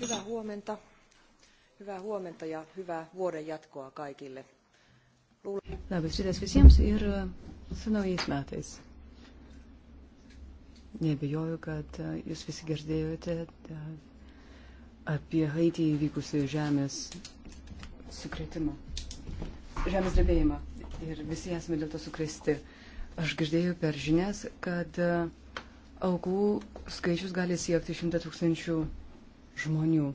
Hyvää huomenta. Hyvää huomenta ja hyvää vuoden jatkoa kaikille. Labas rytas visiems ir su naujais metais. Nebijoju, kad e, jūs visi girdėjote e, apie Haitį įvykusių žemės sukretimą, žemės drebėjimą. Ir visi esame dėl to sukresti. Aš girdėjau per žinias, kad uh, aukų skaičius gali siekti 100 tūkstančių žmonių.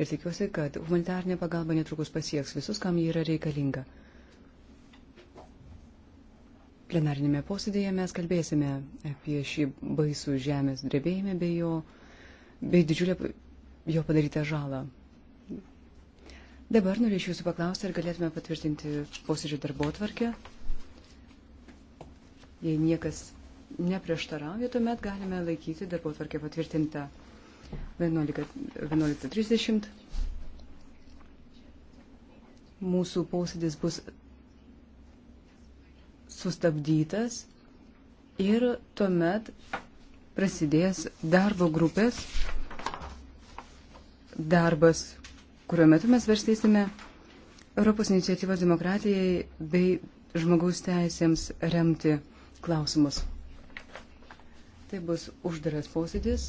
Ir tikiuosi, kad humanitarnė pagalba netrukus pasieks visus, kam ji yra reikalinga. Plenarinėme posėdėje mes kalbėsime apie šį baisų žemės drebėjimą bei, jo, bei didžiulę jo padarytą žalą. Dabar norėčiau jūsų paklausti, ar galėtume patvirtinti posėdžio darbo tvarkę. Jei niekas neprieštarauja, tuomet galime laikyti darbo tvarkę patvirtintą 11.30. Mūsų posėdis bus sustabdytas ir tuomet prasidės darbo grupės darbas, kuriuo metu mes varstysime Europos iniciatyvos demokratijai bei žmogaus teisėms remti klausimus. Tai bus uždaras posėdis,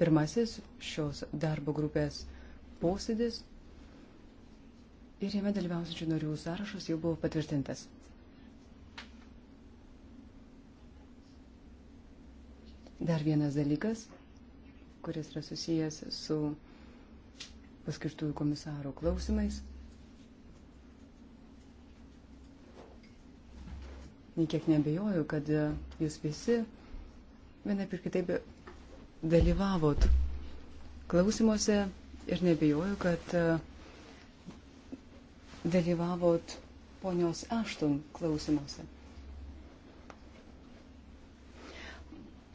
pirmasis šios darbo grupės posėdis ir jame dalyvausiančių narių sąrašas jau buvo patvirtintas. Dar vienas dalykas, kuris yra susijęs su paskirtųjų komisarų klausimais. Niekiek nebejoju, kad jūs visi vienaip ir kitaip dalyvavot klausimuose ir nebijoju, kad e, dalyvavot ponios Ašton klausimuose,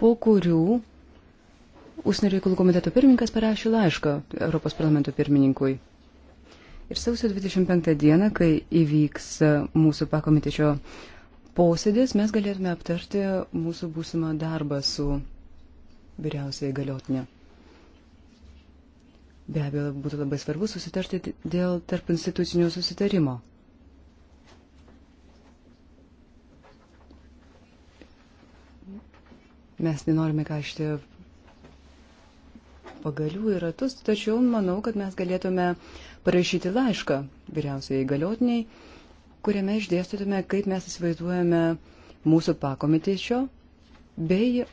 po kurių Užsienio reikalų komiteto pirmininkas parašė laišką Europos parlamento pirmininkui. Ir sausio 25 dieną, kai įvyks e, mūsų pakomitečio uh, posėdis mes galėtume aptarti mūsų būsimą darbą su vyriausiai galiotinė. Be abejo, būtų labai svarbu susitarti dėl tarp institucinio susitarimo. Mes nenorime kažti pagalių į ratus, tačiau manau, kad mes galėtume parašyti laišką vyriausiai galiotiniai kuriame išdėstytume, kaip mes įsivaizduojame mūsų pakomitėčio bei e,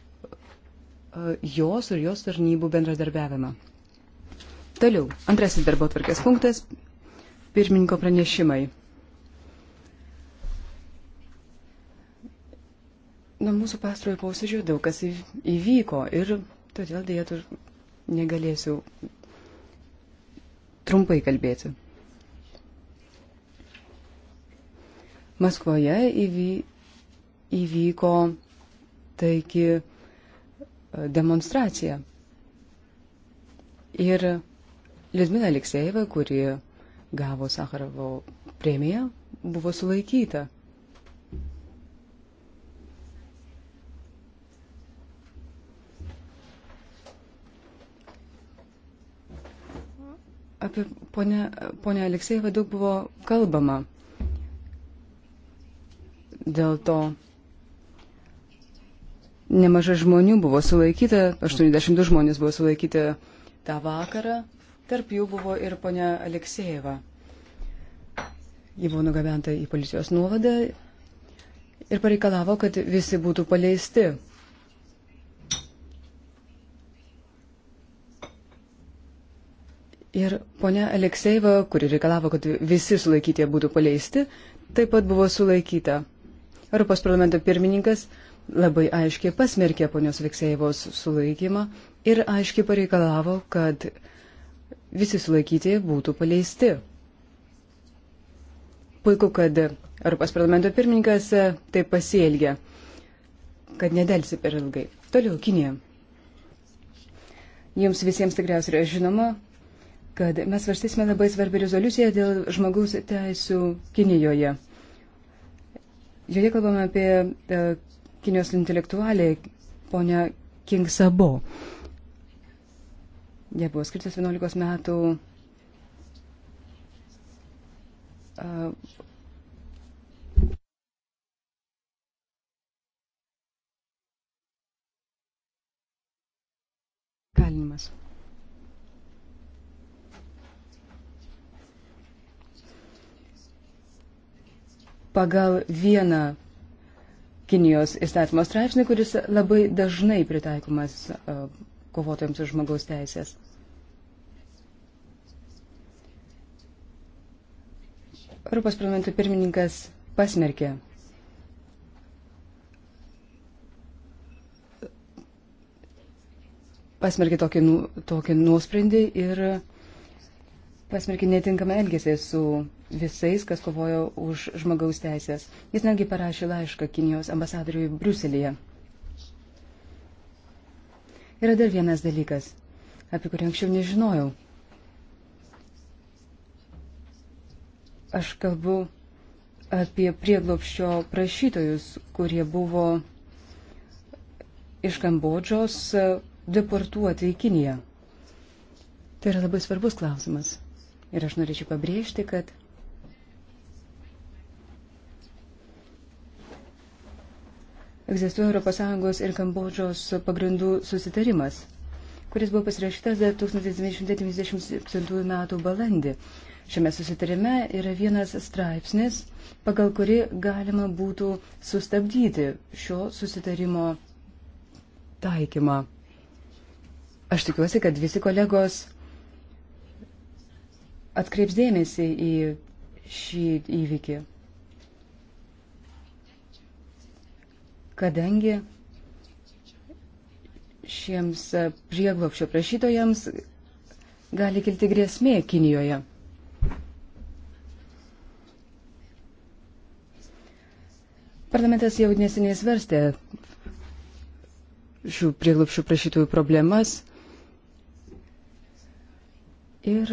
jos ir jos tarnybų bendradarbiavimą. Toliau, antrasis darbo tvarkės punktas - pirmininko pranešimai. Nuo mūsų pastarojo posėdžio daug kas įvyko ir todėl dėja negalėsiu trumpai kalbėti. Maskvoje įvyko taigi e, demonstracija. Ir Lidmina Aleksejeva, kuri gavo Sakarovo premiją, buvo sulaikyta. Apie ponę Aleksejevą daug buvo kalbama. Dėl to nemažai žmonių buvo sulaikyta, 82 žmonės buvo sulaikyti tą vakarą, tarp jų buvo ir ponia Aleksejeva. Ji buvo nugabenta į policijos nuovadą ir pareikalavo, kad visi būtų paleisti. Ir ponia Alekseiva, kuri reikalavo, kad visi sulaikytie būtų paleisti, taip pat buvo sulaikyta. Europos parlamento pirmininkas labai aiškiai pasmerkė ponios Veksėjevos sulaikymą ir aiškiai pareikalavo, kad visi sulaikyti būtų paleisti. Puiku, kad Europos parlamento pirmininkas taip pasielgė, kad nedelsi per ilgai. Toliau, Kinija. Jums visiems tikriausiai yra žinoma, kad mes varstysime labai svarbią rezoliuciją dėl žmogaus teisų Kinijoje. Joje kalbame apie e, Kinijos intelektualę ponę King Sabo. Jie buvo skirtas 11 metų e, kalinimas. pagal vieną Kinijos įstatymo straipsnį, kuris labai dažnai pritaikomas e, kovotojams už žmogaus teisės. Europos parlamento pirmininkas pasmerkė pasmerkė tokį, nu, tokį nuosprendį ir pasmerkė netinkamą elgesį su visais, kas kovojo už žmogaus teisės. Jis netgi parašė laišką Kinijos ambasadoriui Bruselėje. Yra dar vienas dalykas, apie kurį anksčiau nežinojau. Aš kalbu apie prieglopščio prašytojus, kurie buvo iš Kambodžos deportuoti į Kiniją. Tai yra labai svarbus klausimas. Ir aš norėčiau pabrėžti, kad egzistuoja ES ir Kambodžos pagrindų susitarimas, kuris buvo pasirašytas 1997 m. balandį. Šiame susitarime yra vienas straipsnis, pagal kuri galima būtų sustabdyti šio susitarimo taikymą. Aš tikiuosi, kad visi kolegos atkreips dėmesį į šį įvykį. Kadangi šiems prieglopščio prašytojams gali kilti grėsmė Kinijoje. Parlamentas jau neseniai svarstė šių prieglopščių prašytojų problemas ir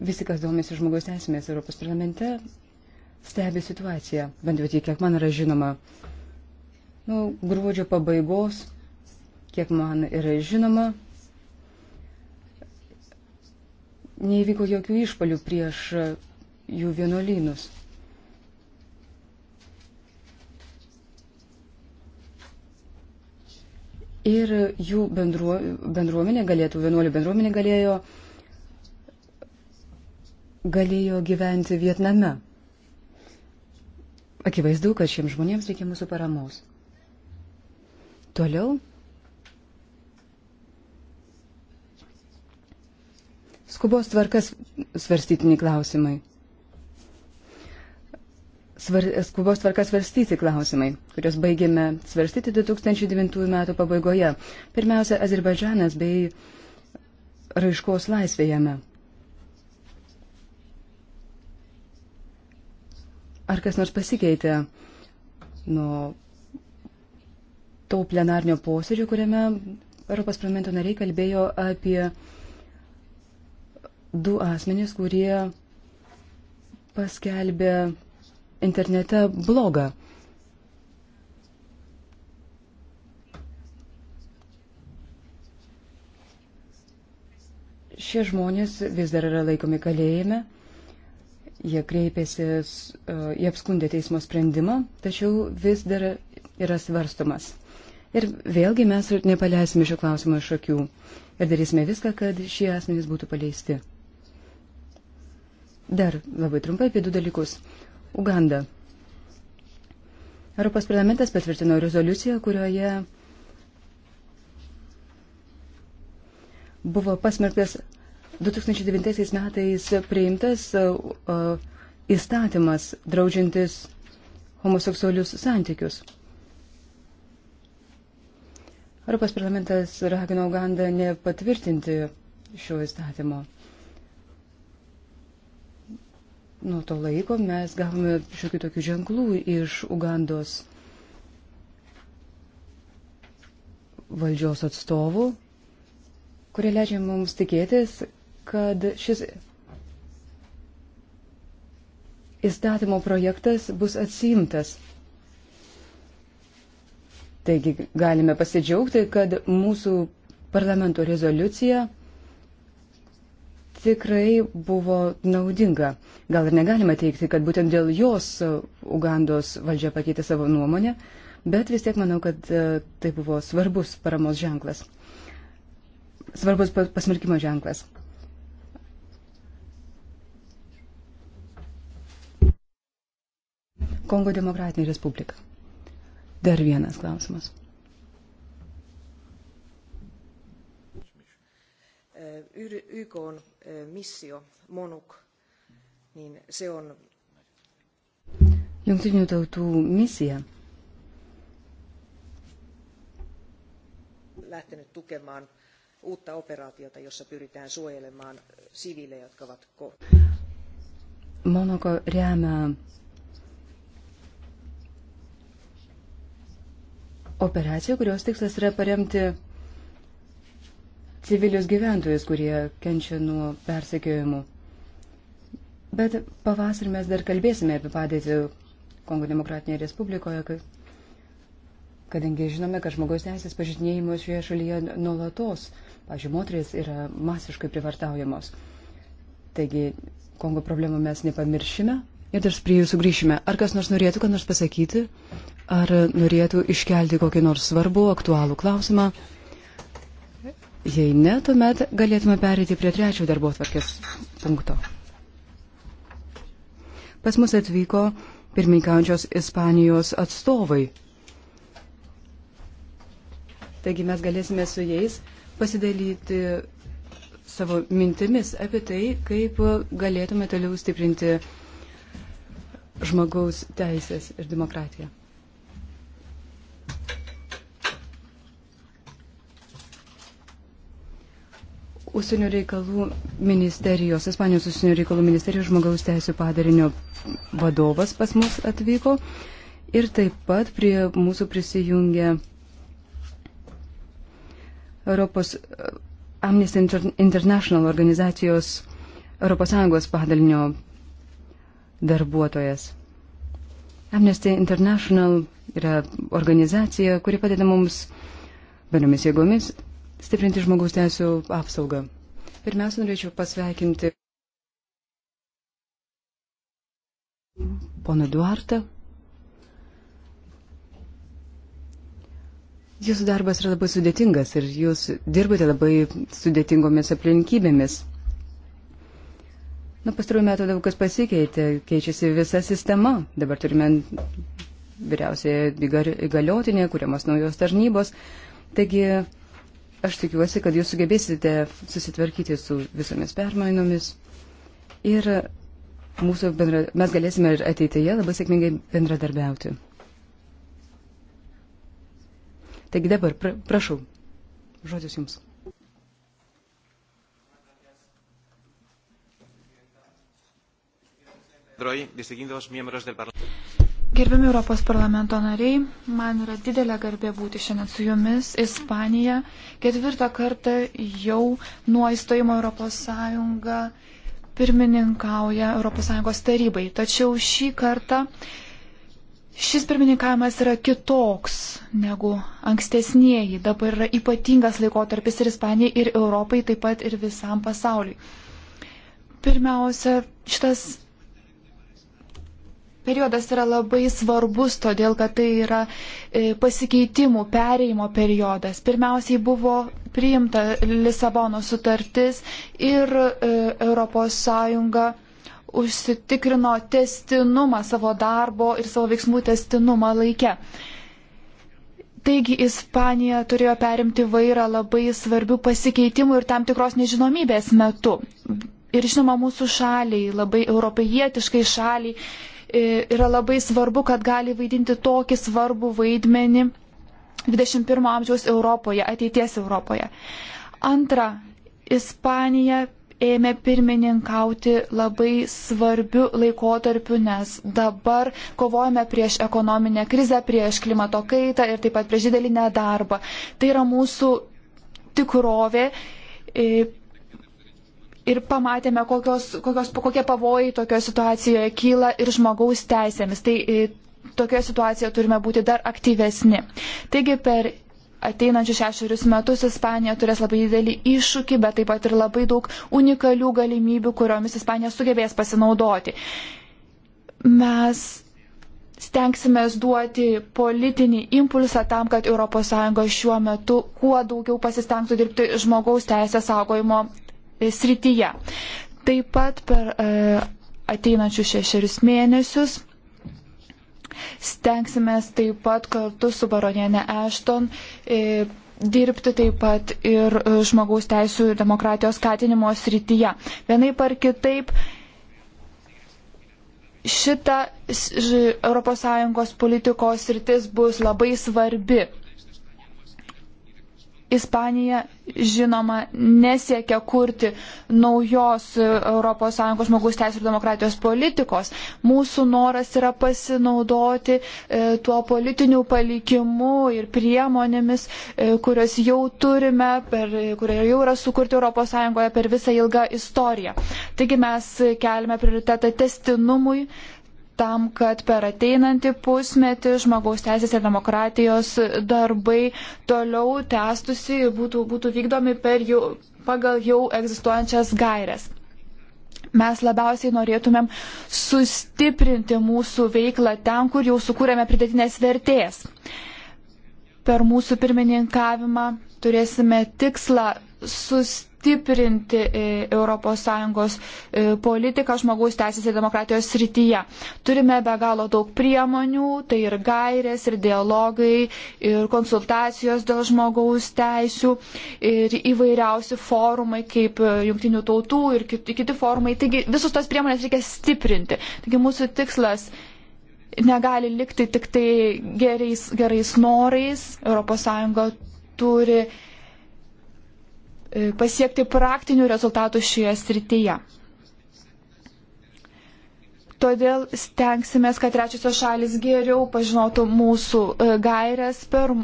Visi, kas domisi žmogaus teisėmis Europos parlamente, stebi situaciją, bent jau tiek, kiek man yra žinoma. Nu, gruodžio pabaigos, kiek man yra žinoma, neįvyko jokių išpalių prieš e, jų vienuolynus. Ir jų bendruo, bendruomenė galėtų, vienuolių bendruomenė galėjo uh, galėjo gyventi Vietname. Akivaizdu, kad šiems žmonėms reikia mūsų paramos. Toliau. Skubos tvarkas svarstytini klausimai. Svar, skubos tvarkas svarstyti klausimai, kurios baigėme svarstyti 2009 metų pabaigoje. Pirmiausia, Azerbaidžanas bei raiškos laisvėjame. Ar kas nors pasikeitė nuo to plenarnio posėdžio, kuriame Europos parlamento nariai kalbėjo apie du asmenys, kurie paskelbė internete blogą. Šie žmonės vis dar yra laikomi kalėjime. Jie kreipėsi, jie apskundė teismo sprendimą, tačiau vis dar yra svarstomas. Ir vėlgi mes nepaleisime šio klausimo iš akių ir darysime viską, kad šie asmenys būtų paleisti. Dar labai trumpai apie du dalykus. Uganda. Europos parlamentas patvirtino rezoliuciją, kurioje buvo pasmerktas 2009 metais priimtas e, e, įstatymas draudžiantis homoseksualius santykius. Europos parlamentas ragino Ugandą nepatvirtinti šio įstatymo. Nuo to laiko mes gavome šiokių tokių ženklų iš Ugandos valdžios atstovų, kurie leidžia mums tikėtis, kad šis įstatymo projektas bus atsimtas. Taigi galime pasidžiaugti, kad mūsų parlamento rezoliucija tikrai buvo naudinga. Gal ir negalima teikti, kad būtent dėl jos Ugandos valdžia pakeitė savo nuomonę, bet vis tiek manau, kad e, tai buvo svarbus paramos ženklas. Svarbus pasmerkimo ženklas. Kongo Demokratinė Respublika. Dar vienas klausimas. YK on missio MONUK, niin se on... Jungtinių tautų misija lähtenyt tukemaan uutta operaatiota, jossa pyritään suojelemaan siviilejä, jotka ovat... Monoko remia operacijų, kurios tikslas yra paremti civilius gyventojus, kurie kenčia nuo persekiojimų. Bet pavasarį mes dar kalbėsime apie padėtį Kongo Demokratinėje Respublikoje, kadangi žinome, kad žmogaus teisės pažydinėjimus šioje šalyje nuolatos, pažiūrėjau, moteris yra masiškai privartaujamos. Taigi Kongo problemų mes nepamiršime, Ir dar prie jūsų grįšime. Ar kas nors norėtų, kad nors pasakyti? Ar norėtų iškelti kokį nors svarbų, aktualų klausimą? Jei ne, tuomet galėtume perėti prie trečio darbo tvarkės punkto. Pas mus atvyko pirmininkaujančios Ispanijos atstovai. Taigi mes galėsime su jais pasidalyti savo mintimis apie tai, kaip galėtume toliau stiprinti žmogaus teisės ir demokratiją. Užsienio reikalų ministerijos, Ispanijos užsienio reikalų ministerijos žmogaus teisų padarinio vadovas pas mus atvyko ir taip pat prie mūsų prisijungė Europos Amnesty International organizacijos Europos Sąjungos padalinio darbuotojas. Amnesty International yra organizacija, kuri padeda mums bendromis jėgomis stiprinti žmogaus teisų apsaugą. Pirmiausia, norėčiau pasveikinti poną Duartą. Jūsų darbas yra labai sudėtingas ir jūs dirbate labai sudėtingomis aplinkybėmis. Nu, pastaruoju metu daug kas pasikeitė, keičiasi visa sistema. Dabar turime vyriausiai įgaliotinė, kuriamas naujos tarnybos. Taigi, aš tikiuosi, kad jūs sugebėsite susitvarkyti su visomis permainomis. Ir mūsų bendra, mes galėsime ir ateityje labai sėkmingai bendradarbiauti. Taigi dabar, pra, prašau, žodis jums. Gerbiami Europos parlamento nariai, man yra didelė garbė būti šiandien su jumis. Ispanija ketvirtą kartą jau nuo įstojimo Europos Sąjunga pirmininkauja Europos Sąjungos tarybai. Tačiau šį kartą šis pirmininkavimas yra kitoks negu ankstesnėji. Dabar yra ypatingas laikotarpis ir Ispanijai, ir Europai, taip pat ir visam pasauliui. Pirmiausia, šitas periodas yra labai svarbus, todėl kad tai yra e, pasikeitimų, pereimo periodas. Pirmiausiai buvo priimta Lisabono sutartis ir ES užsitikrino testinumą savo darbo ir savo veiksmų testinumą laikę. Taigi Ispanija turėjo perimti vairą labai svarbių pasikeitimų ir tam tikros nežinomybės metu. Ir žinoma, mūsų šaliai, labai europietiškai šaliai, E, yra labai svarbu, kad gali vaidinti tokį svarbų vaidmenį 21 amžiaus Europoje, ateities Europoje. Antra, Ispanija ėmė pirmininkauti labai svarbiu laikotarpiu, nes dabar kovojame prieš ekonominę krizę, prieš klimato kaitą ir taip pat prieš didelį nedarbą. Tai yra mūsų tikrovė e, ir pamatėme, kokios, kokios, kokie pavojai tokioje situacijoje kyla ir žmogaus teisėmis. Tai e, tokioje situacijoje turime būti dar aktyvesni. Taigi per ateinančius šešerius metus Ispanija turės labai didelį iššūkį, bet taip pat ir labai daug unikalių galimybių, kuriomis Ispanija sugebės pasinaudoti. Mes stengsime duoti politinį impulsą tam, kad ES šiuo metu kuo daugiau pasistengtų dirbti žmogaus teisės saugojimo E, srityje. Taip pat per e, ateinančius šešerius mėnesius stengsime taip pat kartu su baronienė Ešton e, dirbti taip pat ir žmogaus teisų ir demokratijos skatinimo srityje. Vienaip ar kitaip šita ES politikos sritis bus labai svarbi Ispanija, žinoma, nesiekia kurti naujos ES žmogus teisų ir demokratijos politikos. Mūsų noras yra pasinaudoti e, tuo politiniu palikimu ir priemonėmis, e, kurias jau turime, per, kurie jau yra sukurti ES per visą ilgą istoriją. Taigi mes kelime prioritetą testinumui, tam, kad per ateinantį pusmetį žmogaus teisės ir demokratijos darbai toliau tęstusi ir būtų, būtų vykdomi jų, pagal jau egzistuojančias gairias. Mes labiausiai norėtumėm sustiprinti mūsų veiklą ten, kur jau sukūrėme pridėtinės vertės. Per mūsų pirmininkavimą turėsime tikslą sustiprinti stiprinti ES e, politiką žmogaus teisės ir demokratijos srityje. Turime be galo daug priemonių, tai ir gairės, ir dialogai, ir konsultacijos dėl žmogaus teisų, ir įvairiausi forumai kaip e, jungtinių tautų ir kiti, kiti forumai. Taigi visus tos priemonės reikia stiprinti. Taigi mūsų tikslas negali likti tik tai gerais, gerais norais. ES turi E, pasiekti praktinių rezultatų šioje srityje. Todėl stengsime, kad trečiosios šalis geriau pažinotų mūsų e, gairias per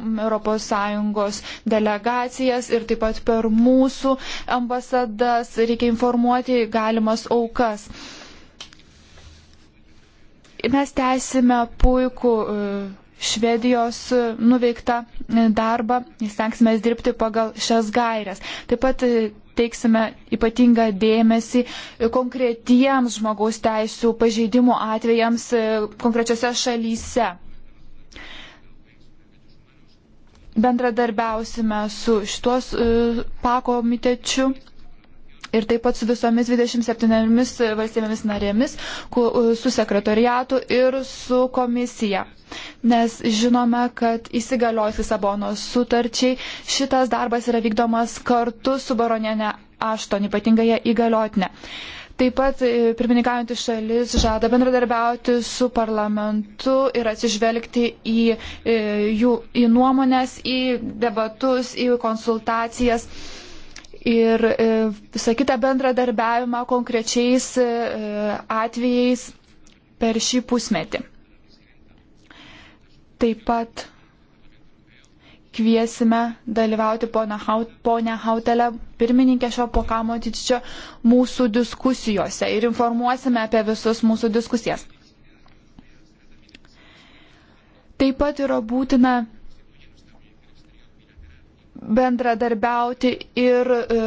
ES delegacijas ir taip pat per mūsų ambasadas. Reikia informuoti galimas aukas. Mes tęsime puikų e, Švedijos nuveiktą darbą, įstengsime dirbti pagal šias gairias. Taip pat teiksime ypatingą dėmesį konkretiems žmogaus teisų pažeidimų atvejams konkrečiose šalyse. Bendradarbiausime su šitos e, pakomitečiu. Ir taip pat su visomis 27 valstybėmis narėmis, su sekretoriatu ir su komisija. Nes žinome, kad įsigaliojus Lisabonos sutarčiai šitas darbas yra vykdomas kartu su baronienė Ašton, ypatingai įgaliotinė. Taip pat e, pirmininkaujantį šalis žada bendradarbiauti su parlamentu ir atsižvelgti į, e, jų, į nuomonės, į debatus, į konsultacijas ir e, visą kitą bendradarbiavimą konkrečiais e, atvejais per šį pusmetį. Taip pat kviesime dalyvauti ponę Hautelę, pirmininkę šio pokamo tyčio, mūsų diskusijose ir informuosime apie visus mūsų diskusijas. Taip pat yra būtina bendradarbiauti ir e,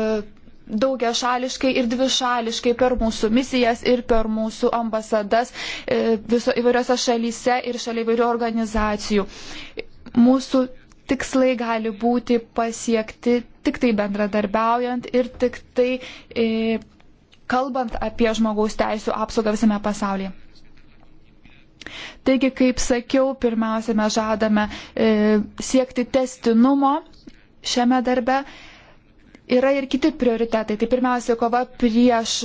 daugia šališkai ir dvišališkai per mūsų misijas ir per mūsų ambasadas e, viso įvairiose šalyse ir šalia įvairių organizacijų. Mūsų tikslai gali būti pasiekti tik tai bendradarbiaujant ir tik tai e, kalbant apie žmogaus teisų apsaugą visame pasaulyje. Taigi, kaip sakiau, pirmiausia, mes žadame e, siekti testinumo šiame darbe. Yra ir kiti prioritetai. Tai pirmiausia, kova prieš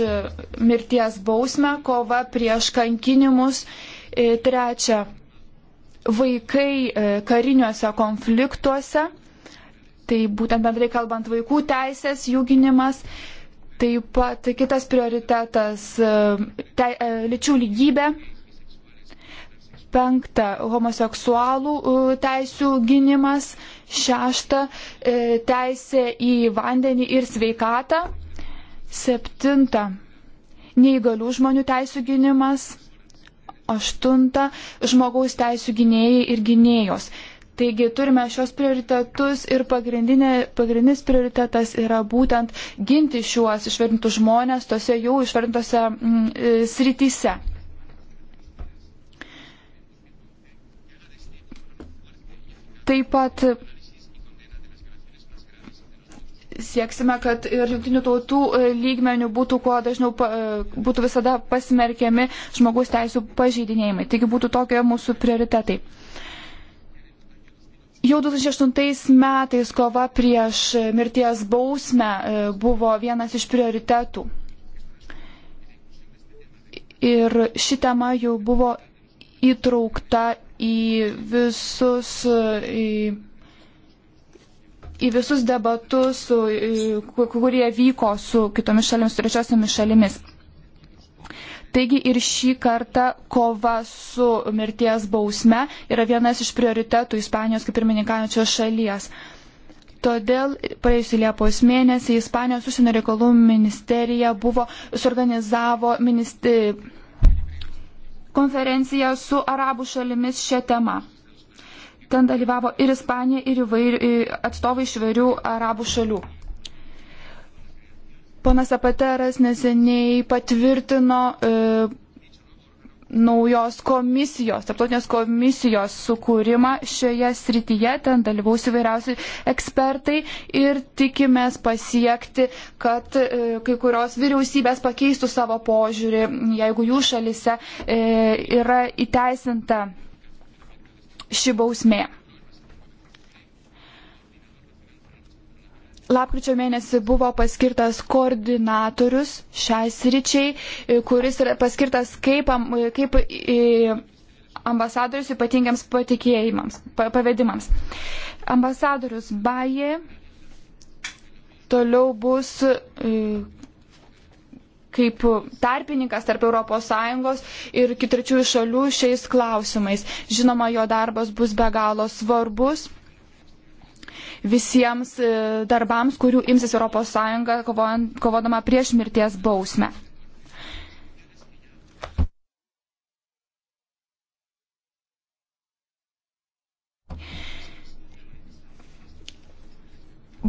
mirties bausmę, kova prieš kankinimus. E, trečia, vaikai e, kariniuose konfliktuose. Tai būtent bendrai kalbant vaikų teisės, jų gynimas. Taip pat kitas prioritetas tai, - lyčių lygybė penkta homoseksualų teisų gynimas, šešta e, teisė į vandenį ir sveikatą, septinta neįgalių žmonių teisų gynimas, aštunta žmogaus teisų gynėjai ir gynėjos. Taigi turime šios prioritetus ir pagrindinis prioritetas yra būtent ginti šiuos išvardintus žmonės tose jau išvardintose mm, e, srityse. Taip pat sieksime, kad ir jungtinių tautų e, lygmenių būtų kuo dažniau, e, būtų visada pasmerkiami žmogus teisų pažeidinėjimai. Taigi būtų tokie mūsų prioritetai. Jau 2008 metais kova prieš mirties bausmę e, buvo vienas iš prioritetų. Ir ši tema jau buvo įtraukta į visus, į, į visus debatus, su, į, kurie vyko su kitomis šalimis, trečiosiamis šalimis. Taigi ir šį kartą kova su mirties bausme yra vienas iš prioritetų Ispanijos kaip pirmininkaujančios šalies. Todėl praėjusį Liepos mėnesį Ispanijos užsienio reikalų ministerija buvo suorganizavo ministeriją konferenciją su arabų šalimis šią temą. Ten dalyvavo ir Ispanija, ir įvairių, atstovai iš vairių arabų šalių. Ponas Apateras neseniai patvirtino e, naujos komisijos, taptautinės komisijos sukūrimą šioje srityje, ten dalyvaus įvairiausi ekspertai ir tikimės pasiekti, kad e, kai kurios vyriausybės pakeistų savo požiūrį, jeigu jų šalise e, yra įteisinta ši bausmė. Lapkričio mėnesį buvo paskirtas koordinatorius šiai sričiai, e, kuris yra paskirtas kaip, e, kaip e, ambasadorius ypatingiams patikėjimams, pavedimams. Ambasadorius Baje toliau bus kaip tarpininkas tarp ES ir kitričiųjų šalių šiais klausimais. Žinoma, jo darbas bus be galo svarbus visiems e, darbams, kurių imsis ES kovodama prieš mirties bausmę.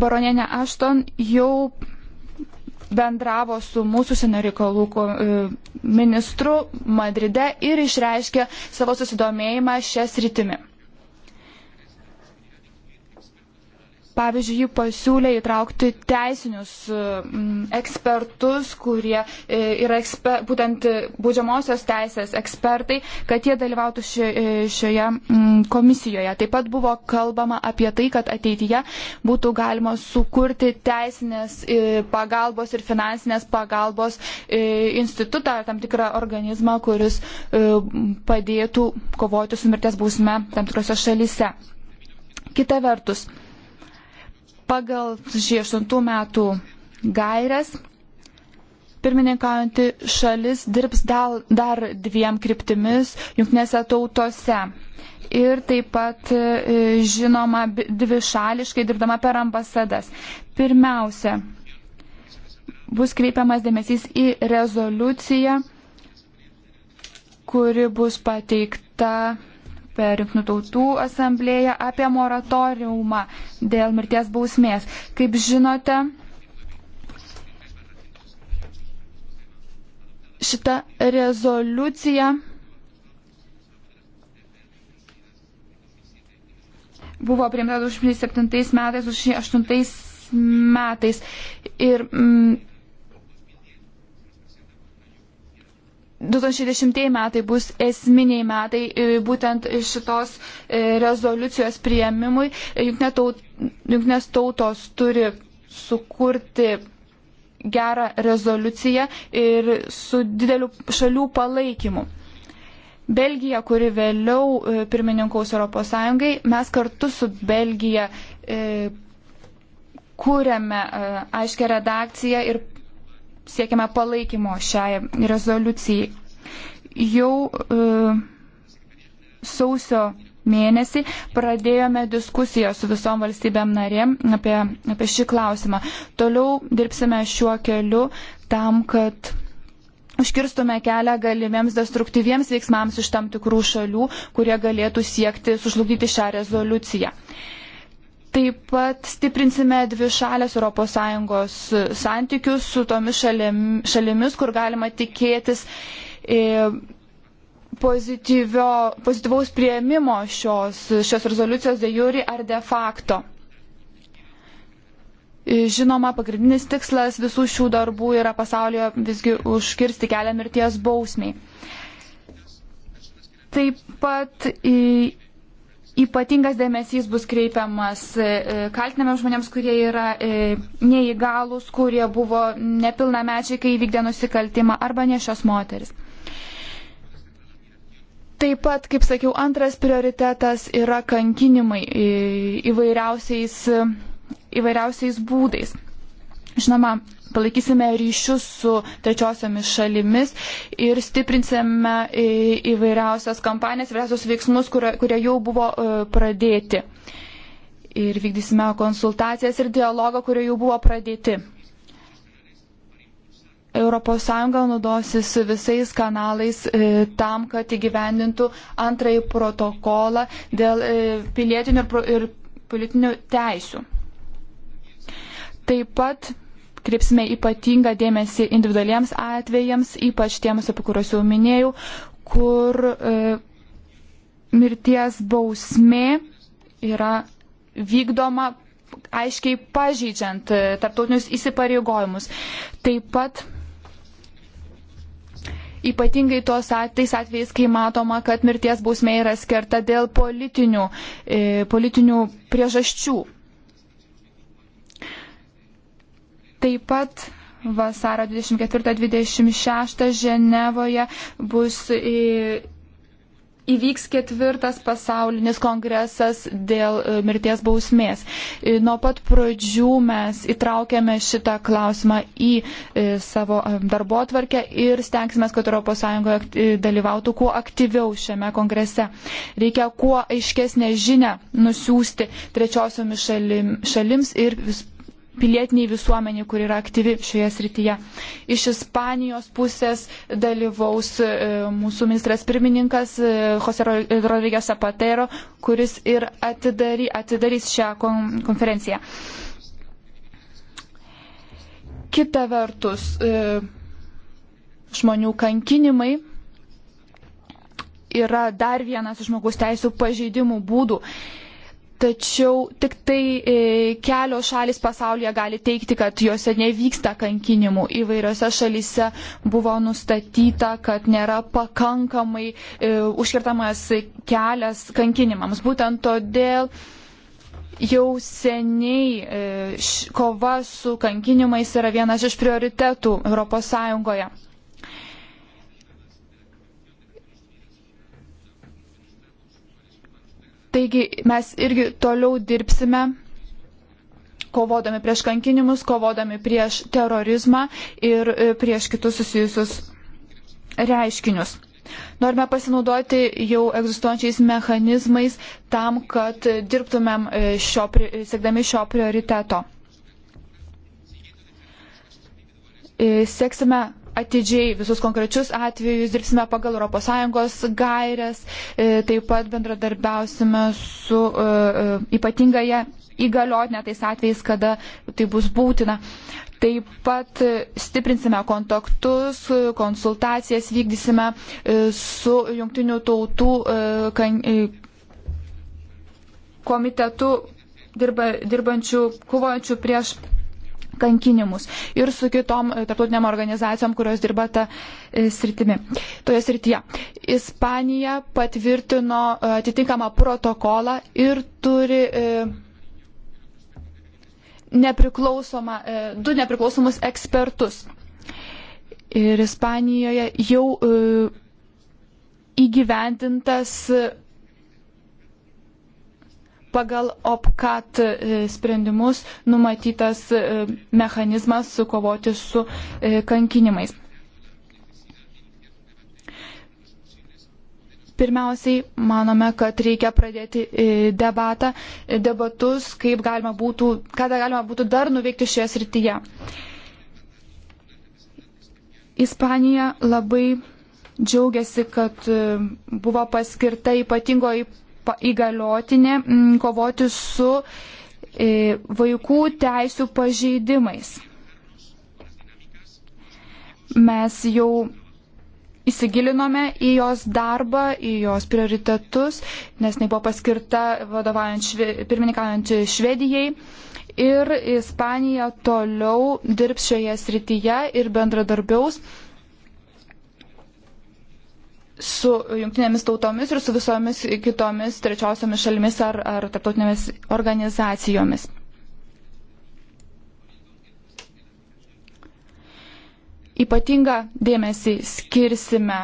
Baronienė Ašton jau bendravo su mūsų senio reikalų e, ministru Madride ir išreiškė savo susidomėjimą šią sritimį. Pavyzdžiui, ji pasiūlė įtraukti teisinius mm, ekspertus, kurie e, yra eksper, būtent būdžiamosios teisės ekspertai, kad jie dalyvautų e, šioje mm, komisijoje. Taip pat buvo kalbama apie tai, kad ateityje būtų galima sukurti teisinės e, pagalbos ir finansinės pagalbos institutą ar tam tikrą organizmą, kuris padėtų kovoti su mirties bausme tam tikrose šalyse. Kita vertus, Pagal 2008 metų gairias pirmininkaujanti šalis dirbs dal, dar dviem kryptimis jungtinėse tautose. Ir taip pat e, žinoma dvišališkai dirbdama per ambasadas. Pirmiausia, bus kreipiamas dėmesys į rezoliuciją, kuri bus pateikta per Junktinių tautų asamblėją apie moratoriumą dėl mirties bausmės. Kaip žinote, šita rezoliucija buvo priimta 2007 metais, 2008 metais. Ir mm, 2010 metai bus esminiai metai e, būtent šitos e, rezoliucijos prieimimui. Junknės tautos turi sukurti gerą rezoliuciją ir su dideliu šalių palaikymu. Belgija, kuri vėliau e, pirmininkaus ES, mes kartu su Belgija e, kūrėme e, aiškę redakciją ir siekiame palaikymo šiai rezoliucijai. Jau e, sausio mėnesį pradėjome diskusiją su visom valstybėm narėm apie, apie šį klausimą. Toliau dirbsime šiuo keliu tam, kad užkirstume kelią galimiems destruktyviems veiksmams iš tam tikrų šalių, kurie galėtų siekti sužlugdyti šią rezoliuciją. Uh, Taip pat stiprinsime dvi šalės ES e, santykius su tomis šalimis, kur galima tikėtis e, pozityvaus prieimimo šios, šios rezoliucijos de juri ar de facto. E, žinoma, pagrindinis tikslas visų šių darbų yra pasaulyje visgi užkirsti kelią mirties bausmiai. Taip pat Ypatingas dėmesys bus kreipiamas e, kaltinamiams žmonėms, kurie yra e, neįgalus, kurie buvo nepilnamečiai, kai įvykdė nusikaltimą, arba nešios moteris. Taip pat, kaip sakiau, antras prioritetas yra kankinimai e, įvairiausiais, įvairiausiais būdais. Žinoma, palaikysime ryšius su trečiosiomis šalimis ir stiprinsime įvairiausias kampanijas, įvairiausios veiksmus, kurie, kurie jau buvo e, pradėti. Ir vykdysime konsultacijas ir dialogą, kurie jau buvo pradėti. ES naudosis visais kanalais e, tam, kad įgyvendintų antrąjį protokolą dėl e, pilietinių ir politinių teisių. Taip pat kreipsime ypatingą dėmesį individualiems atvejams, ypač tiems, apie kuriuos jau minėjau, kur e, mirties bausmė yra vykdoma aiškiai pažydžiant e, tarptautinius įsipareigojimus. Taip pat ypatingai tos tais atvejais, kai matoma, kad mirties bausmė yra skirta dėl politinių, e, politinių priežasčių. Taip pat vasaro 24-26 Ženevoje bus į, įvyks ketvirtas pasaulinis kongresas dėl e, mirties bausmės. E, nuo pat pradžių mes įtraukėme šitą klausimą į e, savo darbo atvarkę ir stengsime, kad ES dalyvautų kuo aktyviau šiame kongrese. Reikia kuo aiškesnę žinę nusiųsti trečiosiomis šalim, šalims ir vis pilietiniai visuomeniai, kur yra aktyvi šioje srityje. Iš Ispanijos pusės dalyvaus e, mūsų ministras pirmininkas e, Jose e, Rodriguez Zapatero, kuris ir atidary, atidarys šią konferenciją. Kita vertus, žmonių kankinimai yra dar vienas žmogus teisų pažeidimų būdų. Tačiau tik tai e, kelios šalis pasaulyje gali teikti, kad juose nevyksta kankinimų. Įvairiose šalise buvo nustatyta, kad nėra pakankamai e, užkirtamas kelias kankinimams. Būtent todėl jau seniai e, kova su kankinimais yra vienas iš prioritetų ES. Taigi mes irgi toliau dirbsime kovodami prieš kankinimus, kovodami prieš terorizmą ir e, prieš kitus susijusius reiškinius. Norime pasinaudoti jau egzistuojančiais mechanizmais tam, kad dirbtumėm e, šio, siekdami šio prioriteto. E, Seksime atidžiai visus konkrečius atvejus, dirbsime pagal ES gairias, e, taip pat bendradarbiausime su e, e, ypatingaja įgaliotinė tais atvejais, kada tai bus būtina. Taip pat stiprinsime kontaktus, konsultacijas vykdysime su jungtinių tautų komitetu dirba, dirbančių, kovojančių prieš kankinimus ir su kitom e, tarptautiniam organizacijom, kurios dirba tą e, sritimi. Toje srityje. Ispanija patvirtino e, atitinkamą protokolą ir turi nepriklausoma, du nepriklausomus ekspertus. Ir Ispanijoje jau įgyvendintas Pagal OPCAT e, sprendimus numatytas e, mechanizmas sukovoti su e, kankinimais. Pirmiausiai, manome, kad reikia pradėti debatą, debatus, kaip galima būtų, ką galima būtų dar nuveikti šioje srityje. Ispanija labai džiaugiasi, kad buvo paskirta ypatingoji įgaliotinė mm, kovoti su e, vaikų teisų pažeidimais. Mes jau įsigilinome į jos darbą, į jos prioritetus, nes jinai buvo paskirta šve, pirmininkaujant Švedijai. Ir Ispanija toliau dirbs šioje srityje ir bendradarbiaus su jungtinėmis tautomis ir su visomis kitomis trečiosiomis šalimis ar, ar tarptautinėmis organizacijomis. Ypatingą dėmesį skirsime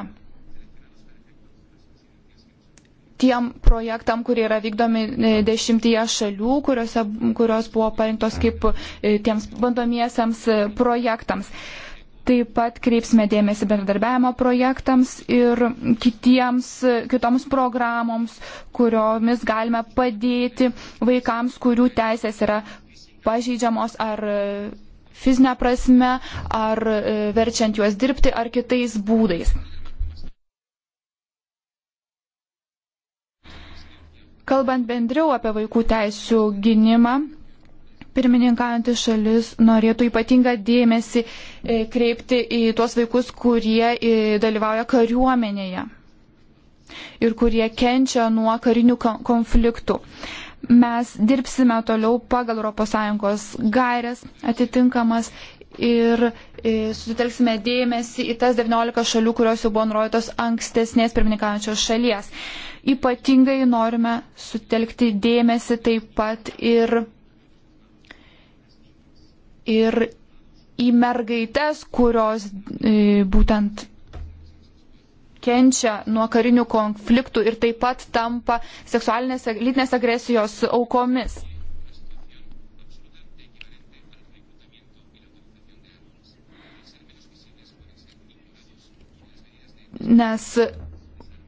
tiem projektam, kurie yra vykdomi e, dešimtyje šalių, kuriuose, kurios buvo parinktos kaip e, tiems bandomiesiams e, projektams. Taip pat kreipsime dėmesį bendradarbiavimo projektams ir kitiems, kitoms programoms, kuriomis galime padėti vaikams, kurių teisės yra pažeidžiamos ar e, fizinę prasme, ar e, verčiant juos dirbti, ar kitais būdais. Kalbant bendriau apie vaikų teisų gynimą, pirmininkaujantis šalis norėtų ypatingą dėmesį e, kreipti į tuos vaikus, kurie e, dalyvauja kariuomenėje ir kurie kenčia nuo karinių konfliktų. Mes dirbsime toliau pagal ES gairias atitinkamas ir e, sutelksime dėmesį į tas 19 šalių, kurios jau buvo nurodytos ankstesnės pirmininkaujančios šalies. Ypatingai norime sutelkti dėmesį taip pat ir ir į mergaites, kurios e, būtent kenčia nuo karinių konfliktų ir taip pat tampa seksualinės lytinės agresijos aukomis. Nes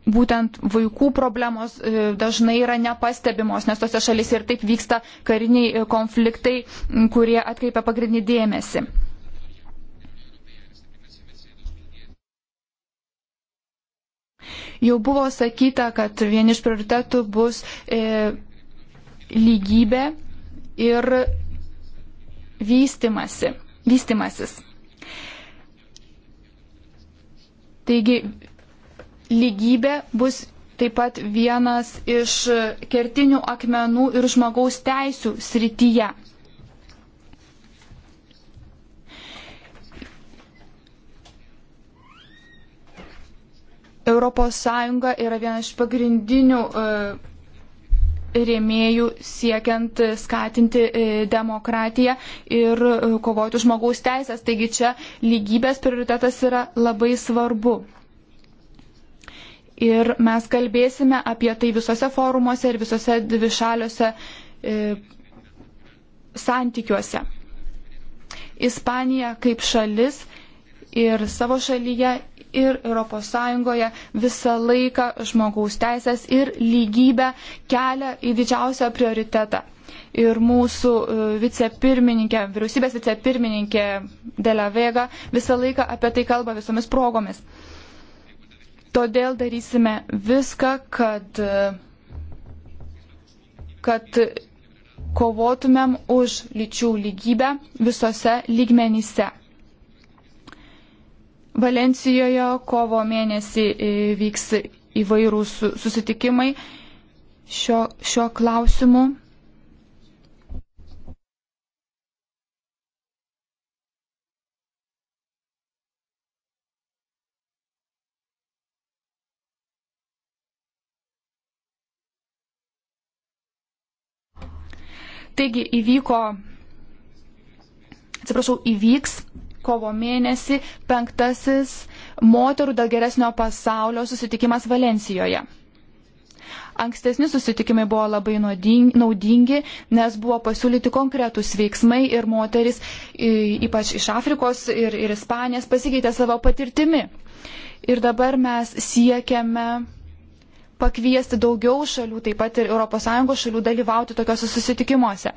būtent vaikų problemos e, dažnai yra nepastebimos, nes tose šalise ir taip vyksta kariniai e, konfliktai, kurie atkreipia pagrindinį dėmesį. Jau buvo sakyta, kad vieni iš prioritetų bus e, lygybė ir vystimasi, vystimasis. Taigi lygybė bus taip pat vienas iš kertinių akmenų ir žmogaus teisų srityje. ES yra viena iš pagrindinių e, rėmėjų siekiant skatinti e, demokratiją ir e, kovoti žmogaus teisės. Taigi čia lygybės prioritetas yra labai svarbu ir mes kalbėsime apie tai visose forumuose ir visose dvišaliuose e, santykiuose. Ispanija kaip šalis ir savo šalyje ir ES visą laiką žmogaus teisės ir lygybę kelia į didžiausią prioritetą. Ir mūsų e, vicepirmininkė, vyriausybės vicepirmininkė Delavega visą laiką apie tai kalba visomis progomis. Todėl darysime viską, kad, kad kovotumėm už lyčių lygybę visose lygmenyse. Valencijoje kovo mėnesį e, vyks įvairūs susitikimai šio, šio klausimu. Taigi įvyko, atsiprašau, įvyks kovo mėnesį penktasis moterų dėl geresnio pasaulio susitikimas Valencijoje. Ankstesni susitikimai buvo labai naudingi, nes buvo pasiūlyti konkretūs veiksmai ir moteris, ypač iš Afrikos ir, ir Ispanijos, pasikeitė savo patirtimi. Ir dabar mes siekiame pakviesti daugiau šalių, taip pat ir ES šalių dalyvauti tokiuose susitikimuose.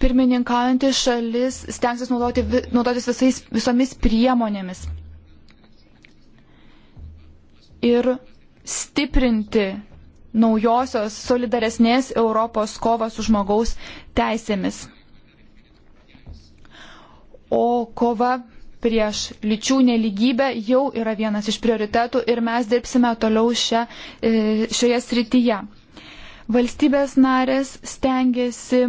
Pirmininkaujantis šalis stengsis naudoti, naudotis visais, visomis priemonėmis ir stiprinti naujosios solidaresnės Europos kovą su žmogaus teisėmis. O kova prieš lyčių neligybę jau yra vienas iš prioritetų ir mes dirbsime toliau šia, e, šioje srityje. Valstybės narės stengiasi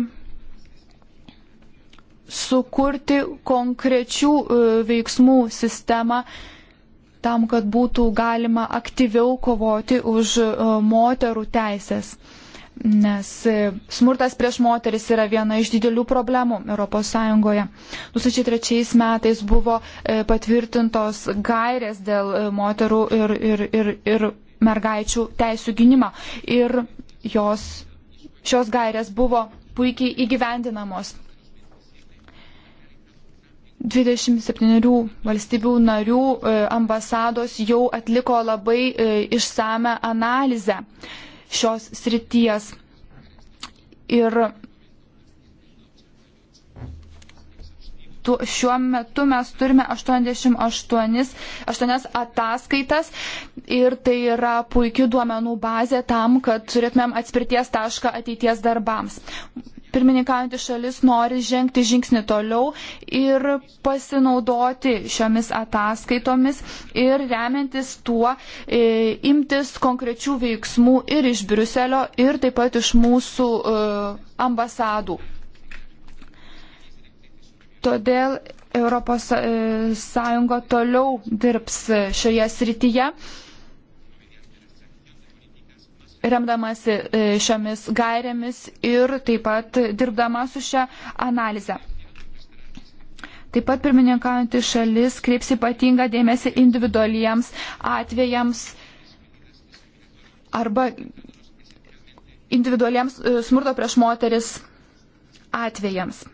sukurti konkrečių e, veiksmų sistemą tam, kad būtų galima aktyviau kovoti už e, moterų teisės nes e, smurtas prieš moteris yra viena iš didelių problemų ES. 2003 metais buvo e, patvirtintos gairės dėl e, moterų ir, ir, ir, ir mergaičių teisų gynimo ir jos, šios gairės buvo puikiai įgyvendinamos. 27 valstybių narių ambasados jau atliko labai išsame analizę šios srities. Ir tu, šiuo metu mes turime 88 8 ataskaitas ir tai yra puikia duomenų bazė tam, kad turėtumėm atspirties tašką ateities darbams pirmininkaujantys šalis nori žengti žingsnį toliau ir pasinaudoti šiomis ataskaitomis ir remiantis tuo e, imtis konkrečių veiksmų ir iš Briuselio ir taip pat iš mūsų e, ambasadų. Todėl ES e, toliau dirbs šioje srityje, remdamasi e, šiomis gairėmis ir taip pat dirbdama su šią analizę. Taip pat pirmininkaujantį šalis kreips ypatingą dėmesį individualiems atvejams arba individualiems e, smurto prieš moteris atvejams.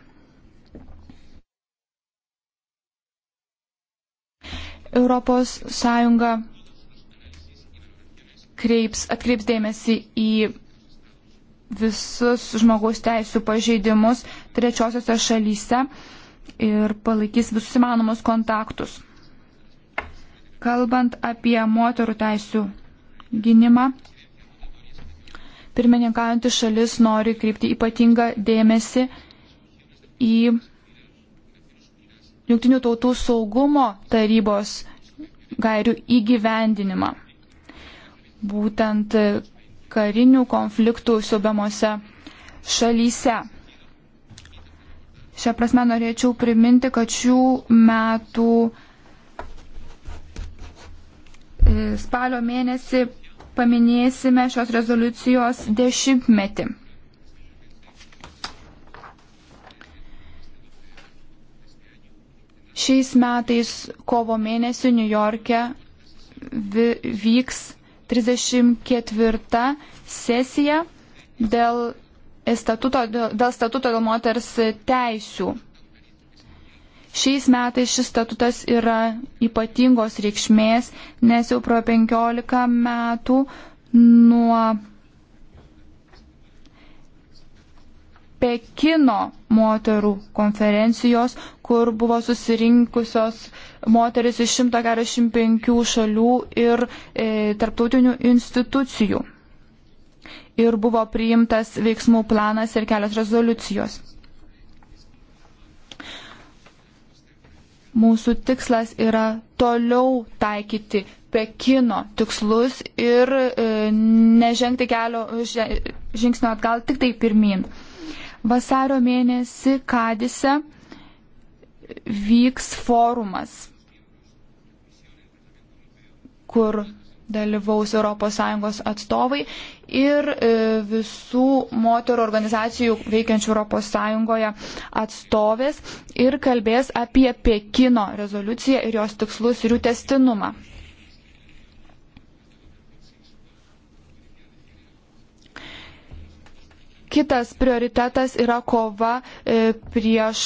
ES kreips, atkreips dėmesį į visus žmogaus teisų pažeidimus trečiosiose šalyse ir palaikys visus įmanomus kontaktus. Kalbant apie moterų teisų gynimą, pirmininkaujantį šalis nori kreipti ypatingą dėmesį į Junktinių tautų saugumo tarybos gairių įgyvendinimą. Būtent karinių konfliktų siubiamose šalyse. Šią prasme norėčiau priminti, kad šių metų e, spalio mėnesį paminėsime šios rezoliucijos dešimtmetį. Šiais metais kovo mėnesį New York'e vyks 34 sesija dėl statuto dėl, dėl, statuto dėl moters teisių. Šiais metais šis statutas yra ypatingos reikšmės, nes jau pro 15 metų nuo Pekino moterų konferencijos, kur buvo susirinkusios moteris iš 145 šalių ir e, tarptautinių institucijų. Ir buvo priimtas veiksmų planas ir kelios rezoliucijos. Mūsų tikslas yra toliau taikyti Pekino tikslus ir e, nežengti kelio žingsnio atgal tik tai pirmin. Vasario mėnesį Kadise vyks forumas, kur dalyvaus ES atstovai ir e, visų moterų organizacijų veikiančių ES atstovės ir kalbės apie Pekino rezoliuciją ir jos tikslus ir jų testinumą. Kitas prioritetas yra kova e, prieš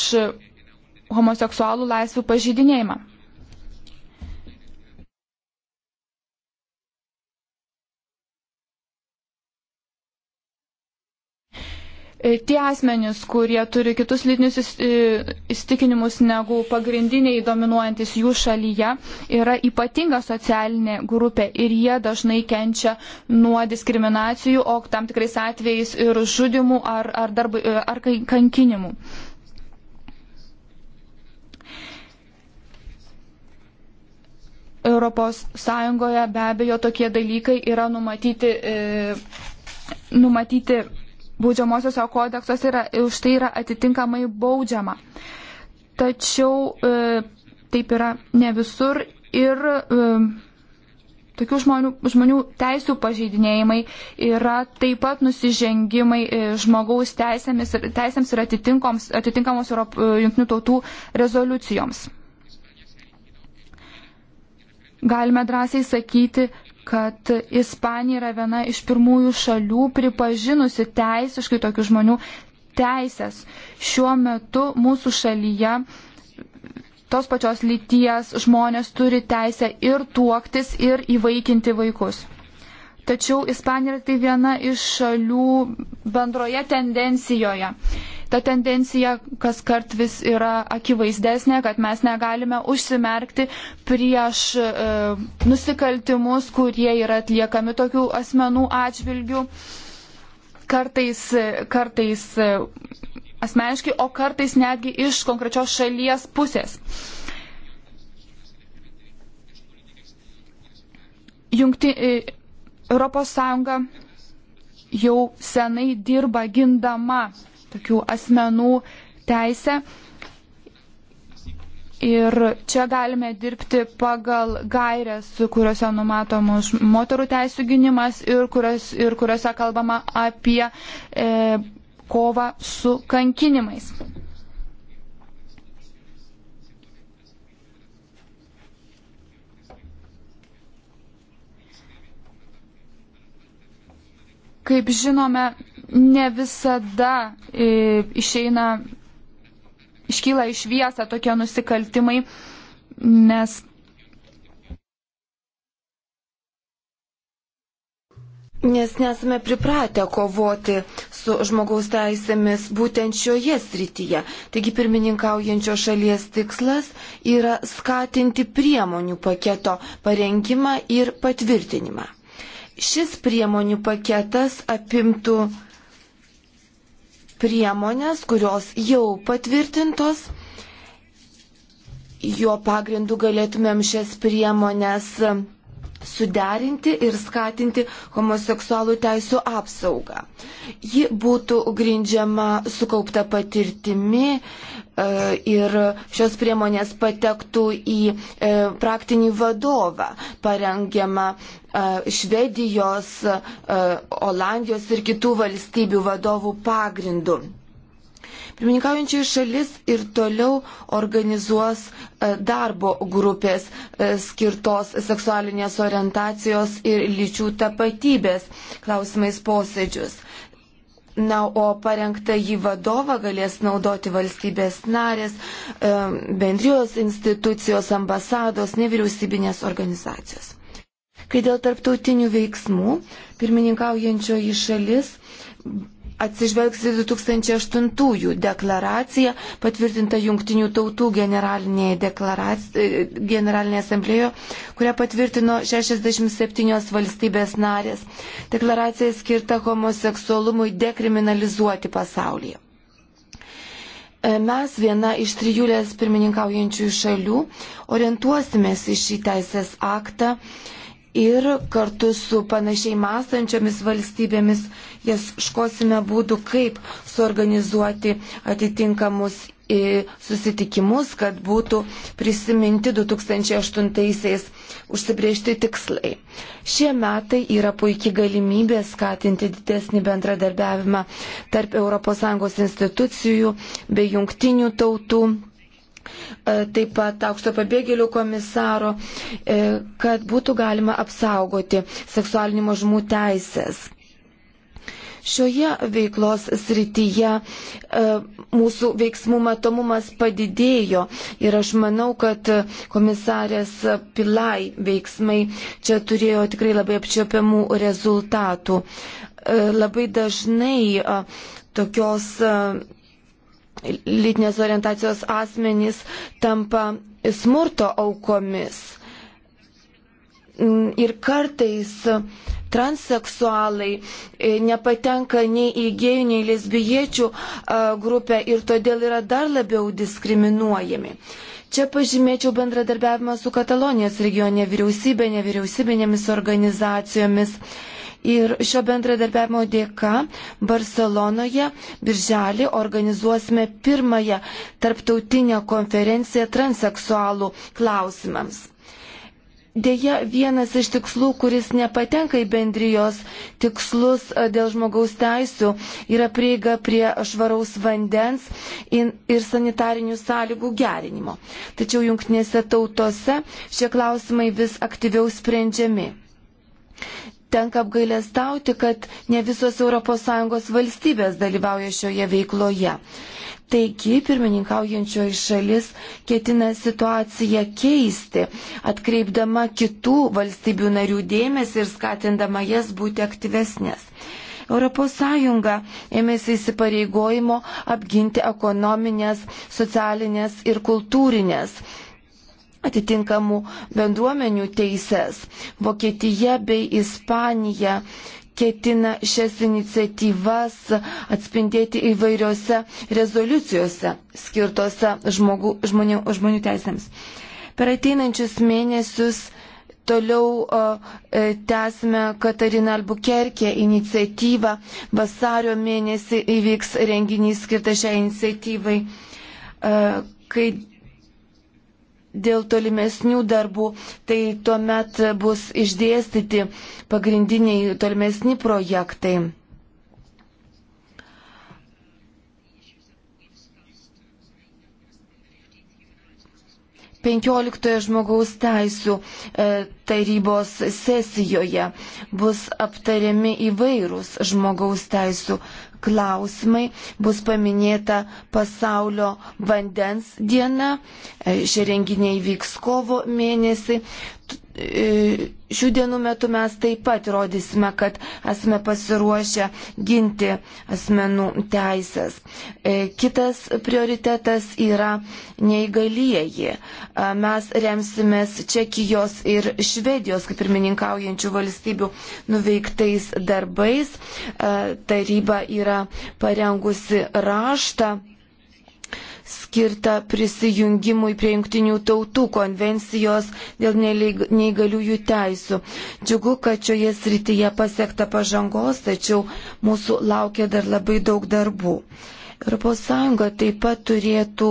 homoseksualų laisvių pažydinėjimą. E, tie asmenys, kurie turi kitus lytinius įstikinimus e, negu pagrindiniai dominuojantis jų šalyje, yra ypatinga socialinė grupė ir jie dažnai kenčia nuo diskriminacijų, o tam tikrais atvejais ir žudimų ar, ar, darb, e, ar kankinimų. Europos Sąjungoje be abejo tokie dalykai yra numatyti, e, numatyti baudžiamosiose kodeksuose yra, už tai yra atitinkamai baudžiama. Tačiau e, taip yra ne visur ir e, tokių žmonių, žmonių teisų pažeidinėjimai yra taip pat nusižengimai e, žmogaus teisėms ir, teisėms ir atitinkamos Europ, e, jungtinių tautų rezoliucijoms. Galime drąsiai sakyti, kad Ispanija yra viena iš pirmųjų šalių pripažinusi teisiškai tokių žmonių teisės. Šiuo metu mūsų šalyje tos pačios lyties žmonės turi teisę ir tuoktis, ir įvaikinti vaikus. Tačiau Ispanija yra tai viena iš šalių bendroje tendencijoje ta tendencija kas kart vis yra akivaizdesnė, kad mes negalime užsimerkti prieš e, nusikaltimus, kurie yra atliekami tokių asmenų atžvilgių. Kartais, kartais e, asmeniškai, o kartais netgi iš konkrečios šalies pusės. Jungti, e, Europos Sąjunga jau senai dirba gindama tokių asmenų teisę. Ir čia galime dirbti pagal gairias, kuriuose numatomos moterų teisų gynimas ir, kurios, ir kuriuose kalbama apie e, kovą su kankinimais. Kaip žinome, ne visada e, išeina, iškyla iš viesą tokie nusikaltimai, nes. Nes nesame pripratę kovoti su žmogaus teisėmis būtent šioje srityje. Taigi pirmininkaujančio šalies tikslas yra skatinti priemonių paketo parengimą ir patvirtinimą šis priemonių paketas apimtų priemonės, kurios jau patvirtintos. Jo pagrindu galėtumėm šias priemonės suderinti ir skatinti homoseksualų teisų apsaugą. Ji būtų grindžiama sukaupta patirtimi e, ir šios priemonės patektų į e, praktinį vadovą, parengiamą Švedijos, Olandijos ir kitų valstybių vadovų pagrindu. Pirmininkaujančiai šalis ir toliau organizuos darbo grupės skirtos seksualinės orientacijos ir lyčių tapatybės klausimais posėdžius. Na, o parengtą jį vadovą galės naudoti valstybės narės, bendrijos institucijos, ambasados, nevyriausybinės organizacijos. Kai dėl tarptautinių veiksmų pirmininkaujančioji šalis atsižvelgs į 2008 deklaraciją patvirtintą Junktinių tautų generalinėje, generalinėje asamblėje, kurią patvirtino 67 valstybės narės. Deklaracija skirta homoseksualumui dekriminalizuoti pasaulyje. Mes viena iš trijulės pirmininkaujančių šalių orientuosimės į šį teisės aktą. Uh, ir kartu su panašiai mąstančiomis valstybėmis jas škosime būdų, kaip suorganizuoti atitinkamus e, susitikimus, kad būtų prisiminti 2008-aisiais užsibriežti tikslai. Šie metai yra puikia galimybė skatinti didesnį bendradarbiavimą tarp ES institucijų bei jungtinių tautų E, taip pat aukšto pabėgėlių komisaro, e, kad būtų galima apsaugoti seksualinių mažumų teisės. Šioje veiklos srityje e, mūsų veiksmų matomumas padidėjo ir aš manau, kad komisarės Pilai veiksmai čia turėjo tikrai labai apčiopiamų rezultatų. E, labai dažnai e, tokios. E, lytinės orientacijos asmenys tampa smurto aukomis. Ir kartais transseksualai e, nepatenka nei į gėjų, nei lesbiečių e, grupę ir todėl yra dar labiau diskriminuojami. Čia pažymėčiau bendradarbiavimą su Katalonijos regione vyriausybė, nevyriausybinėmis organizacijomis. Ne Ir šio bendradarbiavimo dėka Barcelonoje birželį organizuosime pirmąją tarptautinę konferenciją transseksualų klausimams. Deja, vienas iš tikslų, kuris nepatenka į bendrijos tikslus e, dėl žmogaus teisų, yra prieiga prie švaraus vandens ir sanitarinių sąlygų gerinimo. Tačiau jungtinėse tautose šie klausimai vis aktyviau sprendžiami tenka apgailestauti, kad ne visos ES valstybės dalyvauja šioje veikloje. Taigi, pirmininkaujančioji šalis ketina situaciją keisti, atkreipdama kitų valstybių narių dėmesį ir skatindama jas būti aktyvesnės. ES ėmėsi įsipareigojimo apginti ekonominės, socialinės ir kultūrinės atitinkamų bendruomenių teises. Vokietija bei Ispanija ketina šias iniciatyvas atspindėti įvairiose rezoliucijose skirtose žmogų, žmonių, žmonių teisėms. Per ateinančius mėnesius toliau e, tęsime Katarina Albukerkė iniciatyvą. Vasario mėnesį įvyks renginys skirtas šiai iniciatyvai. E, kai dėl tolimesnių darbų, tai tuomet bus išdėstyti pagrindiniai tolimesni projektai. Penkioliktoje žmogaus teisų e, tarybos sesijoje bus aptariami įvairūs žmogaus teisų klausimai. Bus paminėta pasaulio vandens diena. E, šie renginiai vyks kovo mėnesį. E, šių dienų metu mes taip pat rodysime, kad esame pasiruošę ginti asmenų teisės. E, kitas prioritetas yra neįgalieji. Mes remsimės Čekijos ir Švedijos, kaip ir mininkaujančių valstybių, nuveiktais darbais. Taryba yra yra parengusi raštą skirtą prisijungimui prie Junktinių tautų konvencijos dėl neįgaliųjų teisų. Džiugu, kad šioje srityje pasiekta pažangos, tačiau mūsų laukia dar labai daug darbų. ES taip pat turėtų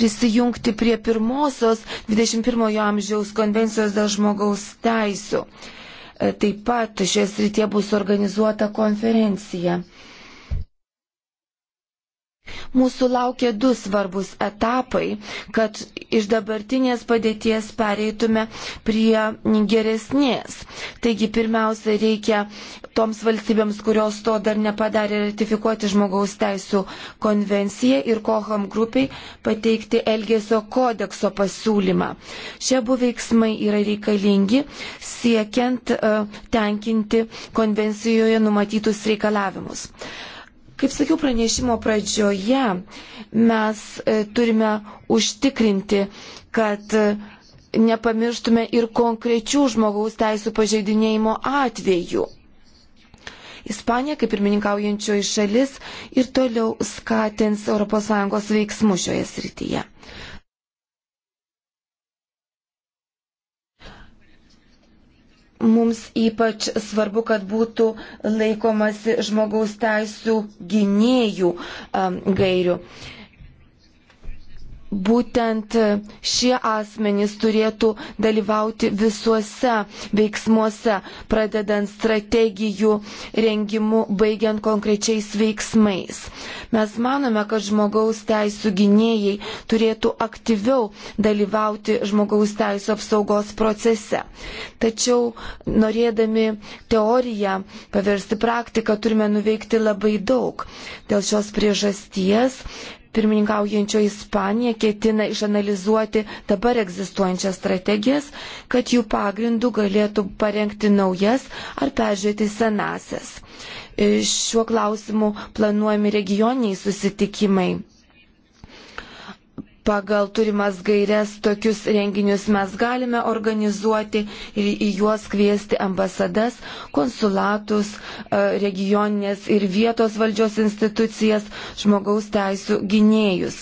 prisijungti prie pirmosios 21 amžiaus konvencijos dėl žmogaus teisų. Taip pat šioje srityje bus organizuota konferencija. Mūsų laukia du svarbus etapai, kad iš dabartinės padėties pereitume prie geresnės. Taigi pirmiausia, reikia toms valstybėms, kurios to dar nepadarė, ratifikuoti žmogaus teisų konvenciją ir kohom grupiai pateikti Elgesio kodekso pasiūlymą. Šie bu veiksmai yra reikalingi siekiant uh, tenkinti konvencijoje numatytus reikalavimus. Uh, Kaip sakiau pranešimo pradžioje, mes e, turime užtikrinti, kad e, nepamirštume ir konkrečių žmogaus teisų pažeidinėjimo atvejų. Ispanija, kaip pirmininkaujančioji šalis, ir toliau skatins ES veiksmų šioje srityje. mums ypač svarbu, kad būtų laikomasi žmogaus teisų gynėjų um, gairių. Um, būtent šie asmenys turėtų dalyvauti visuose veiksmuose, pradedant strategijų rengimu, baigiant konkrečiais veiksmais. Mes manome, kad žmogaus teisų gynėjai turėtų aktyviau dalyvauti žmogaus teisų apsaugos procese. Tačiau norėdami teoriją paversti praktiką, turime nuveikti labai daug. Dėl šios priežasties pirmininkaujančio Ispanija ketina išanalizuoti dabar egzistuojančias strategijas, kad jų pagrindų galėtų parengti naujas ar peržiūrėti senasias. E, šiuo klausimu planuojami regioniniai susitikimai Pagal turimas gairias tokius renginius mes galime organizuoti ir į juos kviesti ambasadas, konsulatus, e, regioninės ir vietos valdžios institucijas, žmogaus teisų gynėjus.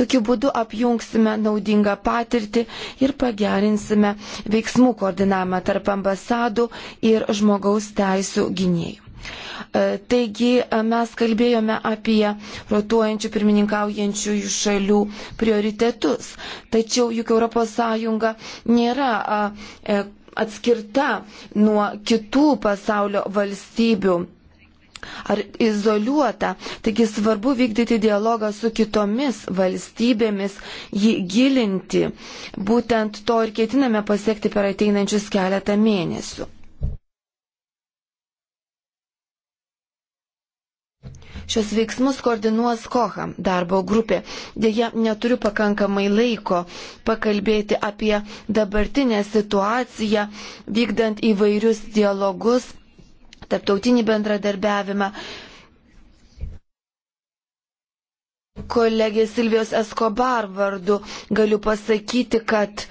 Tokiu būdu apjungsime naudingą patirtį ir pagerinsime veiksmų koordinavimą tarp ambasadų ir žmogaus teisų gynėjų. E, taigi e, mes kalbėjome apie rotuojančių pirmininkaujančių šalių prioritetus. Tačiau juk ES nėra e, atskirta nuo kitų pasaulio valstybių ar izoliuota. Taigi svarbu vykdyti dialogą su kitomis valstybėmis, jį gilinti. Būtent to ir ketiname pasiekti per ateinančius keletą mėnesių. Šios veiksmus koordinuos Koha darbo grupė. Deja, neturiu pakankamai laiko pakalbėti apie dabartinę situaciją, vykdant įvairius dialogus, tarptautinį bendradarbiavimą. Kolegė Silvijos Eskobar vardu galiu pasakyti, kad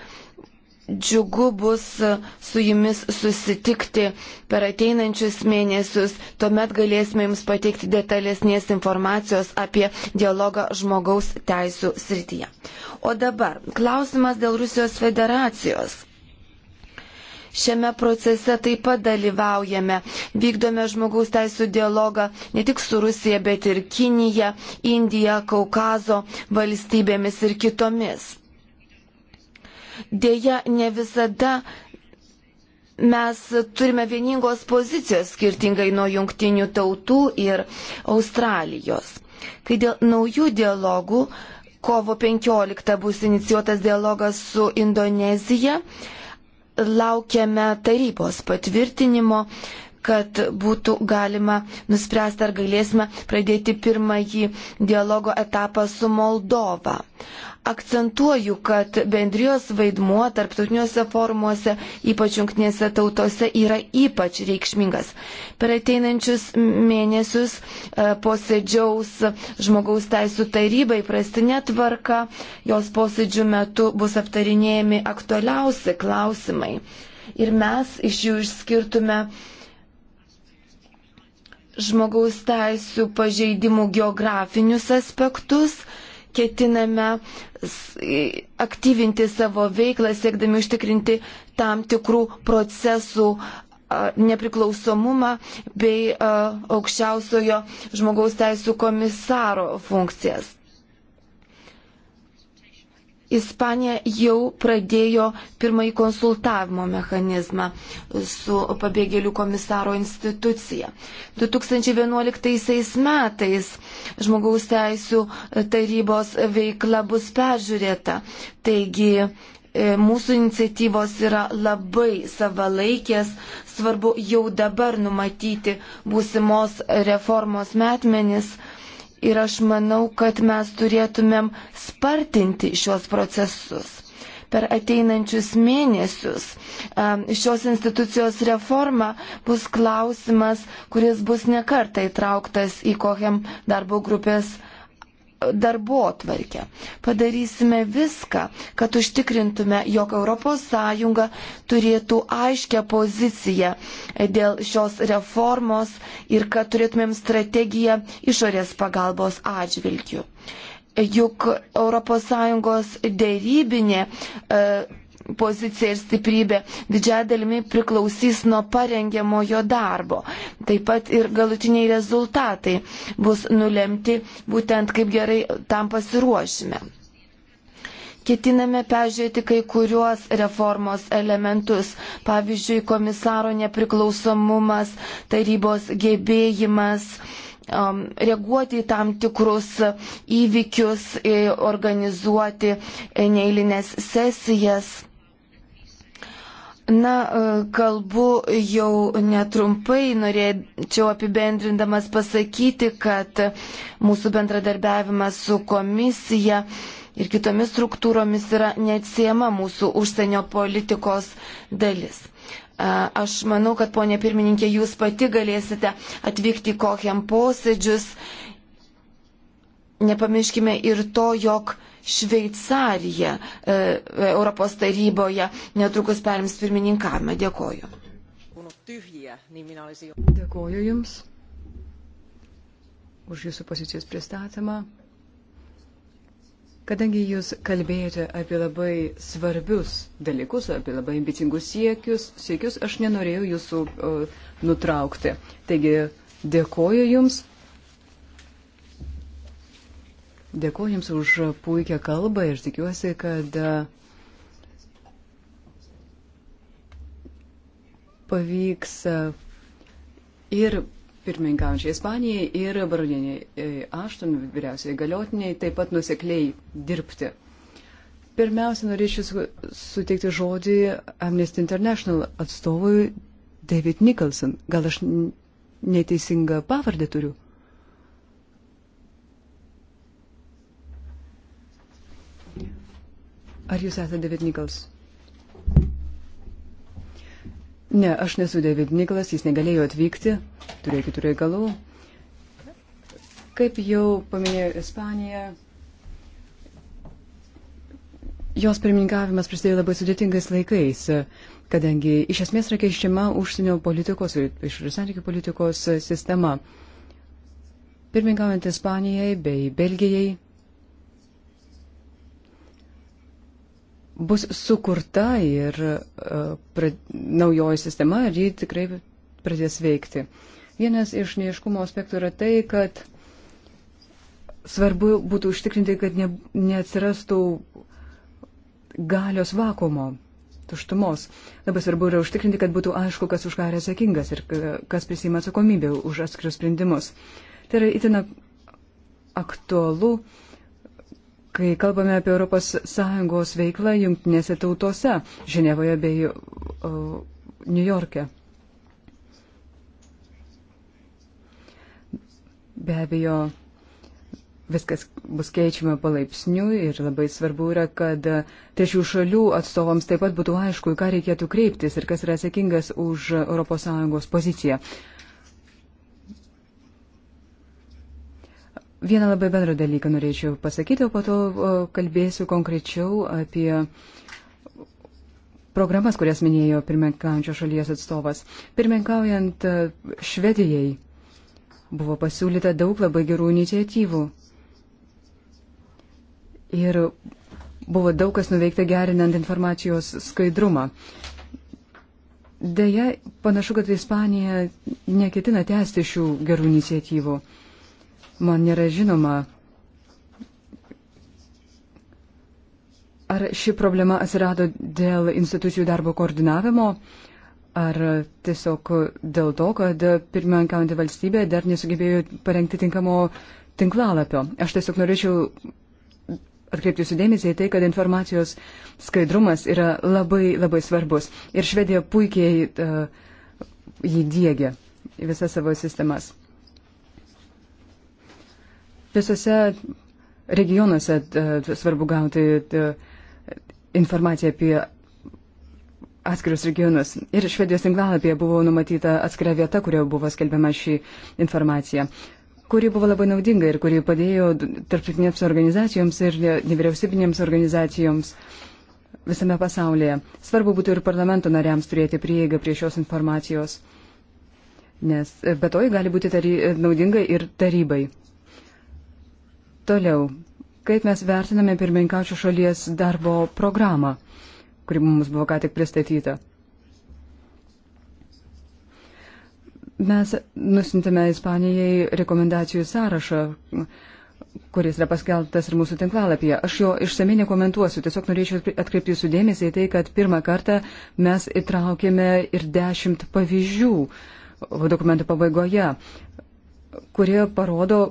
džiugu bus su jumis susitikti per ateinančius mėnesius. Tuomet galėsime jums pateikti detalesnės informacijos apie dialogą žmogaus teisų srityje. O dabar klausimas dėl Rusijos federacijos. Šiame procese taip pat dalyvaujame, vykdome žmogaus teisų dialogą ne tik su Rusija, bet ir Kinija, Indija, Kaukazo valstybėmis ir kitomis. Deja, ne visada mes turime vieningos pozicijos skirtingai nuo jungtinių tautų ir Australijos. Kai dėl naujų dialogų, kovo 15 bus inicijuotas dialogas su Indonezija, laukiame tarybos patvirtinimo kad būtų galima nuspręsti, ar galėsime pradėti pirmąjį dialogo etapą su Moldova. Akcentuoju, kad bendrijos vaidmuo tarptautiniuose formuose, ypač jungtinėse tautose, yra ypač reikšmingas. Per ateinančius mėnesius e, posėdžiaus žmogaus teisų taryba įprastinė tvarka, jos posėdžių metu bus aptarinėjami aktualiausi klausimai. Ir mes iš jų išskirtume žmogaus teisų pažeidimų geografinius aspektus, ketiname aktyvinti savo veiklą, siekdami užtikrinti tam tikrų procesų nepriklausomumą bei aukščiausiojo žmogaus teisų komisaro funkcijas. Ispanija jau pradėjo pirmąjį konsultavimo mechanizmą su pabėgėlių komisaro institucija. 2011 metais žmogaus teisų tarybos veikla bus peržiūrėta. Taigi e, mūsų iniciatyvos yra labai savalaikės, svarbu jau dabar numatyti būsimos reformos metmenis ir aš manau, kad mes turėtumėm spartinti šios procesus. Per ateinančius mėnesius šios institucijos reforma bus klausimas, kuris bus nekartai įtrauktas į kokiam darbo grupės darbo atvarkę. Padarysime viską, kad užtikrintume, jog ES turėtų aiškę poziciją dėl šios reformos ir kad turėtumėm strategiją išorės pagalbos atžvilgių. Juk ES dėrybinė e, pozicija ir stiprybė didžiąją dalimi priklausys nuo parengiamojo darbo. Taip pat ir galutiniai rezultatai bus nulemti būtent kaip gerai tam pasiruošime. Ketiname peržiūrėti kai kuriuos reformos elementus, pavyzdžiui, komisaro nepriklausomumas, tarybos gebėjimas um, reaguoti į tam tikrus įvykius, organizuoti neįlinės sesijas. Na, e, kalbu jau netrumpai, norėčiau apibendrindamas pasakyti, kad mūsų bendradarbiavimas su komisija ir kitomis struktūromis yra neatsiema mūsų užsienio politikos dalis. E, aš manau, kad ponė pirmininkė, jūs pati galėsite atvykti į kokiam posėdžius nepamirškime ir to, jog Šveicarija e, Europos taryboje netrukus perims pirmininkavimą. Dėkoju. Dėkoju Jums už Jūsų pozicijos pristatymą. Kadangi Jūs kalbėjote apie labai svarbius dalykus, apie labai ambicingus siekius, siekius aš nenorėjau Jūsų o, e, nutraukti. Taigi dėkoju Jums Dėkuoju Jums už puikią kalbą ir tikiuosi, kad e, pavyks e, ir pirmininkaujančiai Ispanijai, ir baronieniai e, Ašton vyriausiai galiotiniai taip pat nusekliai dirbti. Pirmiausia, norėčiau suteikti žodį Amnesty International atstovui David Nicholson. Gal aš neteisingą pavardę turiu? Ar jūs esate David Nichols? Ne, aš nesu David Niklas, jis negalėjo atvykti, turėjo kitų reikalų. Kaip jau paminėjo Ispanija, jos pirmininkavimas prasidėjo labai sudėtingais laikais, kadangi iš esmės yra keičiama užsienio politikos ir santykių politikos sistema. Pirmininkaujant Ispanijai bei Belgijai bus sukurta ir uh, pra, naujoji sistema ir ji tikrai pradės veikti. Vienas iš neiškumo aspektų yra tai, kad svarbu būtų užtikrinti, kad ne, neatsirastų galios vakumo, tuštumos. Labai svarbu yra užtikrinti, kad būtų aišku, kas už ką yra atsakingas ir kas prisima atsakomybę už atskirius sprendimus. Tai yra itin aktualu uh, kai kalbame apie ES veiklą jungtinėse tautose, Ženevoje bei e, New York'e. Be abejo, viskas bus keičiama palaipsniui ir labai svarbu yra, kad trečių šalių atstovams taip pat būtų aišku, į ką reikėtų kreiptis ir kas yra atsakingas už ES poziciją. Vieną labai bendrą dalyką norėčiau pasakyti, o po to kalbėsiu konkrečiau apie programas, kurias minėjo pirmininkaujančio šalies atstovas. Pirmininkaujant e, Švedijai buvo pasiūlyta daug labai gerų iniciatyvų. Ir buvo daug kas nuveikta gerinant informacijos skaidrumą. Deja, panašu, kad Ispanija neketina tęsti šių gerų iniciatyvų. Man nėra žinoma, ar ši problema atsirado dėl institucijų darbo koordinavimo, ar tiesiog dėl to, kad pirmininkaujantį valstybę dar nesugebėjo parengti tinkamo tinklalapio. Aš tiesiog norėčiau atkreipti sudėmesį į tai, kad informacijos skaidrumas yra labai labai svarbus ir Švedija puikiai uh, jį dėgia visas savo sistemas visose regionuose e, svarbu gauti e, informaciją apie atskirius regionus. Ir Švedijos tinklalapyje buvo numatyta atskira vieta, kurioje buvo skelbiama ši informacija, kuri buvo labai naudinga ir kuri padėjo tarptautinėms organizacijoms ir nevyriausybinėms organizacijoms visame pasaulyje. Svarbu būtų ir parlamento nariams turėti prieigą prie šios informacijos, nes e, be to ji gali būti tary, naudinga ir tarybai. Toliau, kaip mes vertiname pirmininkaučio šalies darbo programą, kuri mums buvo ką tik pristatyta. Mes nusintėme Ispanijai rekomendacijų sąrašą, kuris yra paskelbtas ir mūsų tinklalapyje. Aš jo išsamei nekomentuosiu, tiesiog norėčiau atkreipti jūsų dėmesį į tai, kad pirmą kartą mes įtraukėme ir dešimt pavyzdžių dokumentų pabaigoje, kurie parodo,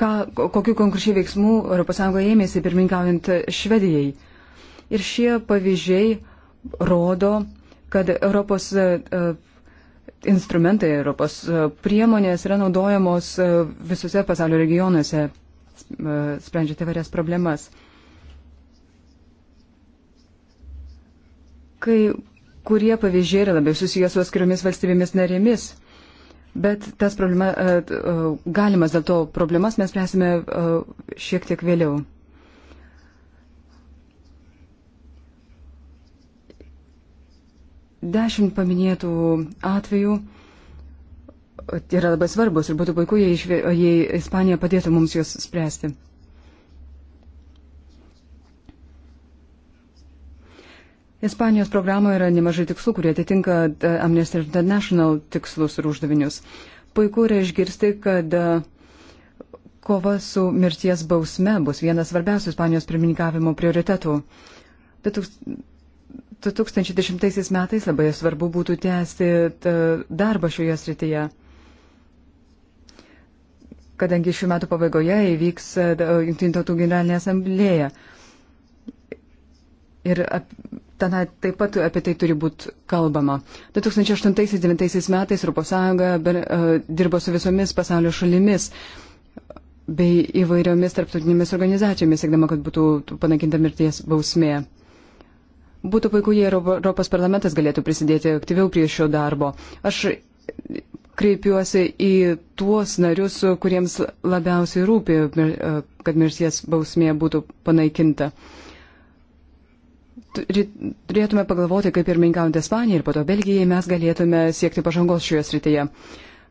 ką, kokiu konkrečiu veiksmu ES ėmėsi pirmininkaujant Švedijai. Ir šie pavyzdžiai rodo, kad Europos instrumentai, Europos priemonės yra naudojamos visose pasaulio regionuose, sprendžiant įvairias problemas. Kai kurie pavyzdžiai yra labiau susijęs su atskiromis valstybėmis narėmis. Bet tas problema, e, e, galimas dėl to problemas mes spręsime e, šiek tiek vėliau. Dešimt paminėtų atvejų yra labai svarbus ir būtų puiku, jei, jei Ispanija padėtų mums juos spręsti. Ispanijos programoje yra nemažai tikslų, kurie atitinka e, Amnesty International tikslus ir uždavinius. Puiku yra išgirsti, kad e, kova su mirties bausme bus vienas svarbiausių Ispanijos pirmininkavimo prioritetų. 2010 metais labai svarbu būtų tęsti e, darbą šioje srityje kadangi šių metų pabaigoje įvyks Junktinių tautų generalinė asamblėja. Ir ap, tenai taip pat apie tai turi būti kalbama. 2008-2009 metais Europos Sąjunga e, dirbo su visomis pasaulio šalimis bei įvairiomis tarptautinėmis organizacijomis, siekdama, kad būtų panakinta mirties bausmė. Būtų puiku, jei Europos parlamentas galėtų prisidėti aktyviau prie šio darbo. Aš kreipiuosi į tuos narius, kuriems labiausiai rūpi, e, kad mirties bausmė būtų panaikinta. Uh, turėtume pagalvoti, kaip ir minkaujant Ispanijai ir po to Belgijai mes galėtume siekti pažangos šioje srityje.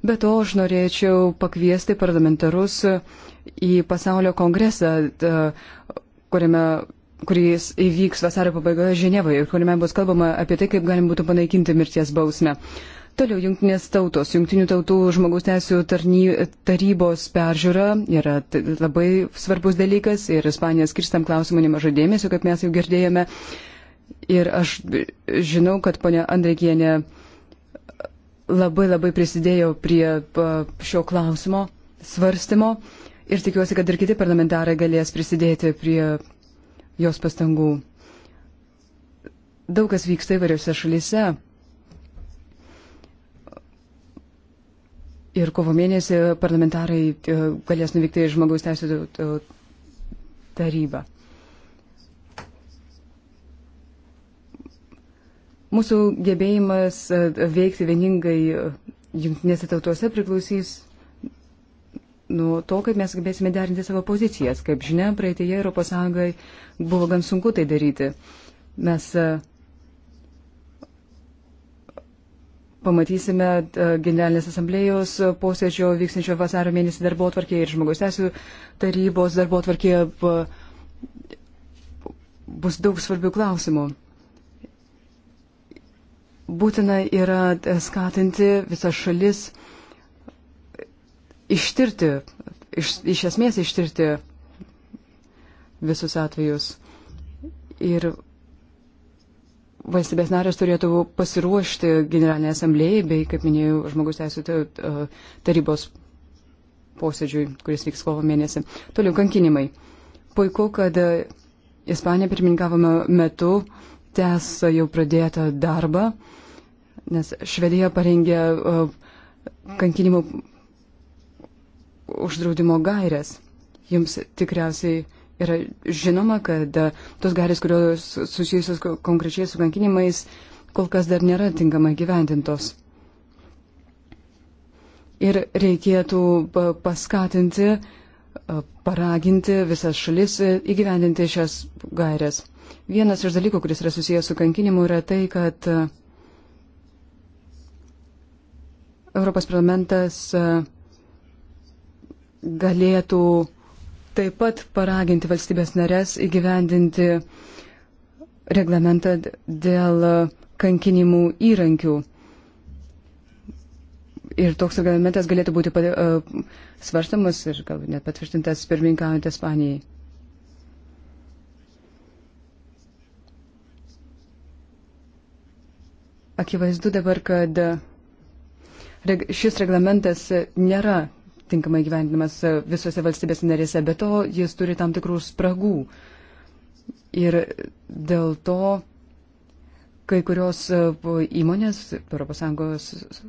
Be to, aš norėčiau pakviesti parlamentarus į pasaulio kongresą, kuriame kuris įvyks vasario pabaigoje Ženevoje ir kuriame bus kalbama apie tai, kaip galim būtų panaikinti mirties bausmę. Toliau jungtinės tautos, jungtinių tautų žmogaus teisų tarybos peržiūra yra labai svarbus dalykas ir Ispanija skirstam klausimą nemažai dėmesio, kaip mes jau girdėjome. Ir aš žinau, kad ponia Andrikienė labai labai prisidėjo prie šio klausimo svarstymo ir tikiuosi, kad ir kiti parlamentarai galės prisidėti prie jos pastangų. Daug kas vyksta įvairiose šalyse Ir kovo mėnesį parlamentarai e, galės nuvykti į žmogaus teisų e, tarybą. Mūsų gebėjimas e, veikti vieningai jungtinėse tautuose priklausys nuo to, kaip mes gebėsime derinti savo pozicijas. Kaip žinia, praeitėje ES buvo gan sunku tai daryti. Mes uh, pamatysime e, Generalinės asamblėjos posėdžio vyksničio vasario mėnesį darbo atvarkėje ir žmogaus teisų tarybos darbo atvarkėje bus daug svarbių klausimų. Būtina yra e, skatinti visas šalis ištirti, iš, iš esmės ištirti visus atvejus. Ir valstybės narės turėtų pasiruošti Generalinė asamblėje bei, kaip minėjau, žmogus teisų tarybos posėdžiui, kuris vyks kovo mėnesį. Toliau kankinimai. Puiku, kad Ispanija pirmininkavimo metu tęs jau pradėtą darbą, nes Švedija parengė uh, kankinimo uždraudimo gairias. Jums tikriausiai Yra žinoma, kad e, tos garis, kurios susijusios konkrečiai su kankinimais, kol kas dar nėra tinkamai gyvendintos. Ir reikėtų e, paskatinti, e, paraginti visas šalis įgyvendinti šias gairias. Vienas iš dalykų, kuris yra susijęs su kankinimu, yra tai, kad Europos parlamentas galėtų uh, taip pat paraginti valstybės narės įgyvendinti reglamentą dėl kankinimų įrankių. Ir toks reglamentas galėtų būti pat, uh, e, svarstamas ir galbūt net patvirtintas pirmininkaujant Ispanijai. Akivaizdu dabar, kad reg šis reglamentas nėra tinkamai gyvendinamas e, visose valstybės narėse, bet to jis turi tam tikrų spragų. Ir dėl to kai kurios e, įmonės ES,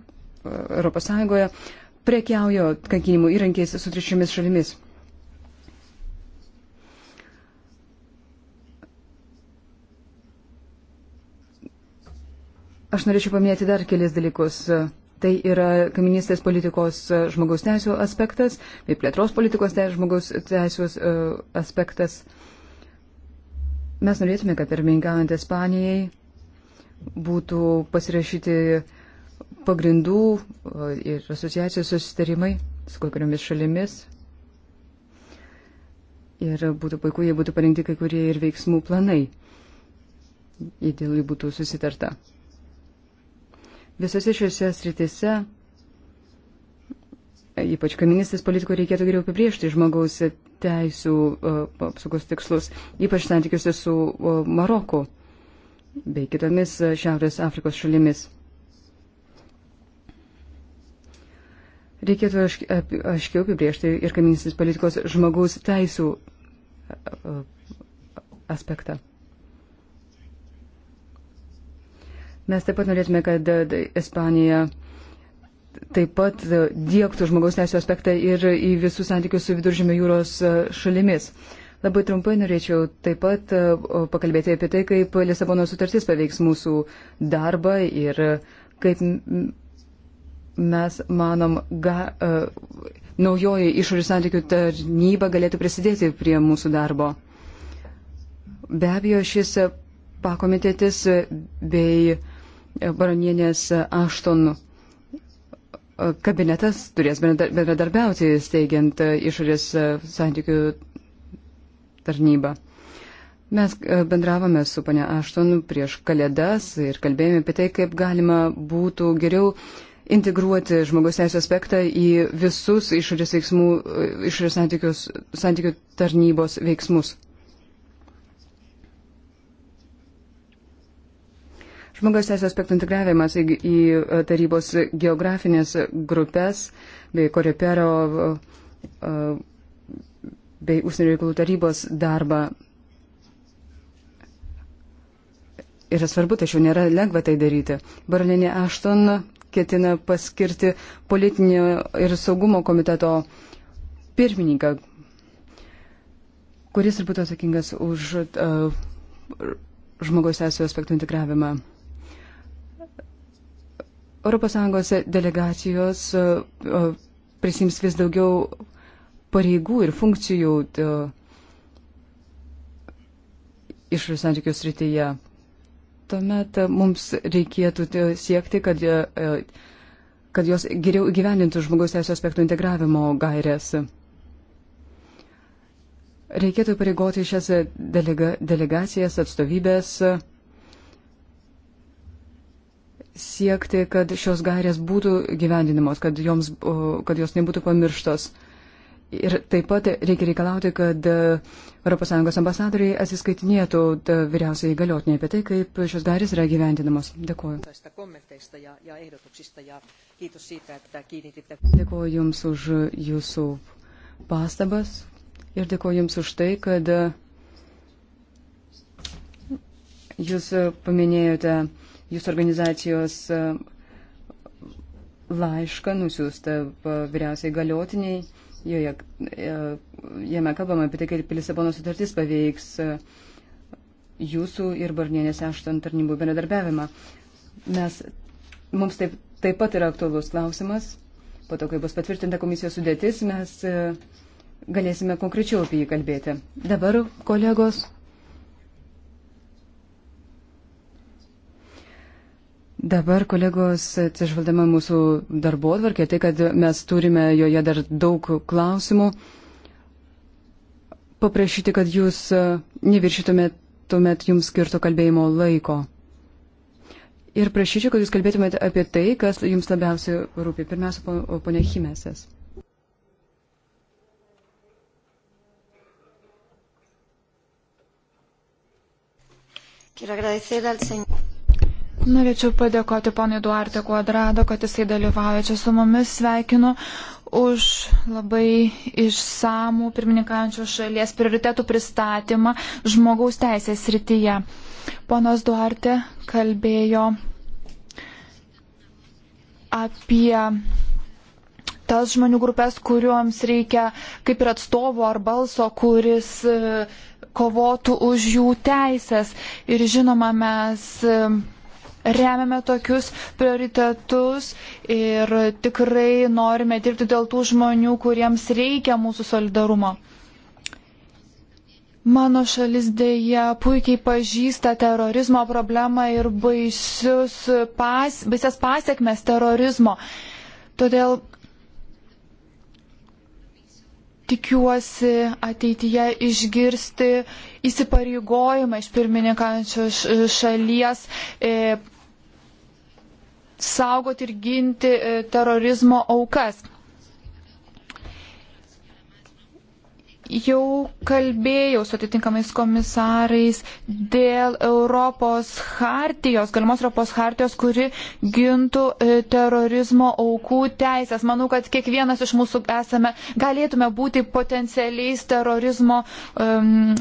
ES prekiaujo kankinimų įrankiais su trečiomis šalimis. Aš norėčiau paminėti dar kelias dalykus tai yra kaiminystės politikos e, žmogaus teisų aspektas, bei plėtros politikos teisų žmogaus teisų e, aspektas. Mes norėtume, kad pirmininkaujant Ispanijai būtų pasirašyti pagrindų e, ir asociacijos susitarimai su kokiamis šalimis. Ir būtų puiku, jei būtų parengti kai kurie ir veiksmų planai, jei dėl jų būtų susitarta visose šiuose sritise, ypač kaiminystės politikų, reikėtų geriau apibriežti žmogaus teisų apsaugos tikslus, ypač santykiuose su Maroku bei kitomis Šiaurės Afrikos šalimis. Reikėtų aiškiau apibriežti ir kaiminystės politikos žmogaus teisų aspektą. Mes taip pat norėtume, kad e, Ispanija taip pat e, diegtų žmogaus teisų aspektą ir į visus santykius su viduržėmio jūros e, šalimis. Labai trumpai norėčiau taip pat pakalbėti apie tai, kaip Lisabono sutartis paveiks mūsų darbą ir kaip mes manom, ga, naujoji išorės santykių tarnyba galėtų prisidėti prie mūsų darbo. Be abejo, šis pakomitetis bei baronienės Ašton kabinetas turės bendradarbiauti steigiant išorės santykių tarnybą. Mes e, bendravome su pane Ašton prieš kalėdas ir kalbėjome apie tai, kaip galima būtų geriau integruoti žmogaus teisų aspektą į visus išorės, veiksmų, e, išorės santykių tarnybos veiksmus. Žmogaus teisų aspektų integravimas į, į e, tarybos geografinės grupės bei korepero e, bei užsienio reikalų tarybos darbą yra svarbu, tačiau nėra lengva tai daryti. Baroninė Ašton ketina paskirti politinio ir saugumo komiteto pirmininką, kuris ir būtų atsakingas už uh, žmogaus teisų aspektų integravimą. ES delegacijos e, e, prisims vis daugiau pareigų ir funkcijų e, išorės santykių srityje. Tuomet mums reikėtų siekti, kad, kad jos geriau gyvenintų žmogaus teisų aspektų integravimo gairias. Reikėtų pareigoti šias delega, delegacijas, atstovybės siekti, kad šios gairės būtų gyvendinamos, kad, joms, kad jos nebūtų pamirštos. Ir taip pat reikia reikalauti, kad ES ambasadoriai atsiskaitinėtų e, vyriausiai įgaliotiniai apie tai, kaip šios gairės yra gyvendinamos. Dėkuoju. Dėkuoju Jums už Jūsų pastabas ir dėkuoju Jums už tai, kad e, Jūs paminėjote jūsų organizacijos e, laišką nusiųstą e, vyriausiai galiotiniai. Joje, e, jame kalbama apie tai, kaip Lisabono sutartis paveiks jūsų ir Barnienės ašton tarnybų bendradarbiavimą. Mes, mums taip, taip pat yra aktualus klausimas. Po to, kai bus patvirtinta komisijos sudėtis, mes galėsime konkrečiau apie jį kalbėti. Dabar, kolegos, Dabar, kolegos, atsižvaldama mūsų darbo atvarkė, tai kad mes turime joje dar daug klausimų, paprašyti, kad jūs e, neviršytumėt tuomet jums skirto kalbėjimo laiko. Ir prašyčiau, kad jūs kalbėtumėte apie tai, kas jums labiausiai rūpi. Pirmiausia, ponia Chimesės. Quiero agradecer al señor. Norėčiau padėkoti ponui Duarte Kuadrado, kad jisai dalyvauja čia su mumis. Sveikinu už labai išsamų pirmininkaujančios šalies prioritetų pristatymą žmogaus teisės rytyje. Ponas Duarte kalbėjo apie tas žmonių grupės, kuriuoms reikia kaip ir atstovo ar balso, kuris e, kovotų už jų teisės. Ir žinoma, mes e, remiame tokius prioritetus ir tikrai norime dirbti dėl tų žmonių, kuriems reikia mūsų solidarumo. Mano šalis dėja puikiai pažįsta terorizmo problemą ir baisius pas, baisias pasiekmes terorizmo. Todėl tikiuosi ateityje išgirsti įsipareigojimą iš pirmininkančios šalies e, saugoti ir ginti e, terorizmo aukas. Jau kalbėjau su atitinkamais komisarais dėl Europos hartijos, galimos Europos hartijos, kuri gintų e, terorizmo aukų teisės. Manau, kad kiekvienas iš mūsų esame, galėtume būti potencialiais terorizmo. Um,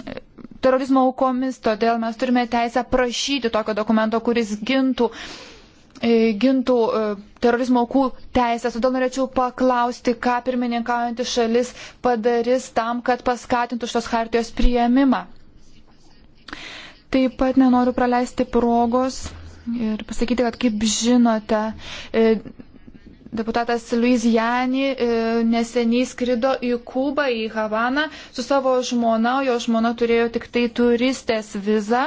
terorizmo aukomis, todėl mes turime teisę prašyti tokio dokumento, kuris gintų uh, E, gintų e, terorizmo aukų teisės. Todėl norėčiau paklausti, ką pirmininkaujantis šalis padarys tam, kad paskatintų šios hartijos prieimimą. Taip pat nenoriu praleisti progos ir pasakyti, kad kaip žinote, e, Deputatas Luizijani e, neseniai skrido į Kubą, į Havaną su savo žmona, jo žmona turėjo tik tai turistės vizą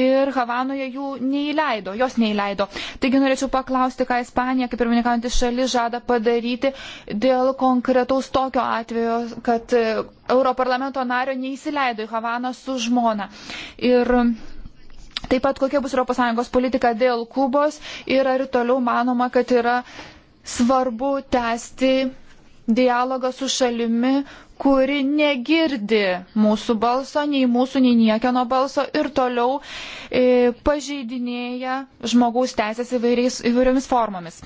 ir Havanoje jų neįleido, jos neįleido. Taigi norėčiau paklausti, ką Ispanija, kaip ir minkantis šalis, žada padaryti dėl konkretaus tokio atvejo, kad e, Europarlamento nario neįsileido į Havaną su žmona. Ir Taip pat kokia bus ES politika dėl Kubos ir ar toliau manoma, kad yra svarbu tęsti dialogą su šalimi, kuri negirdi mūsų balso, nei mūsų, nei niekieno balso ir toliau e, pažeidinėja žmogaus teisės įvairiais, įvairiomis formomis.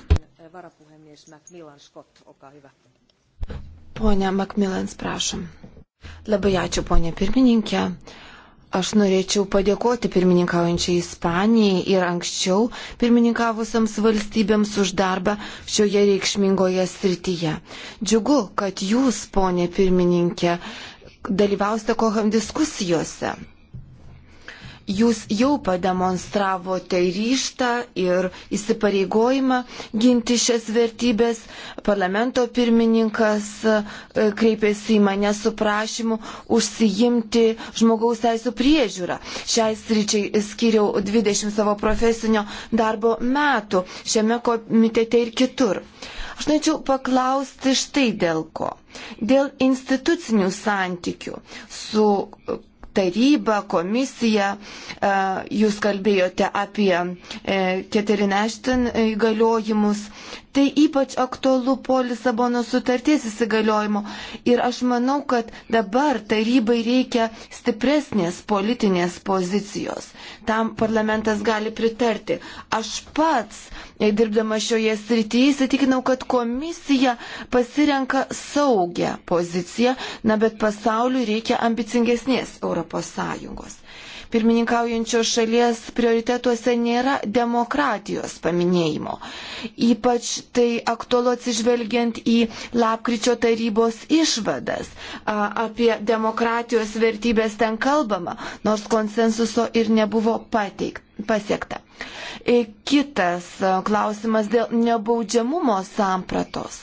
Pone Makmilans, prašom. Labai ačiū, ponė pirmininkė. Aš norėčiau padėkoti pirmininkaujančiai Ispanijai ir anksčiau pirmininkavusiams valstybėms už darbą šioje reikšmingoje srityje. Džiugu, kad jūs, ponė pirmininkė, dalyvausite koham diskusijose. Jūs jau pademonstravote ryštą ir įsipareigojimą ginti šias vertybės. Parlamento pirmininkas e, kreipėsi į mane su prašymu užsijimti žmogaus teisų priežiūrą. Šiai sričiai skiriau 20 savo profesinio darbo metų šiame komitete ir kitur. Aš norėčiau paklausti štai dėl ko. Dėl institucinių santykių su taryba, komisija, e, jūs kalbėjote apie Keterineštin įgaliojimus, Tai ypač aktualu po Lisabono sutarties įsigaliojimo. Ir aš manau, kad dabar tarybai reikia stipresnės politinės pozicijos. Tam parlamentas gali pritarti. Aš pats, e, dirbdama šioje srityje, įsitikinau, kad komisija pasirenka saugią poziciją, na bet pasauliu reikia ambicingesnės Europos Sąjungos pirmininkaujančios šalies prioritetuose nėra demokratijos paminėjimo. Ypač tai aktualu atsižvelgiant į lapkričio tarybos išvadas. Apie demokratijos vertybės ten kalbama, nors konsensuso ir nebuvo pateikta pasiekta. E, kitas klausimas dėl nebaudžiamumo sampratos.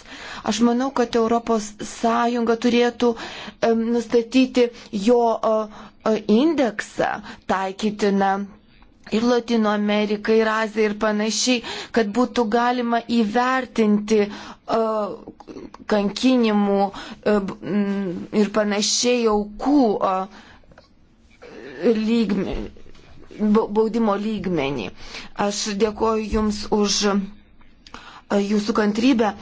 Aš manau, kad ES turėtų nustatyti jo indeksą taikytiną ir Latino Amerikai, ir Azijai, ir panašiai, kad būtų galima įvertinti uh, kankinimų uh, ir panašiai aukų uh, lygme, baudimo lygmenį. Aš dėkoju Jums už uh, Jūsų kantrybę.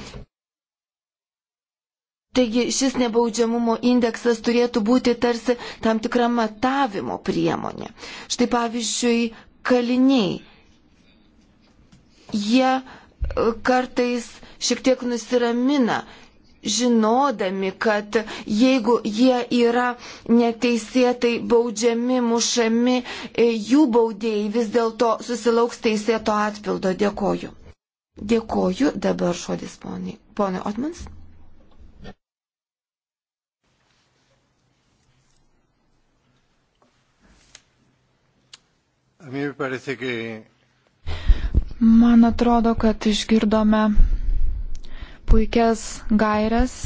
Taigi šis nebaudžiamumo indeksas turėtų būti tarsi tam tikra matavimo priemonė. Štai pavyzdžiui, kaliniai. Jie e, kartais šiek tiek nusiramina, žinodami, kad jeigu jie yra neteisėtai baudžiami, mušami, e, jų baudėjai vis dėlto susilauks teisėto atpildo. Dėkoju. Dėkoju dabar šodis poniai. Pone Otmans. Man atrodo, kad išgirdome puikias gairias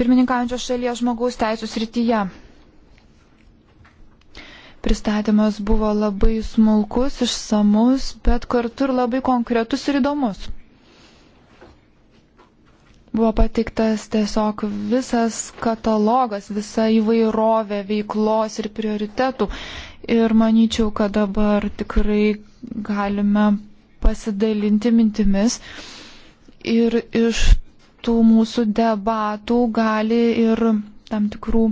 pirmininkaujančios šalies žmogaus teisų srityje. Pristatymas buvo labai smulkus, išsamus, bet kartu ir labai konkretus ir įdomus. Buvo pateiktas tiesiog visas katalogas, visa įvairovė veiklos ir prioritetų ir manyčiau, kad dabar tikrai galime pasidalinti mintimis ir iš tų mūsų debatų gali ir tam tikrų,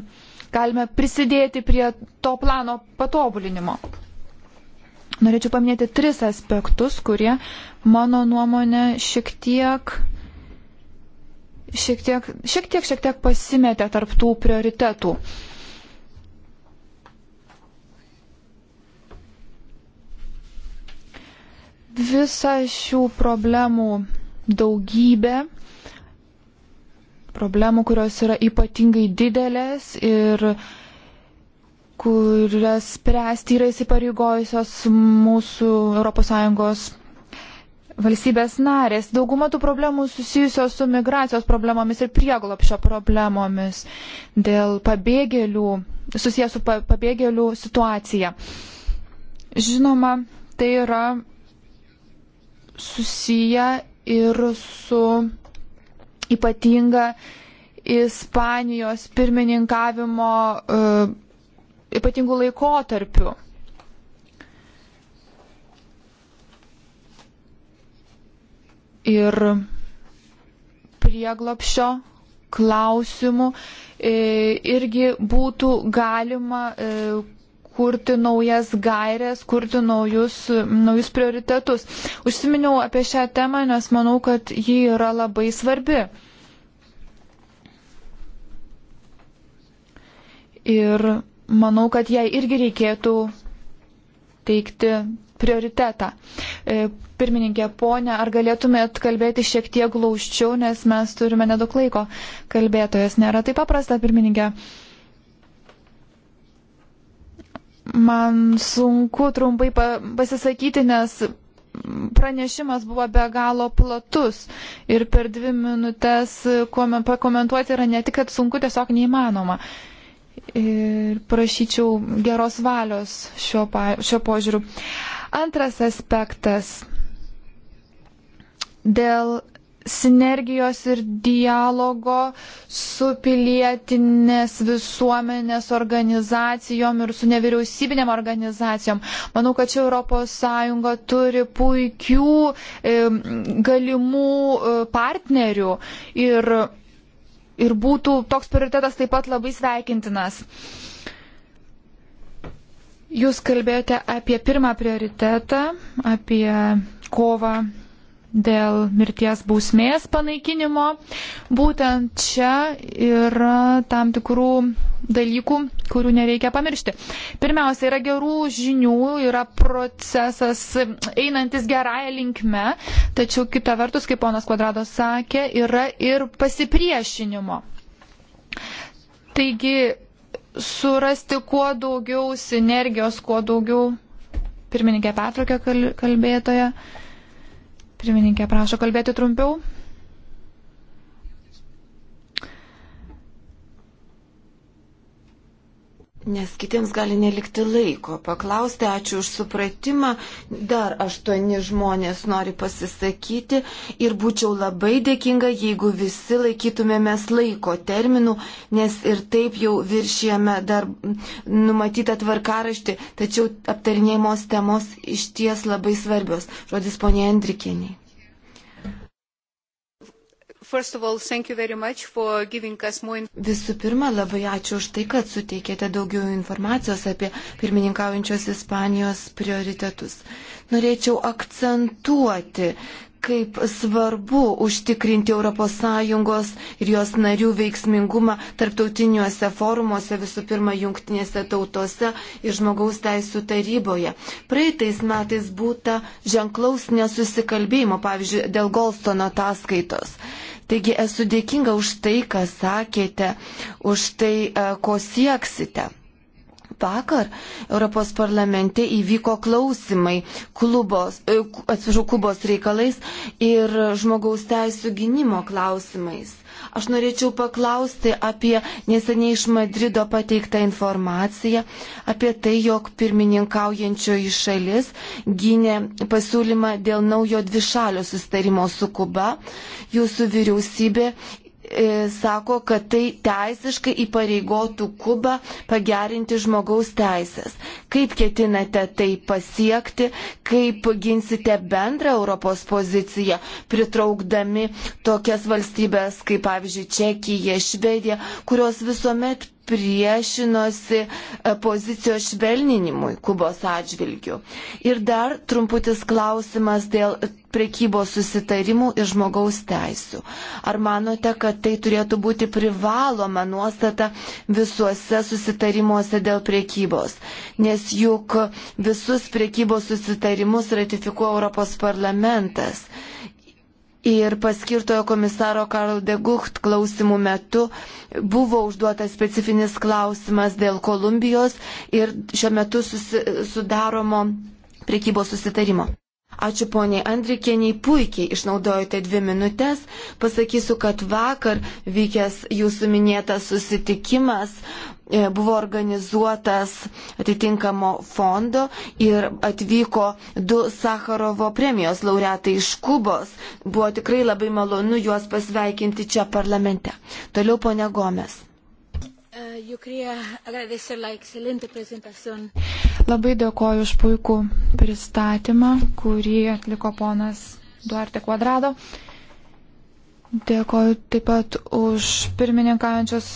galime prisidėti prie to plano patobulinimo. Norėčiau paminėti tris aspektus, kurie mano nuomonė šiek tiek šiek tiek, šiek tiek, šiek tiek pasimetė tarp tų prioritetų. Visa šių problemų daugybė, problemų, kurios yra ypatingai didelės ir kurias spręsti yra įsipareigojusios mūsų ES valstybės narės. Dauguma tų problemų susijusios su migracijos problemomis ir prieglopšio problemomis dėl pabėgėlių, susijęs su pabėgėlių situacija. Žinoma, tai yra susiję ir su ypatinga Ispanijos pirmininkavimo uh, ypatingų laikotarpių. ir prieglopšio klausimų e, irgi būtų galima e, kurti naujas gairias, kurti naujus, naujus prioritetus. Užsiminiau apie šią temą, nes manau, kad ji yra labai svarbi. Ir manau, kad jai irgi reikėtų teikti prioritetą. E, pirmininkė, ponė, ar galėtumėt kalbėti šiek tiek glaučiau, nes mes turime nedaug laiko. Kalbėtojas nėra taip paprasta, pirmininkė. Man sunku trumpai pasisakyti, nes pranešimas buvo be galo platus ir per dvi minutės pakomentuoti yra ne tik, kad sunku, tiesiog neįmanoma. Ir prašyčiau geros valios šio, pa, šio požiūriu. Antras aspektas dėl sinergijos ir dialogo su pilietinės visuomenės organizacijom ir su nevyriausybinėm organizacijom. Manau, kad čia ES turi puikių e, galimų e, partnerių ir, ir būtų toks prioritetas taip pat labai sveikintinas. Jūs kalbėjote apie pirmą prioritetą, apie kovą dėl mirties bausmės panaikinimo. Būtent čia yra tam tikrų dalykų, kurių nereikia pamiršti. Pirmiausia, yra gerų žinių, yra procesas einantis gerąją linkme, tačiau kita vertus, kaip ponas Kvadrados sakė, yra ir pasipriešinimo. Taigi, surasti kuo daugiau sinergijos, kuo daugiau pirmininkė Petrokė kalbėtoja. Uh, Pirmininkė prašo kalbėti trumpiau. Nes kitiems gali nelikti laiko paklausti, ačiū už supratimą, dar aštuoni žmonės nori pasisakyti ir būčiau labai dėkinga, jeigu visi laikytumėmės laiko terminų, nes ir taip jau viršijame dar numatytą tvarkaraštį, tačiau aptarinėjimos temos iš ties labai svarbios. Žodis ponė Andrikieniai. Visų pirma, labai ačiū už tai, kad suteikėte daugiau informacijos apie pirmininkaujančios Ispanijos prioritetus. Norėčiau akcentuoti, kaip svarbu užtikrinti ES ir jos narių veiksmingumą tarptautiniuose forumuose, visų pirma, jungtinėse tautose ir žmogaus teisų taryboje. Praeitais metais būta ženklaus nesusikalbėjimo, pavyzdžiui, dėl Golstono ataskaitos. Taigi esu dėkinga už tai, ką sakėte, už tai, e, ko sieksite vakar Europos parlamente įvyko klausimai klubos, e, atsižau, Kubos reikalais ir žmogaus teisų gynimo klausimais. Aš norėčiau paklausti apie neseniai iš Madrido pateiktą informaciją, apie tai, jog pirmininkaujančioji šalis gynė pasiūlymą dėl naujo dvišalio sustarimo su Kuba. Jūsų vyriausybė E, sako, kad tai teisiškai įpareigotų Kubą pagerinti žmogaus teisės. Kaip ketinate tai pasiekti, kaip ginsite bendrą Europos poziciją, pritraukdami tokias valstybės kaip pavyzdžiui Čekija, Švedija, kurios visuomet priešinosi e, pozicijos švelninimui Kubos atžvilgių. Ir dar trumputis klausimas dėl prekybos susitarimų ir žmogaus teisų. Ar manote, kad tai turėtų būti privaloma nuostata visuose susitarimuose dėl prekybos? Nes juk visus prekybos susitarimus ratifikuoja Europos parlamentas. Ir paskirtojo komisaro Karl de Gucht klausimų metu buvo užduotas specifinis klausimas dėl Kolumbijos ir šiuo metu susi, sudaromo prekybos susitarimo. Ačiū poniai Andrikieniai, puikiai išnaudojote dvi minutės. Pasakysiu, kad vakar vykęs jūsų minėtas susitikimas e, buvo organizuotas atitinkamo fondo ir atvyko du Sakarovo premijos laureatai iš Kubos. Buvo tikrai labai malonu juos pasveikinti čia parlamente. Toliau ponia Gomes. Eu eh, queria agradecer a excelente apresentação. Labai dėkoju už puikų pristatymą, kurį atliko ponas Duarte Quadrado. Dėkoju taip pat už pirmininkaujančios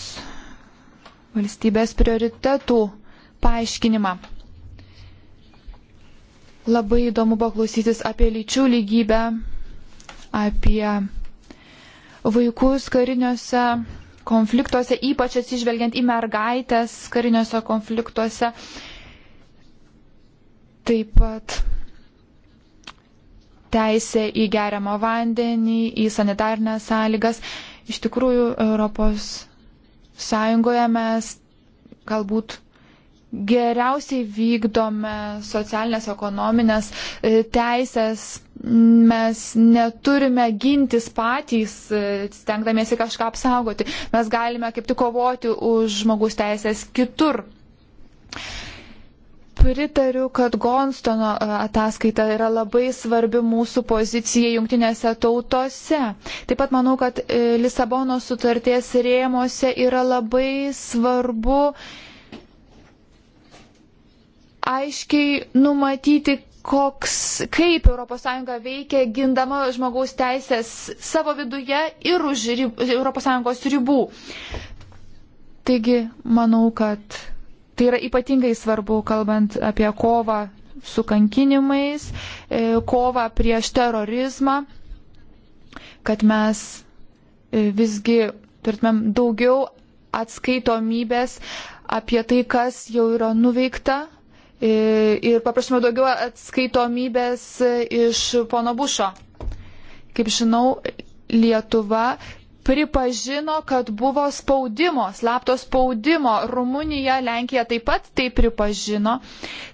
valstybės prioritetų paaiškinimą. Labai įdomu buvo klausytis apie lyčių lygybę, apie vaikus kariniuose konfliktuose, ypač atsižvelgiant į mergaitės kariniuose konfliktuose. Uh, Taip pat teisė į geriamą vandenį, į sanitarnės sąlygas. Iš tikrųjų, Europos Sąjungoje mes galbūt geriausiai vykdome socialinės, ekonominės e, teisės, mes neturime gintis patys, e, stengdamiesi kažką apsaugoti. Mes galime kaip tik kovoti už žmogus teisės kitur pritariu, kad Gonstono e, ataskaita yra labai svarbi mūsų pozicija jungtinėse tautose. Taip pat manau, kad e, Lisabono sutarties rėmose yra labai svarbu aiškiai numatyti, koks, kaip ES veikia gindama žmogaus teisės savo viduje ir už ES ribų. Taigi, manau, kad Tai yra ypatingai svarbu, kalbant apie kovą su kankinimais, e, kovą prieš terorizmą, kad mes e, visgi turėtumėm daugiau atskaitomybės apie tai, kas jau yra nuveikta. E, ir paprašome daugiau atskaitomybės iš pono Bušo. Kaip žinau, Lietuva pripažino, kad buvo spaudimo, slapto spaudimo. Rumunija, Lenkija taip pat tai pripažino.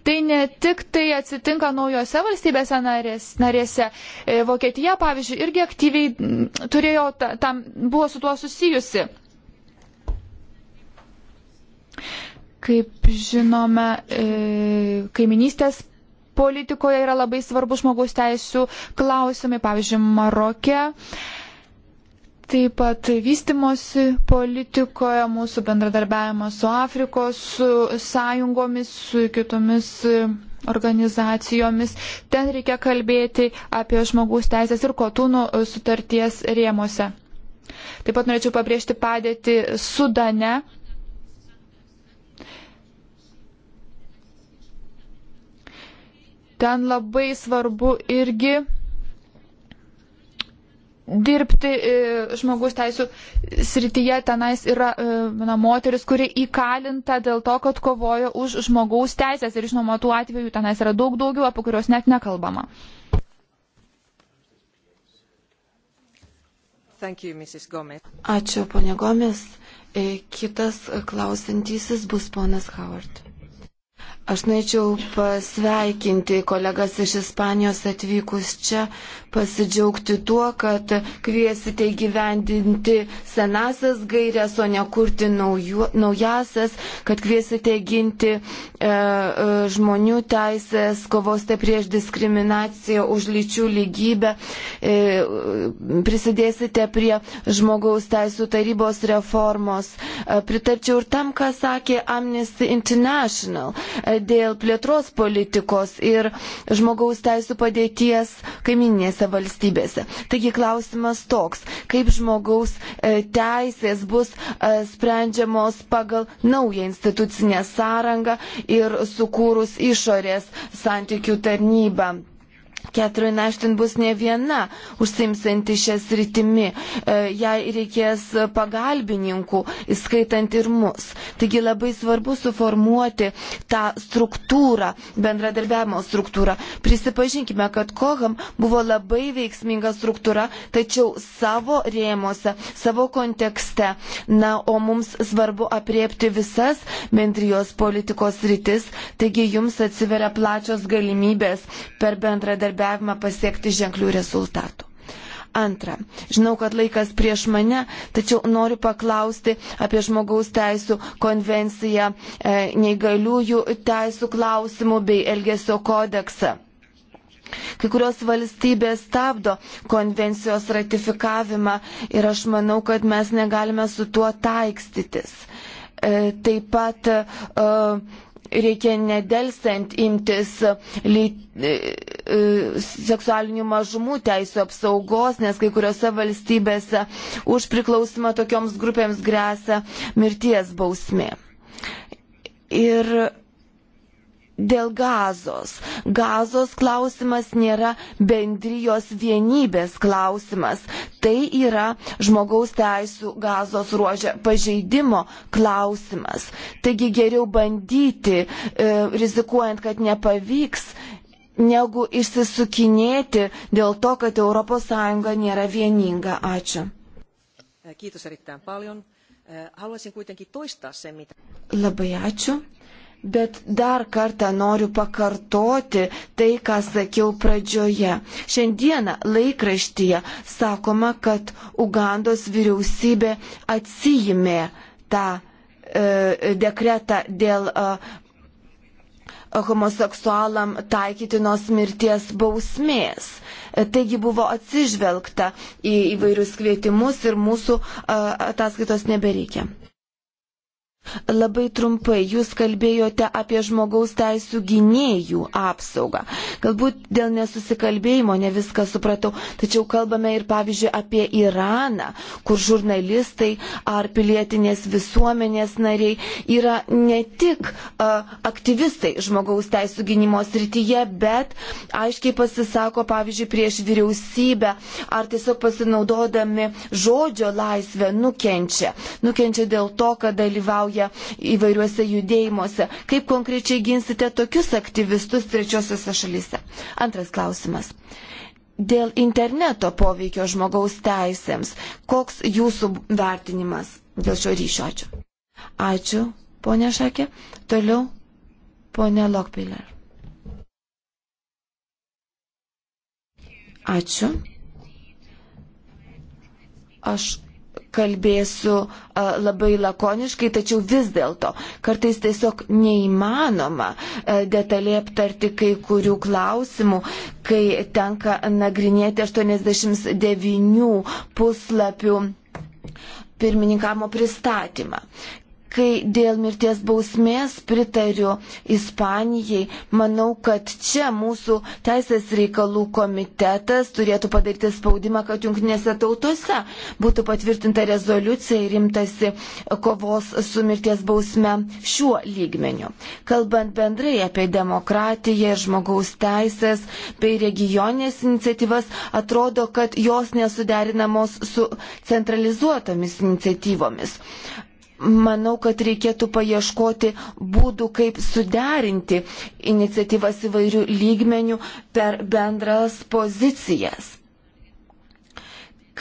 Tai ne tik tai atsitinka naujose valstybėse narės, narėse. E, Vokietija, pavyzdžiui, irgi aktyviai turėjo, tam, buvo su tuo susijusi. Kaip žinome, e, kaiminystės politikoje yra labai svarbu žmogaus teisų klausimai, pavyzdžiui, Marokė. Taip pat vystimosi politikoje mūsų bendradarbiavimas su Afrikos su sąjungomis, su kitomis organizacijomis. Ten reikia kalbėti apie žmogaus teisės ir kotūnų sutarties rėmose. Taip pat norėčiau pabrėžti padėtį Sudane. Ten labai svarbu irgi dirbti e, žmogus teisų srityje tenais yra e, na, moteris, kuri įkalinta dėl to, kad kovojo už žmogaus teisės ir žinoma, tų atvejų tenais yra daug daugiau, apie kuriuos net nekalbama. You, Ačiū, ponė Gomes. E, kitas klausantysis bus ponas Howard. Aš norėčiau pasveikinti kolegas iš Ispanijos atvykus čia, pasidžiaugti tuo, kad kviesite įgyvendinti senasias gairias, o ne kurti nauju, naujasias, kad kviesite ginti e, e, žmonių teisės, kovosite prieš diskriminaciją, už lyčių lygybę, e, prisidėsite prie žmogaus teisų tarybos reformos. E, pritarčiau ir tam, ką sakė Amnesty International. E, dėl plėtros politikos ir žmogaus teisų padėties kaiminėse valstybėse. Taigi klausimas toks, kaip žmogaus e, teisės bus e, sprendžiamos pagal naują institucinę sąrangą ir sukūrus išorės santykių tarnybą. Ketrin Eštin bus ne viena užsimsanti šią sritimi, e, jai reikės pagalbininkų, įskaitant ir mus. Taigi labai svarbu suformuoti tą struktūrą, bendradarbiavimo struktūrą. Prisipažinkime, kad Koham buvo labai veiksminga struktūra, tačiau savo rėmose, savo kontekste. Na, o mums svarbu apriepti visas bendrijos politikos sritis, taigi jums atsiveria plačios galimybės per bendradarbiavimą bendradarbiavimą pasiekti ženklių rezultatų. Antra, žinau, kad laikas prieš mane, tačiau noriu paklausti apie žmogaus teisų konvenciją, e, neįgaliųjų teisų klausimų bei Elgesio kodeksą. Kai kurios valstybės stabdo konvencijos ratifikavimą ir aš manau, kad mes negalime su tuo taikstytis. E, taip pat e, reikia nedelsant imtis e, e, seksualinių mažumų teisų apsaugos, nes kai kuriuose valstybėse už priklausimą tokioms grupėms grėsia mirties bausmė. Ir dėl gazos. Gazos klausimas nėra bendrijos vienybės klausimas. Tai yra žmogaus teisų gazos ruožė pažeidimo klausimas. Taigi geriau bandyti, e, rizikuojant, kad nepavyks, negu išsisukinėti dėl to, kad ES nėra vieninga. Ačiū. Kiitos erittäin paljon. Äh, haluaisin kuitenkin toistaa sen, mitä... Labai ačiū. Bet dar kartą noriu pakartoti tai, ką sakiau pradžioje. Šiandieną laikraštyje sakoma, kad Ugandos vyriausybė atsijimė tą e, dekretą dėl e, homoseksualam taikytinos mirties bausmės. E, taigi buvo atsižvelgta į įvairius kvietimus ir mūsų e, ataskaitos nebereikia. Labai trumpai, jūs kalbėjote apie žmogaus teisų gynėjų apsaugą. Galbūt dėl nesusikalbėjimo ne viską supratau, tačiau kalbame ir pavyzdžiui apie Iraną, kur žurnalistai ar pilietinės visuomenės nariai yra ne tik uh, aktyvistai žmogaus teisų gynimo srityje, bet aiškiai pasisako pavyzdžiui prieš vyriausybę ar tiesiog pasinaudodami žodžio laisvę nukenčia. Nukenčia dėl to, kad dalyvauja dalyvauja įvairiuose judėjimuose. Kaip konkrečiai ginsite tokius aktyvistus trečiosiuose šalyse? Antras klausimas. Dėl interneto poveikio žmogaus teisėms, koks jūsų vertinimas dėl šio ryšio? Ačiū. Ačiū, ponė Šakė. Toliau, ponė Lokpiler. Ačiū. Aš kalbėsiu labai lakoniškai, tačiau vis dėlto kartais tiesiog neįmanoma detaliai aptarti kai kurių klausimų, kai tenka nagrinėti 89 puslapių pirmininkamo pristatymą. Kai dėl mirties bausmės pritariu Ispanijai, manau, kad čia mūsų Teisės reikalų komitetas turėtų padaryti spaudimą, kad jungtinėse tautose būtų patvirtinta rezoliucija ir imtasi kovos su mirties bausme šiuo lygmeniu. Kalbant bendrai apie demokratiją, žmogaus teisės bei regionės iniciatyvas, atrodo, kad jos nesuderinamos su centralizuotomis iniciatyvomis. Manau, kad reikėtų paieškoti būdų, kaip suderinti iniciatyvas įvairių lygmenių per bendras pozicijas.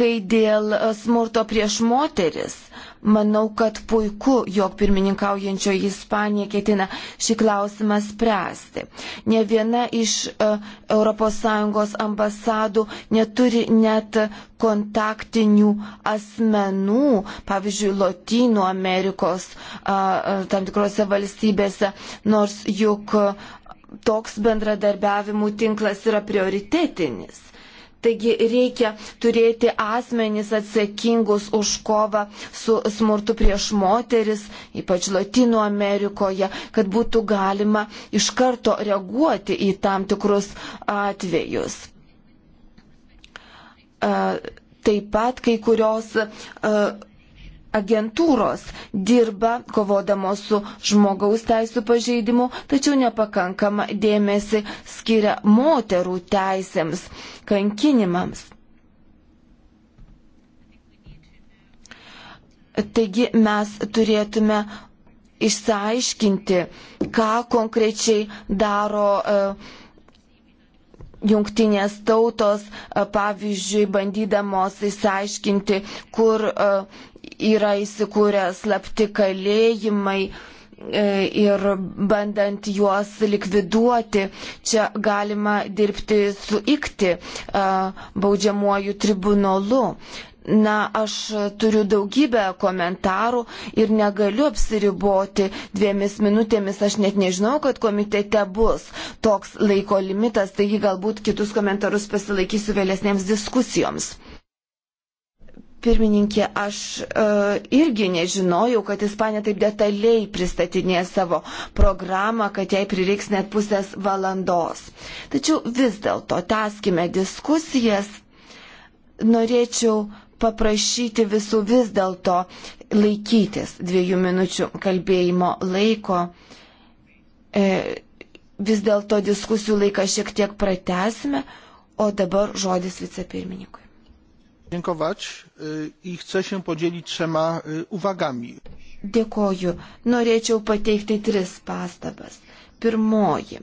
Kai dėl smurto prieš moteris, uh, Manau, kad puiku, jog pirmininkaujančioji Ispanija ketina šį klausimą spręsti. Ne viena iš ES ambasadų neturi net kontaktinių asmenų, pavyzdžiui, Lotynų Amerikos tam tikrose valstybėse, nors juk toks bendradarbiavimų tinklas yra prioritetinis. Taigi reikia turėti asmenys atsakingus už kovą su smurtu prieš moteris, ypač Latino Amerikoje, kad būtų galima iš karto reaguoti į tam tikrus atvejus. Taip pat kai kurios uh, agentūros dirba kovodamos su žmogaus teisų pažeidimu, tačiau nepakankama dėmesį skiria moterų teisėms, kankinimams. Taigi mes turėtume išsiaiškinti, ką konkrečiai daro uh, jungtinės tautos, e, pavyzdžiui, bandydamos įsiaiškinti, kur uh, yra įsikūrę slapti kalėjimai e, ir bandant juos likviduoti, čia galima dirbti su ikti e, baudžiamuoju tribunolu. Na, aš turiu daugybę komentarų ir negaliu apsiriboti dviemis minutėmis, aš net nežinau, kad komitete bus toks laiko limitas, taigi galbūt kitus komentarus pasilaikysiu vėlesnėms diskusijoms. Pirmininkė, aš uh, irgi nežinojau, kad Ispanija taip detaliai pristatinė savo programą, kad jai prireiks net pusės valandos. Tačiau vis dėlto, teskime diskusijas. Norėčiau paprašyti visų vis dėlto laikytis dviejų minučių kalbėjimo laiko. E, vis dėlto diskusijų laiką šiek tiek pratesime, o dabar žodis vicepirmininkui. Dziękować i chcę się podzielić trzema uwagami. Dėkoju. Norėčiau pateikti tris pastabas. Pirmoji.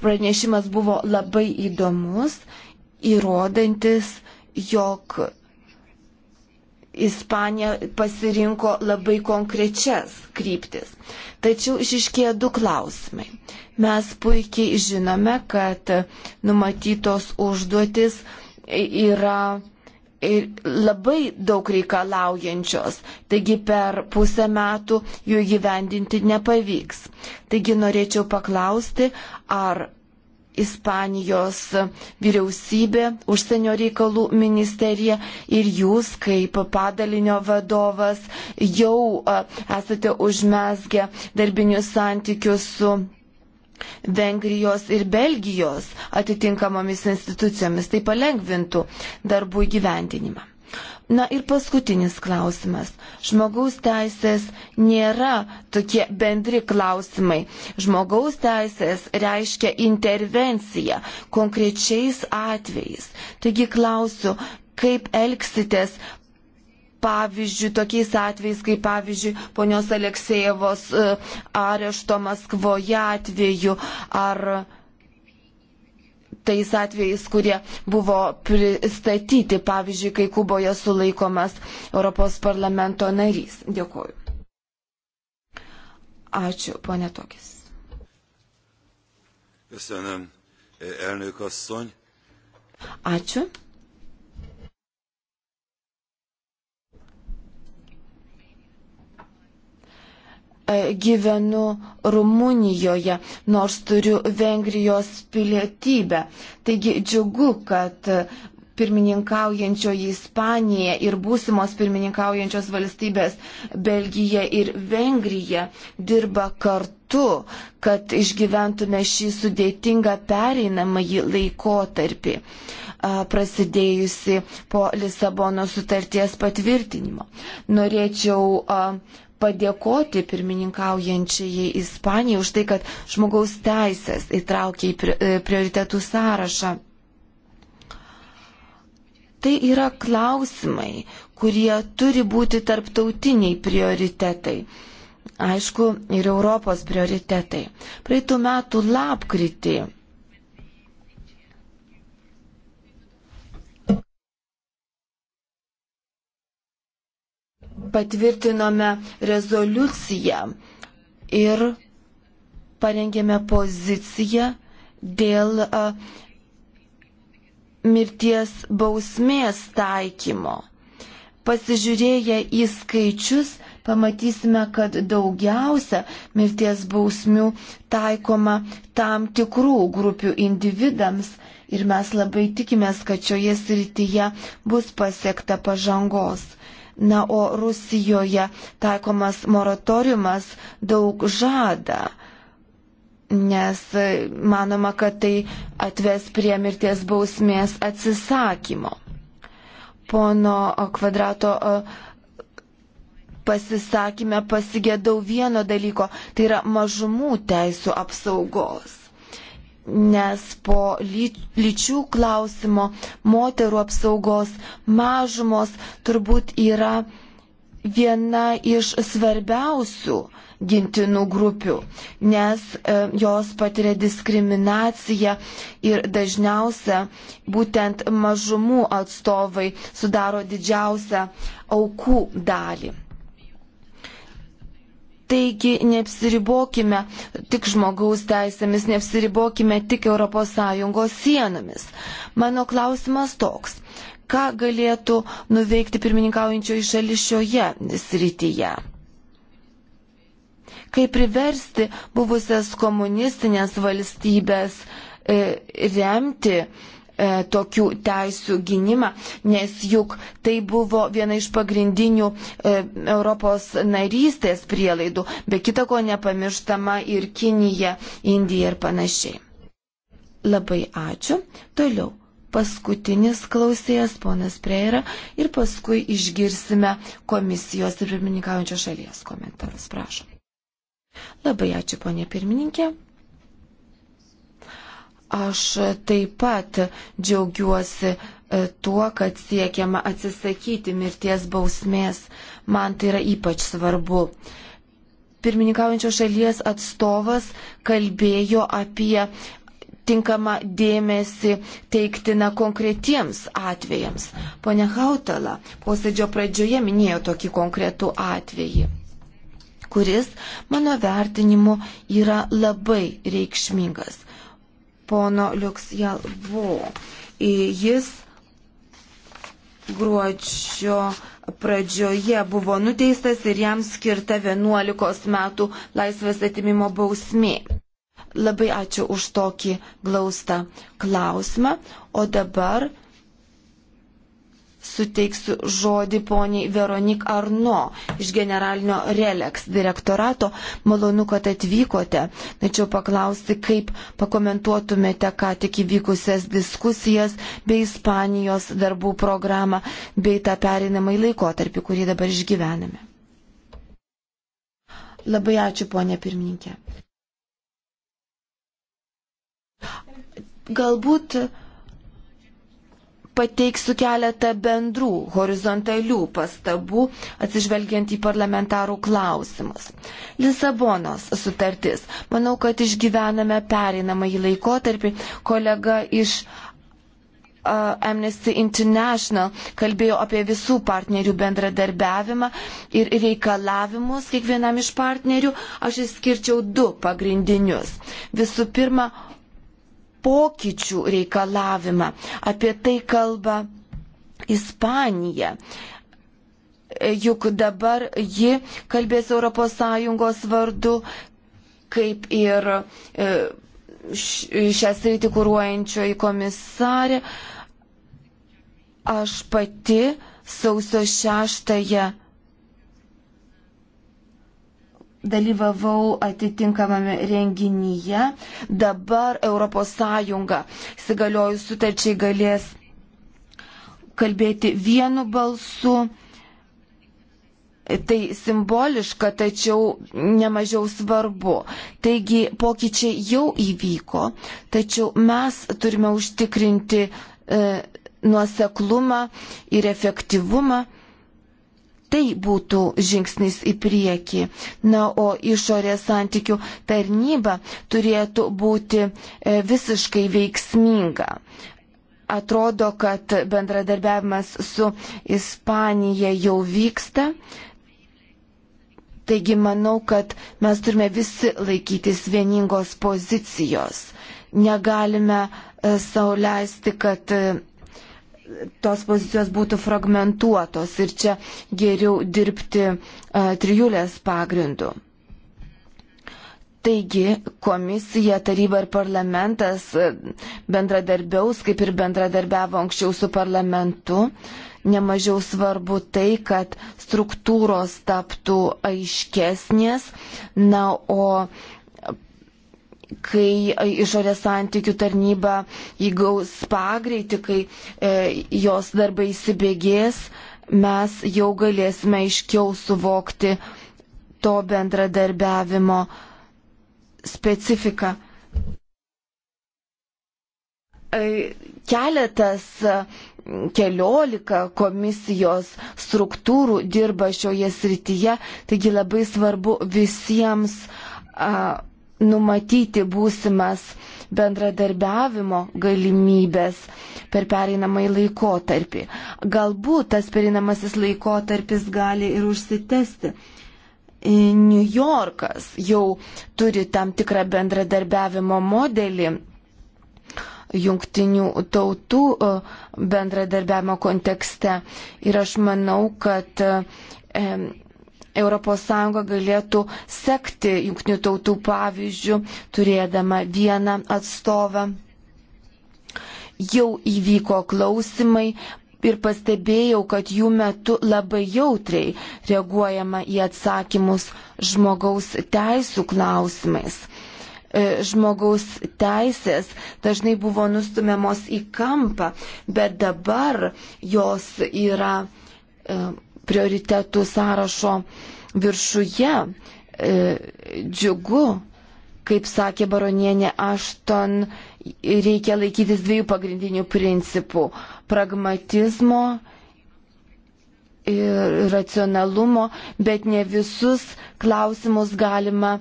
Pranešimas buvo labai įdomus, įrodantis, jog Ispanija pasirinko labai konkrečias kryptis. Tačiau išiškėjo du klausimai. Mes puikiai žinome, kad numatytos užduotis yra ir labai daug reikalaujančios, taigi per pusę metų jų gyvendinti nepavyks. Taigi norėčiau paklausti, ar Ispanijos vyriausybė, užsienio reikalų ministerija ir jūs kaip padalinio vadovas jau esate užmesgę darbinius santykius su Vengrijos ir Belgijos atitinkamomis institucijomis. Tai palengvintų darbų įgyvendinimą. Na ir paskutinis klausimas. Žmogaus teisės nėra tokie bendri klausimai. Žmogaus teisės reiškia intervenciją konkrečiais atvejais. Taigi klausiu, kaip elgsitės pavyzdžiui, tokiais atvejais, kaip pavyzdžiui, ponios Aleksejevos e, arešto Maskvoje atveju ar tais atvejais, kurie buvo pristatyti, pavyzdžiui, kai Kuboje sulaikomas Europos parlamento narys. Dėkuoju. Ačiū, ponė Tokis. Köszönöm, e, elnök asszony. Ačiū. E, gyvenu Rumunijoje, nors turiu Vengrijos pilietybę. Taigi džiugu, kad pirmininkaujančioji Ispanija ir būsimos pirmininkaujančios valstybės Belgija ir Vengrija dirba kartu, kad išgyventume šį sudėtingą pereinamąjį laikotarpį, prasidėjusi po Lisabono sutarties patvirtinimo. Norėčiau padėkoti pirmininkaujančiai Ispanijai už tai, kad žmogaus teisės įtraukė į e, prioritetų sąrašą. Tai yra klausimai, kurie turi būti tarptautiniai prioritetai. Aišku, ir Europos prioritetai. Praeitų metų lapkritį patvirtinome rezoliuciją ir parengėme poziciją dėl mirties bausmės taikymo. Pasižiūrėję į skaičius, pamatysime, kad daugiausia mirties bausmių taikoma tam tikrų grupių individams ir mes labai tikimės, kad šioje srityje bus pasiekta pažangos. Na, o Rusijoje taikomas moratoriumas daug žada, nes e, manoma, kad tai atves prie mirties bausmės atsisakymo. Pono e, kvadrato e, pasisakymę pasigėdau vieno dalyko, tai yra mažumų teisų apsaugos nes po lyčių klausimo moterų apsaugos mažumos turbūt yra viena iš svarbiausių gintinų grupių, nes e, jos patiria diskriminaciją ir dažniausia būtent mažumų atstovai sudaro didžiausią aukų dalį. Taigi neapsiribokime tik žmogaus teisėmis, neapsiribokime tik ES sienomis. Mano klausimas toks. Ką galėtų nuveikti pirmininkaujančioji šalis šioje srityje? Kaip priversti buvusias komunistinės valstybės e, remti e, e, tokių teisų gynimą, nes juk tai buvo viena iš pagrindinių e, Europos narystės prielaidų, be kita ko nepamirštama ir Kinija, Indija ir panašiai. Labai ačiū. Toliau. Paskutinis klausėjas, ponas Preira, ir paskui išgirsime komisijos ir pirmininkaujančios šalies komentarus. Prašom. Labai ačiū, ponė pirmininkė. Aš taip pat džiaugiuosi e, tuo, kad siekiama atsisakyti mirties bausmės. Man tai yra ypač svarbu. Pirmininkaujančio šalies atstovas kalbėjo apie tinkamą dėmesį teiktina konkretiems atvejams. Pone Hautala posėdžio pradžioje minėjo tokį konkretų atvejį kuris, mano vertinimu, yra labai reikšmingas pono Liuksjalvo. Jis gruodžio pradžioje buvo nuteistas ir jam skirta 11 metų laisvės atimimo bausmė. Labai ačiū už tokį glaustą klausimą, o dabar suteiksiu žodį poniai Veronik Arno iš generalinio Relex direktorato. Malonu, kad atvykote. Tačiau paklausti, kaip pakomentuotumėte ką tik įvykusias diskusijas bei Ispanijos darbų programą bei tą perinamai laikotarpį, kurį dabar išgyvename. Labai ačiū, ponė pirmininkė. Galbūt pateiksiu keletą bendrų horizontalių pastabų atsižvelgiant į parlamentarų klausimus. Lisabonos sutartis. Manau, kad išgyvename pereinamąjį laikotarpį. Kolega iš Amnesty International kalbėjo apie visų partnerių bendradarbiavimą ir reikalavimus kiekvienam iš partnerių, aš išskirčiau du pagrindinius. Visų pirma, pokyčių reikalavimą. Apie tai kalba Ispanija. Juk dabar ji kalbės ES vardu, kaip ir e, šią sritį kūruojančioji komisarė. Aš pati sausio šeštąją dalyvavau atitinkamame renginyje. Dabar ES įsigaliojus sutarčiai galės kalbėti vienu balsu. Tai simboliška, tačiau nemažiau svarbu. Taigi pokyčiai jau įvyko, tačiau mes turime užtikrinti e, nuoseklumą ir efektyvumą Tai būtų žingsnis į priekį. Na, o išorės santykių tarnyba turėtų būti e, visiškai veiksminga. Atrodo, kad bendradarbiavimas su Ispanija jau vyksta. Taigi manau, kad mes turime visi laikytis vieningos pozicijos. Negalime e, sauliaisti, kad e, tos pozicijos būtų fragmentuotos ir čia geriau dirbti a, e, trijulės pagrindu. Taigi komisija, taryba ir parlamentas e, bendradarbiaus, kaip ir bendradarbiavo anksčiau su parlamentu. Nemažiau svarbu tai, kad struktūros taptų aiškesnės, na, o kai išorės santykių tarnyba įgaus pagreitį, kai e, jos darbai įsibėgės, mes jau galėsime aiškiau suvokti to bendradarbiavimo specifiką. E, keletas e, keliolika komisijos struktūrų dirba šioje srityje, taigi labai svarbu visiems a, numatyti būsimas bendradarbiavimo galimybės per pereinamąjį laikotarpį. Galbūt tas pereinamasis laikotarpis gali ir užsitesti. New Yorkas jau turi tam tikrą bendradarbiavimo modelį jungtinių tautų e, bendradarbiavimo kontekste. Ir aš manau, kad e, ES galėtų sekti jungtinių tautų pavyzdžių, turėdama vieną atstovą. Jau įvyko klausimai ir pastebėjau, kad jų metu labai jautriai reaguojama į atsakymus žmogaus teisų klausimais e, žmogaus teisės dažnai buvo nustumiamos į kampą, bet dabar jos yra e, prioritetų sąrašo viršuje. E, džiugu, kaip sakė baronienė Ašton, reikia laikytis dviejų pagrindinių principų - pragmatizmo ir racionalumo, bet ne visus klausimus galima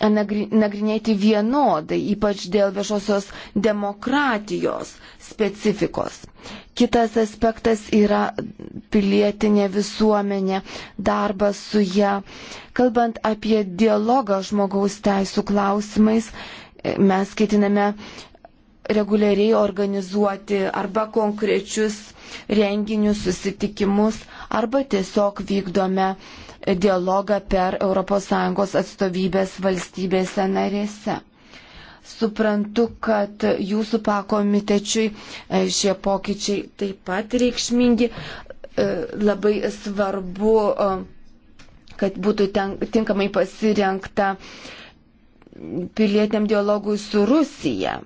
nagrinėti vienodai, ypač dėl viešosios demokratijos specifikos. Kitas aspektas yra pilietinė visuomenė, darbas su ją. Kalbant apie dialogą žmogaus teisų klausimais, e, mes ketiname reguliariai organizuoti arba konkrečius renginius, susitikimus, arba tiesiog vykdome dialogą per ES atstovybės valstybėse narėse. Suprantu, kad jūsų pakomitečiui e, šie pokyčiai taip pat reikšmingi. E, labai svarbu, e, kad būtų ten, tinkamai pasirenkta pilietiniam dialogui su Rusija.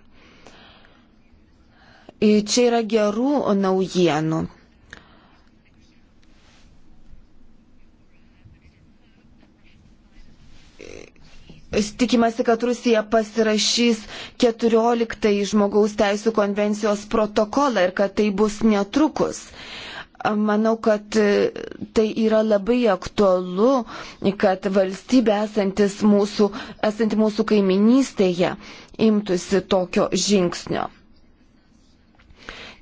Čia yra gerų naujienų. Tikimasi, kad Rusija pasirašys 14 žmogaus teisų konvencijos protokolą ir kad tai bus netrukus. Manau, kad e, tai yra labai aktualu, kad valstybė esantis mūsų, esanti mūsų kaiminystėje imtųsi tokio žingsnio.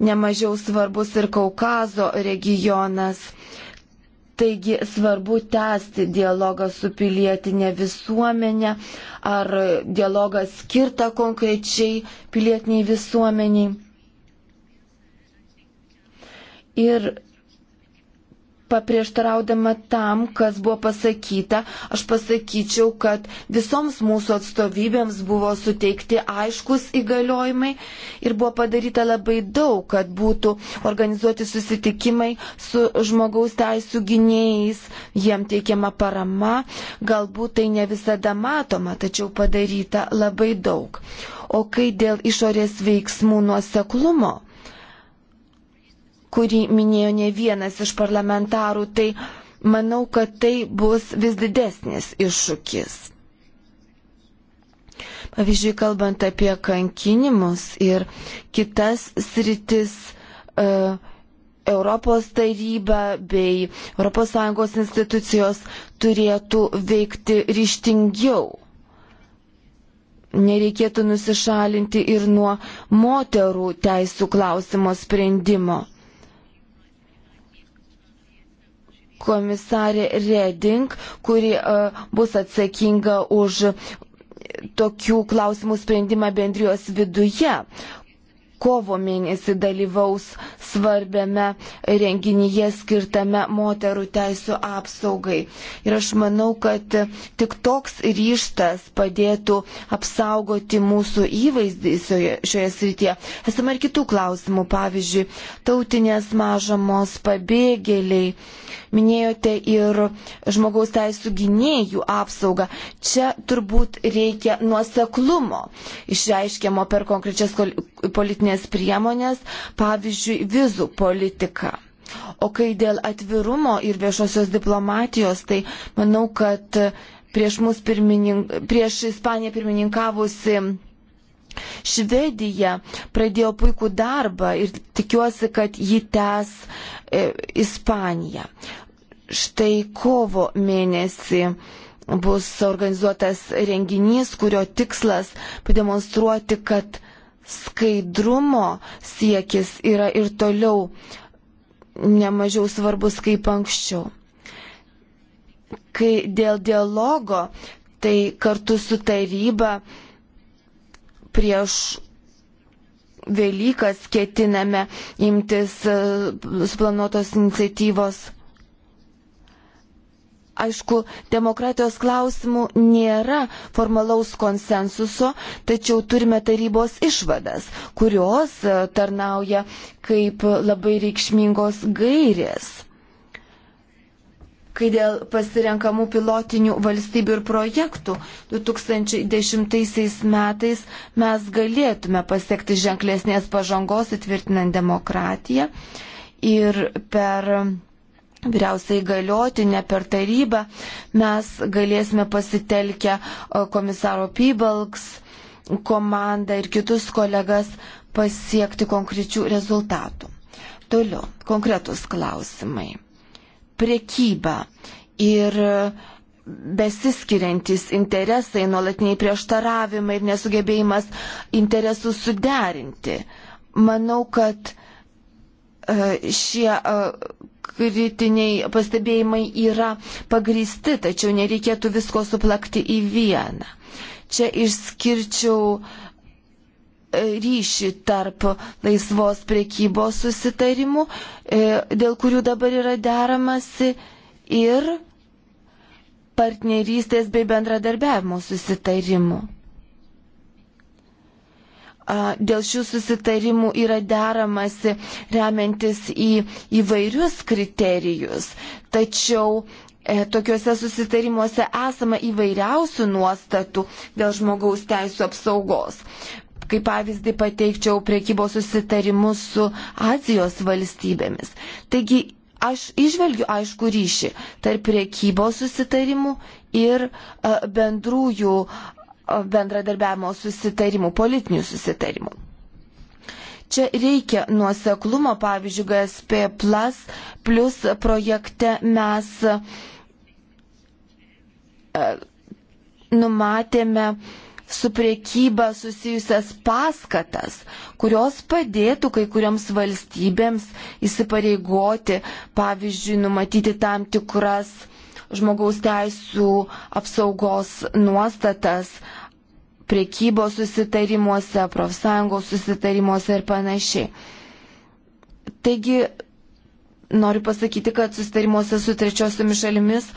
Nemažiau svarbus ir Kaukazo regionas Taigi svarbu tęsti dialogą su pilietinė visuomenė ar dialogą skirtą konkrečiai pilietiniai visuomeniai. Ir paprieštaraudama tam, kas buvo pasakyta, aš pasakyčiau, kad visoms mūsų atstovybėms buvo suteikti aiškus įgaliojimai ir buvo padaryta labai daug, kad būtų organizuoti susitikimai su žmogaus teisų gynėjais, jiem teikiama parama, galbūt tai ne visada matoma, tačiau padaryta labai daug. O kai dėl išorės veiksmų nuoseklumo, kurį minėjo ne vienas iš parlamentarų, tai manau, kad tai bus vis didesnis iššūkis. Pavyzdžiui, kalbant apie kankinimus ir kitas sritis, uh, Europos taryba bei ES institucijos turėtų veikti ryštingiau. Nereikėtų nusišalinti ir nuo moterų teisų klausimo sprendimo. komisarė Reding, kuri e, bus atsakinga už tokių klausimų sprendimą bendrijos viduje. Kovo mėnesį dalyvaus svarbiame renginyje skirtame moterų teisų apsaugai. Ir aš manau, kad tik toks ryštas padėtų apsaugoti mūsų įvaizdį šioje, šioje srityje. Esame ir kitų klausimų, pavyzdžiui, tautinės mažamos pabėgėliai. Uh, minėjote ir žmogaus teisų gynėjų apsaugą. Čia turbūt reikia nuoseklumo išreiškiamo per konkrečias politinės priemonės, pavyzdžiui, vizų politiką. O kai dėl atvirumo ir viešosios diplomatijos, tai manau, kad prieš, pirmininka, prieš Ispaniją pirmininkavusi Švedija pradėjo puikų darbą ir tikiuosi, kad jį tęs e, Ispanija. Štai kovo mėnesį bus organizuotas renginys, kurio tikslas pademonstruoti, kad skaidrumo siekis yra ir toliau nemažiau svarbus kaip anksčiau. Kai dėl dialogo, tai kartu su taryba prieš Velykas ketiname imtis e, suplanuotos iniciatyvos. Aišku, demokratijos klausimų nėra formalaus konsensuso, tačiau turime tarybos išvadas, kurios e, tarnauja kaip labai reikšmingos gairės kai dėl pasirenkamų pilotinių valstybių ir projektų 2010 metais mes galėtume pasiekti ženklesnės pažangos įtvirtinant demokratiją ir per vyriausiai galiotinę per tarybą mes galėsime pasitelkę komisaro Pybalks komandą ir kitus kolegas pasiekti konkrečių rezultatų. Toliau, konkretus klausimai priekyba ir besiskiriantis interesai, nuolatiniai prieštaravimai ir nesugebėjimas interesų suderinti. Manau, kad e, šie e, kritiniai pastebėjimai yra pagristi, tačiau nereikėtų visko suplakti į vieną. Čia išskirčiau uh, ryšį tarp laisvos priekybos susitarimų, e, dėl kurių dabar yra deramasi, ir partnerystės bei bendradarbiavimo susitarimų. Dėl šių susitarimų yra deramasi remiantis į įvairius kriterijus, tačiau e, tokiuose susitarimuose esama įvairiausių nuostatų dėl žmogaus teisų apsaugos. Kaip pavyzdį pateikčiau priekybos susitarimus su Azijos valstybėmis. Taigi aš išvelgiu aišku ryšį tarp priekybos susitarimų ir e, bendrųjų e, bendradarbiavimo susitarimų, politinių susitarimų. Čia reikia nuoseklumo, pavyzdžiui, GSP plus, plus projekte mes e, numatėme uh, su priekyba susijusias paskatas, kurios padėtų kai kuriams valstybėms įsipareigoti, pavyzdžiui, numatyti tam tikras žmogaus teisų apsaugos nuostatas priekybos susitarimuose, profsąjungos susitarimuose ir panašiai. Taigi, noriu pasakyti, kad susitarimuose su trečiosiomis šalimis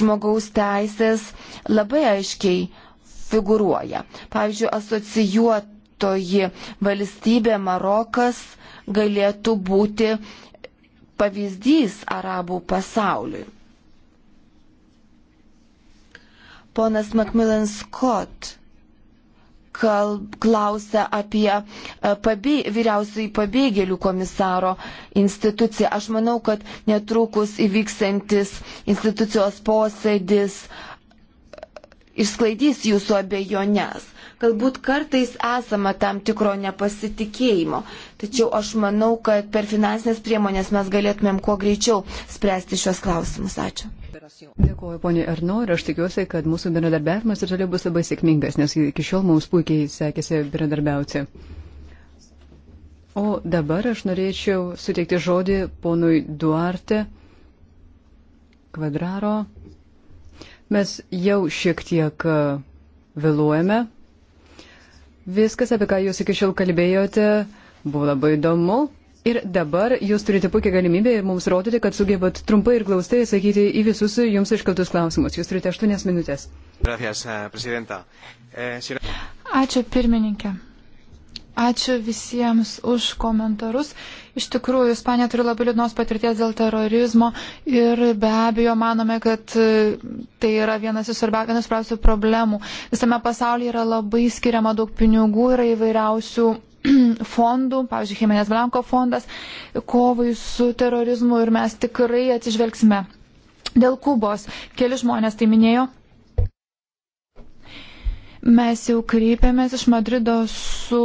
žmogaus teisės labai aiškiai figuruoja. Pavyzdžiui, asocijuotoji valstybė Marokas galėtų būti pavyzdys arabų pasauliui. Ponas Macmillan Scott klausia apie e, pabė, vyriausiai pabėgėlių komisaro instituciją. Aš manau, kad netrukus įvyksantis institucijos posėdis uh, išsklaidys jūsų abejonės. Galbūt kartais esama tam tikro nepasitikėjimo, tačiau aš manau, kad per finansinės priemonės mes galėtumėm kuo greičiau spręsti šios klausimus. Ačiū. Dėkuoju, ponė Arno, ir aš tikiuosi, kad mūsų bendradarbiavimas ir toliau bus labai sėkmingas, nes iki šiol mums puikiai sekėsi bendradarbiauti. O dabar aš norėčiau suteikti žodį ponui Duarte Kvadraro. Mes jau šiek tiek e, vėluojame. Viskas, apie ką jūs iki šiol kalbėjote, buvo labai įdomu. Ir dabar jūs turite puikia galimybę mums rodyti, kad sugebat trumpai ir glaustai atsakyti į visus jums iškeltus klausimus. Jūs turite aštuonias minutės. Gracias, eh, eh, Ačiū pirmininkė. Ačiū visiems už komentarus. Iš tikrųjų, Ispanija turi labai liūdnos patirties dėl terorizmo ir be abejo manome, kad e, tai yra vienas iš svarbiausių problemų. Visame pasaulyje yra labai skiriama daug pinigų, yra įvairiausių fondų, pavyzdžiui, Jimenez Blanko fondas, kovai su terorizmu ir mes tikrai atsižvelgsime. Dėl Kubos keli žmonės tai minėjo. Mes jau kreipėmės iš Madrido su,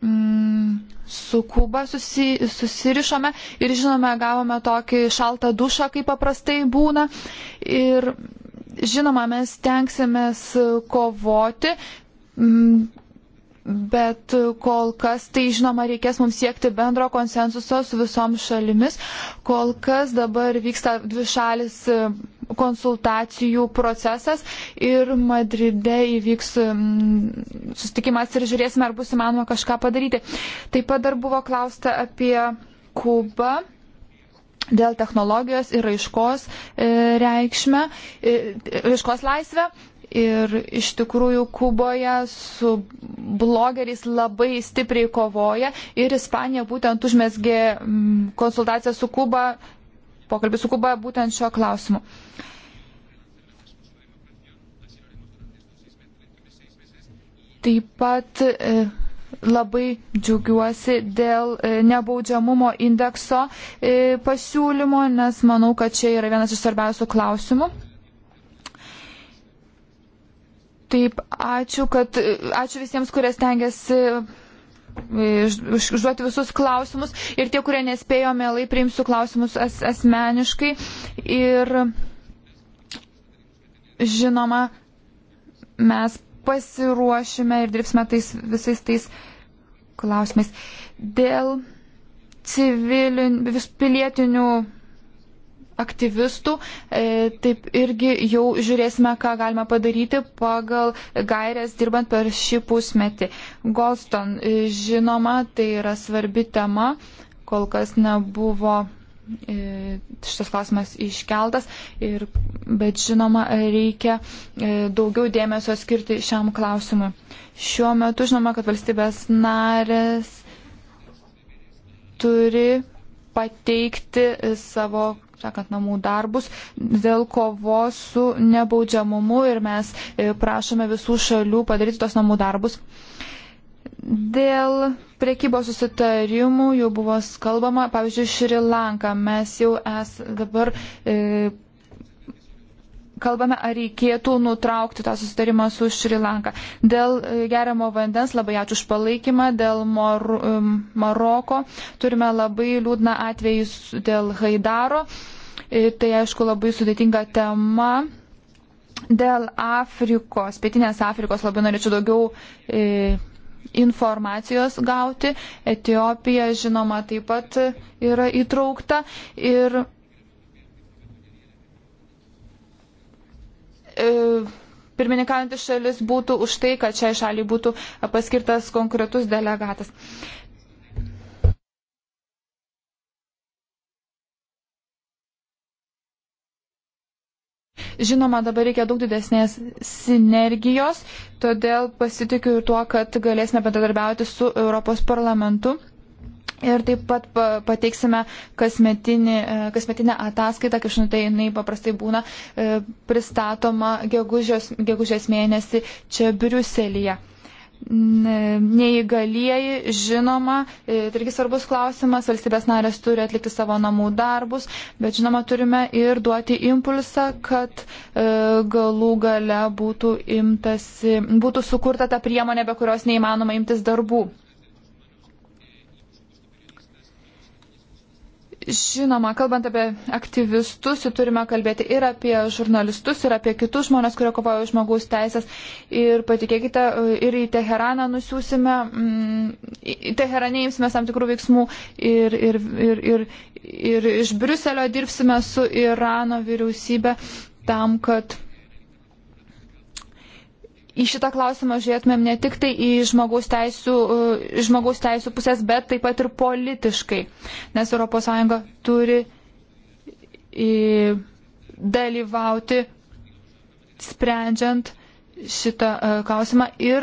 mm, su Kuba, susi, susirišome ir žinome, gavome tokį šaltą dušą, kaip paprastai būna. Ir žinoma, mes tenksimės kovoti. Mm, bet kol kas tai žinoma reikės mums siekti bendro konsensuso su visom šalimis. Kol kas dabar vyksta dvi šalis e, konsultacijų procesas ir Madride įvyks sustikimas ir žiūrėsime, ar bus įmanoma kažką padaryti. Taip pat dar buvo klausta apie Kubą dėl technologijos ir raiškos e, reikšmę, e, raiškos laisvę. Ir iš tikrųjų Kuboje su blogeriais labai stipriai kovoja ir Ispanija būtent užmesgė mm, konsultaciją su Kuba, pokalbį su Kuba būtent šio klausimu. Taip pat e, labai džiaugiuosi dėl e, nebaudžiamumo indekso e, pasiūlymo, nes manau, kad čia yra vienas iš svarbiausių klausimų. Taip, ačiū, kad, ačiū visiems, kurie stengiasi e, užduoti visus klausimus ir tie, kurie nespėjo, mielai priimsiu klausimus as, asmeniškai. Ir žinoma, mes pasiruošime ir dirbsime tais, visais tais klausimais. Dėl civilinių, vis pilietinių aktyvistų, e, taip irgi jau žiūrėsime, ką galima padaryti pagal gairias dirbant per šį pusmetį. Golston, e, žinoma, tai yra svarbi tema, kol kas nebuvo e, šitas klausimas iškeltas, ir, bet žinoma, reikia daugiau dėmesio skirti šiam klausimui. Šiuo metu žinoma, kad valstybės narės turi pateikti savo sakant, namų darbus dėl kovos su nebaudžiamumu ir mes e, prašome visų šalių padaryti tos namų darbus. Dėl priekybos susitarimų jau buvo kalbama, pavyzdžiui, Šri Lanka. Mes jau es dabar e, kalbame, ar reikėtų nutraukti tą susitarimą su Šri Lanka. Dėl e, geriamo vandens labai ačiū už palaikymą, dėl Mor Maroko turime labai liūdną atvejį dėl Haidaro. E, tai aišku labai sudėtinga tema. Dėl Afrikos, pietinės Afrikos labai norėčiau daugiau e, informacijos gauti. Etijopija, žinoma, taip pat yra įtraukta. Ir E, pirmininkaujantis šalis būtų už tai, kad šiai šaliai būtų paskirtas konkretus delegatas. Žinoma, dabar reikia daug didesnės sinergijos, todėl pasitikiu ir tuo, kad galėsime bendradarbiauti su Europos parlamentu. Ir taip pat pateiksime kasmetinį, e, kasmetinę ataskaitą, kai šimtai jinai paprastai būna e, pristatoma gegužės, gegužės mėnesį čia Briuselėje. E, neįgalieji, žinoma, tai irgi svarbus klausimas, valstybės narės turi atlikti savo namų darbus, bet žinoma, turime ir duoti impulsą, kad galų gale būtų, imtasi, būtų sukurta ta priemonė, be kurios neįmanoma imtis darbų. Žinoma, kalbant apie aktyvistus, turime kalbėti ir apie žurnalistus, ir apie kitus žmonės, kurie kovoja už žmogaus teisės. Ir patikėkite, ir į Teheraną nusiūsime, mm, į Teheranę imsime tam tikrų veiksmų ir, ir, ir, ir, ir iš Briuselio dirbsime su Irano vyriausybė tam, kad į šitą klausimą žiūrėtumėm ne tik tai į žmogaus teisų, e, žmogaus teisų pusės, bet taip pat ir politiškai, nes ES turi e, dalyvauti sprendžiant šitą e, klausimą ir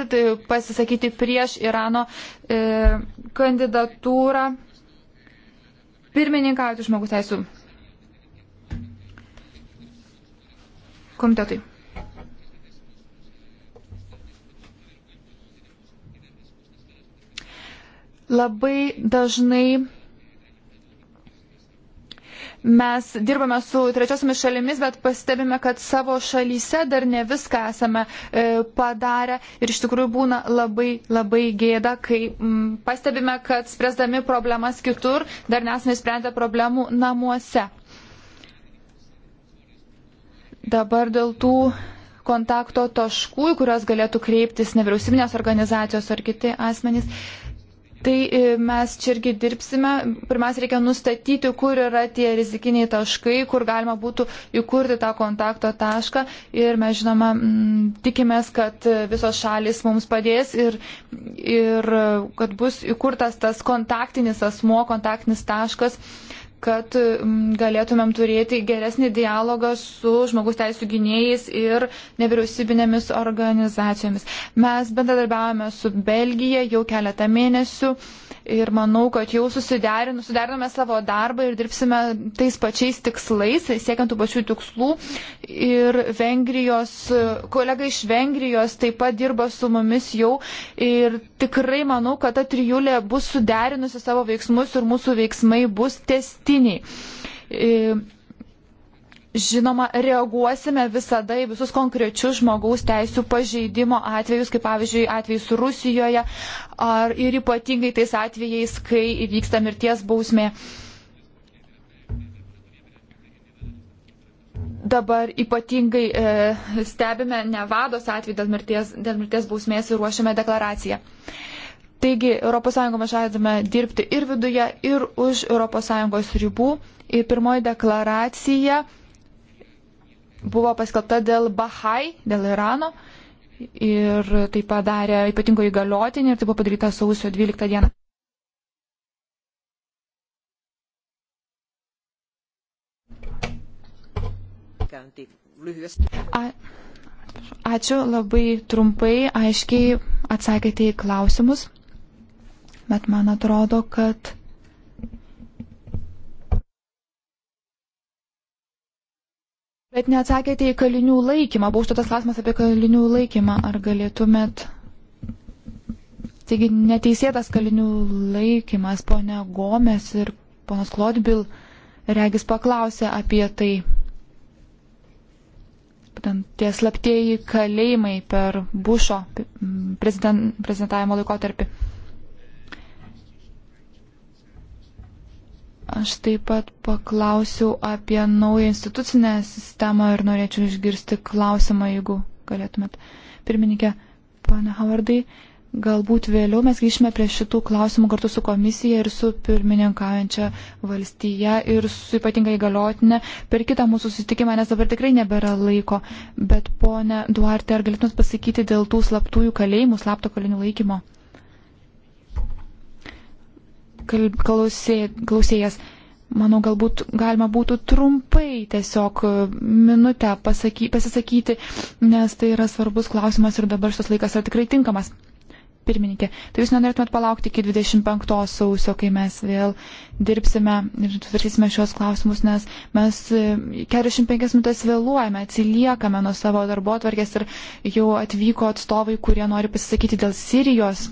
pasisakyti prieš Irano kandidatūrą pirmininkauti žmogus teisų komitetui. Labai dažnai mes dirbame su trečiosiamis šalimis, bet pastebime, kad savo šalyse dar ne viską esame e, padarę ir iš tikrųjų būna labai, labai gėda, kai m, mm, pastebime, kad spręsdami problemas kitur dar nesame sprendę problemų namuose. Dabar dėl tų kontakto taškų, į kurias galėtų kreiptis nevyriausybinės organizacijos ar kiti asmenys. E, Tai e, mes čia irgi dirbsime. Pirmiausia, reikia nustatyti, kur yra tie rizikiniai taškai, kur galima būtų įkurti tą kontakto tašką. Ir mes, žinoma, tikimės, kad e, visos šalis mums padės ir, ir e, kad bus įkurtas tas kontaktinis asmo, kontaktinis taškas kad mm, galėtumėm turėti geresnį dialogą su žmogus teisų gynėjais ir nevyriausybinėmis organizacijomis. Mes bendradarbiavame su Belgija jau keletą mėnesių. Uh, ir manau, kad jau susiderinome savo darbą ir dirbsime tais pačiais tikslais, siekiant tų pačių tikslų. Ir Vengrijos, kolega iš Vengrijos taip pat dirba su mumis jau ir tikrai manau, kad ta trijulė bus suderinusi savo veiksmus ir mūsų veiksmai bus testiniai. E, Žinoma, reaguosime visada į visus konkrečius žmogaus teisų pažeidimo atvejus, kaip pavyzdžiui atvejus Rusijoje ar ir ypatingai tais atvejais, kai įvyksta mirties bausmė. Dabar ypatingai e, stebime Nevados atvejį dėl mirties, dėl mirties bausmės ir ruošiame deklaraciją. Taigi, ES mes žadame dirbti ir viduje, ir už ES ribų. Ir pirmoji deklaracija buvo paskelbta dėl Bahai, dėl Irano. Ir tai padarė ypatingo įgaliotinį ir tai buvo padaryta sausio 12 dieną. A, ačiū labai trumpai, aiškiai atsakėte į klausimus, bet man atrodo, kad Bet neatsakėte į kalinių laikymą. Buvo užduotas klausimas apie kalinių laikymą. Ar galėtumėt. Taigi neteisėtas kalinių laikymas, ponia Gomes ir ponas Klodbil, regis paklausė apie tai. Būtent tie slaptieji kalėjimai per Bušo prezidentavimo laikotarpį. Aš taip pat paklausiau apie naują institucinę sistemą ir norėčiau išgirsti klausimą, jeigu galėtumėt. Pirmininkė, pane Havardai, galbūt vėliau mes grįšime prie šitų klausimų kartu su komisija ir su pirmininkaujančia valstyje ir su ypatingai galiotinė per kitą mūsų susitikimą, nes dabar tikrai nebėra laiko. Bet, ponė Duarte, ar galėtumėt pasakyti dėl tų slaptųjų kalėjimų, slapto kalinių laikymo? klausė, klausėjas. Manau, galbūt galima būtų trumpai tiesiog e, minutę pasaky, pasisakyti, nes tai yra svarbus klausimas ir dabar šis laikas yra tikrai tinkamas. Pirmininkė, tai jūs nenorėtumėt palaukti iki 25 sausio, kai mes vėl dirbsime ir tvarkysime šios klausimus, nes mes 45 e, minutės vėluojame, atsiliekame nuo savo darbo atvarkės ir jau atvyko atstovai, kurie nori pasisakyti dėl Sirijos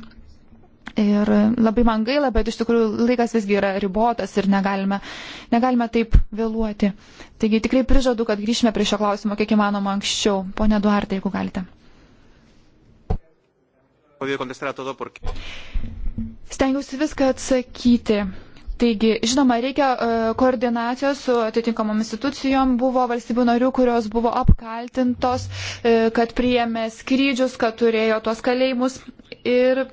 Ir labai man gaila, bet iš tikrųjų laikas visgi yra ribotas ir negalime, negalime taip vėluoti. Taigi tikrai prižadu, kad grįšime prie šio klausimo kiek įmanoma anksčiau. Pone Duartai, jeigu galite. Stengiausi viską atsakyti. Taigi, žinoma, reikia e, koordinacijos su atitinkamom institucijom. Buvo valstybių narių, kurios buvo apkaltintos, e, kad priėmė skrydžius, kad turėjo tuos kalėjimus. Ir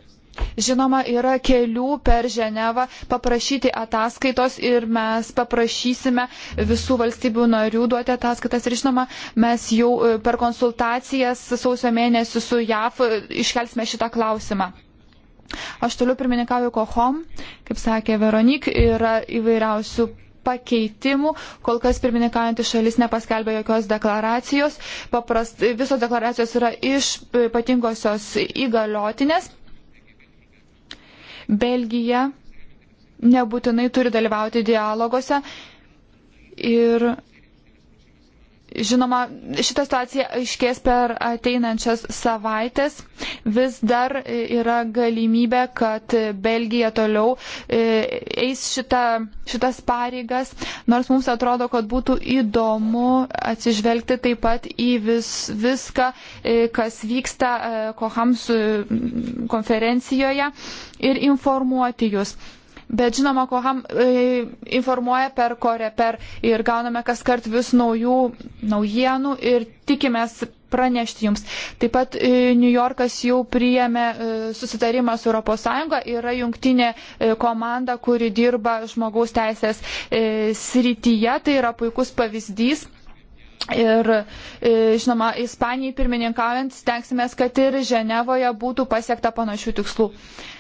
Žinoma, yra kelių per Ženevą paprašyti ataskaitos ir mes paprašysime visų valstybių narių duoti ataskaitas. Ir žinoma, mes jau e, per konsultacijas sausio mėnesį su JAF e, iškelsime šitą klausimą. Aš toliau pirmininkauju Kohom, kaip sakė Veronik, yra įvairiausių pakeitimų. Kol kas pirmininkaujantis šalis nepaskelbė jokios deklaracijos. Paprast, visos deklaracijos yra iš e, patingosios įgaliotinės Belgija nebūtinai turi dalyvauti dialoguose ir Žinoma, šitą situaciją aiškės per ateinančias savaitės. Vis dar e, yra galimybė, kad Belgija toliau e, eis šitą, šitas pareigas, nors mums atrodo, kad būtų įdomu atsižvelgti taip pat į vis, viską, e, kas vyksta Kohams konferencijoje ir informuoti jūs. Bet žinoma, Koham e, informuoja per Koreper ir gauname kas kart vis naujų naujienų ir tikimės pranešti jums. Taip pat e, New Yorkas jau priėmė e, susitarimą su ES, yra jungtinė e, komanda, kuri dirba žmogaus teisės e, srityje, tai yra puikus pavyzdys. Ir, e, žinoma, Ispanijai pirmininkaujant stengsimės, kad ir Ženevoje būtų pasiekta panašių tikslų. E,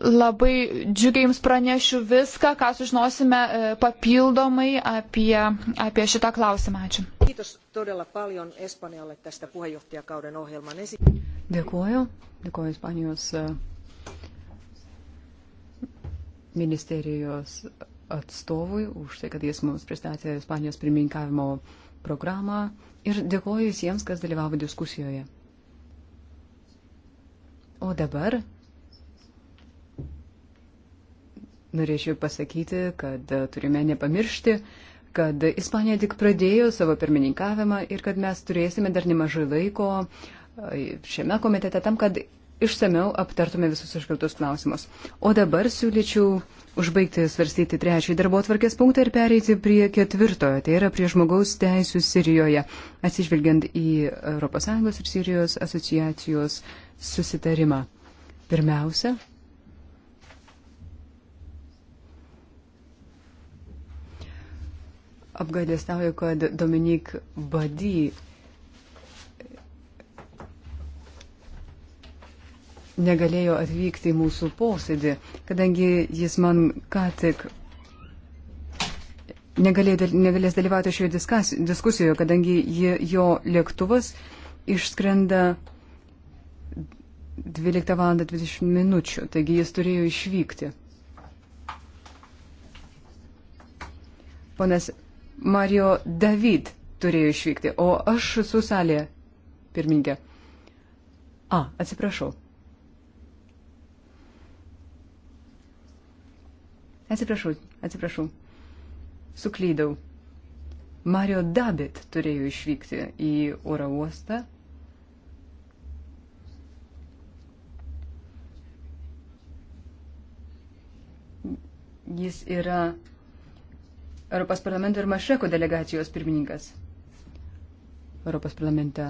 Labai džiugiai jums pranešiu viską, ką sužinosime e, papildomai apie, apie šitą klausimą. Ačiū. Dėkuoju. Dėkuoju Ispanijos e, ministerijos atstovui už tai, kad jis mums pristatė Ispanijos pirmininkavimo programą ir dėkuoju visiems, kas dalyvavo diskusijoje. O dabar Norėčiau pasakyti, kad e, turime nepamiršti, kad Ispanija tik pradėjo savo pirmininkavimą ir kad mes turėsime dar nemažai laiko e, šiame komitete tam, kad išsameu aptartume visus iškeltus klausimus. O dabar siūlyčiau užbaigti svarstyti trečiąjį darbo atvarkės punktą ir pereiti prie ketvirtojo, tai yra prie žmogaus teisų Sirijoje, atsižvelgiant į ES ir Sirijos asociacijos susitarimą. Pirmiausia, apgailestauju, kad Dominik Bady negalėjo atvykti į mūsų posėdį, kadangi jis man ką tik negalėjo, negalės dalyvauti šioje diskas, diskusijoje, kadangi jie, jo lėktuvas išskrenda 12 val. 20 minučių, taigi jis turėjo išvykti. Ponas Mario David turėjo išvykti, o aš su salė pirmininkė. A, atsiprašau. Atsiprašau, atsiprašau. Suklydau. Mario Dabit turėjo išvykti į oro uostą. Jis yra Europos parlamento ir Mašreko delegacijos pirmininkas Europos parlamente.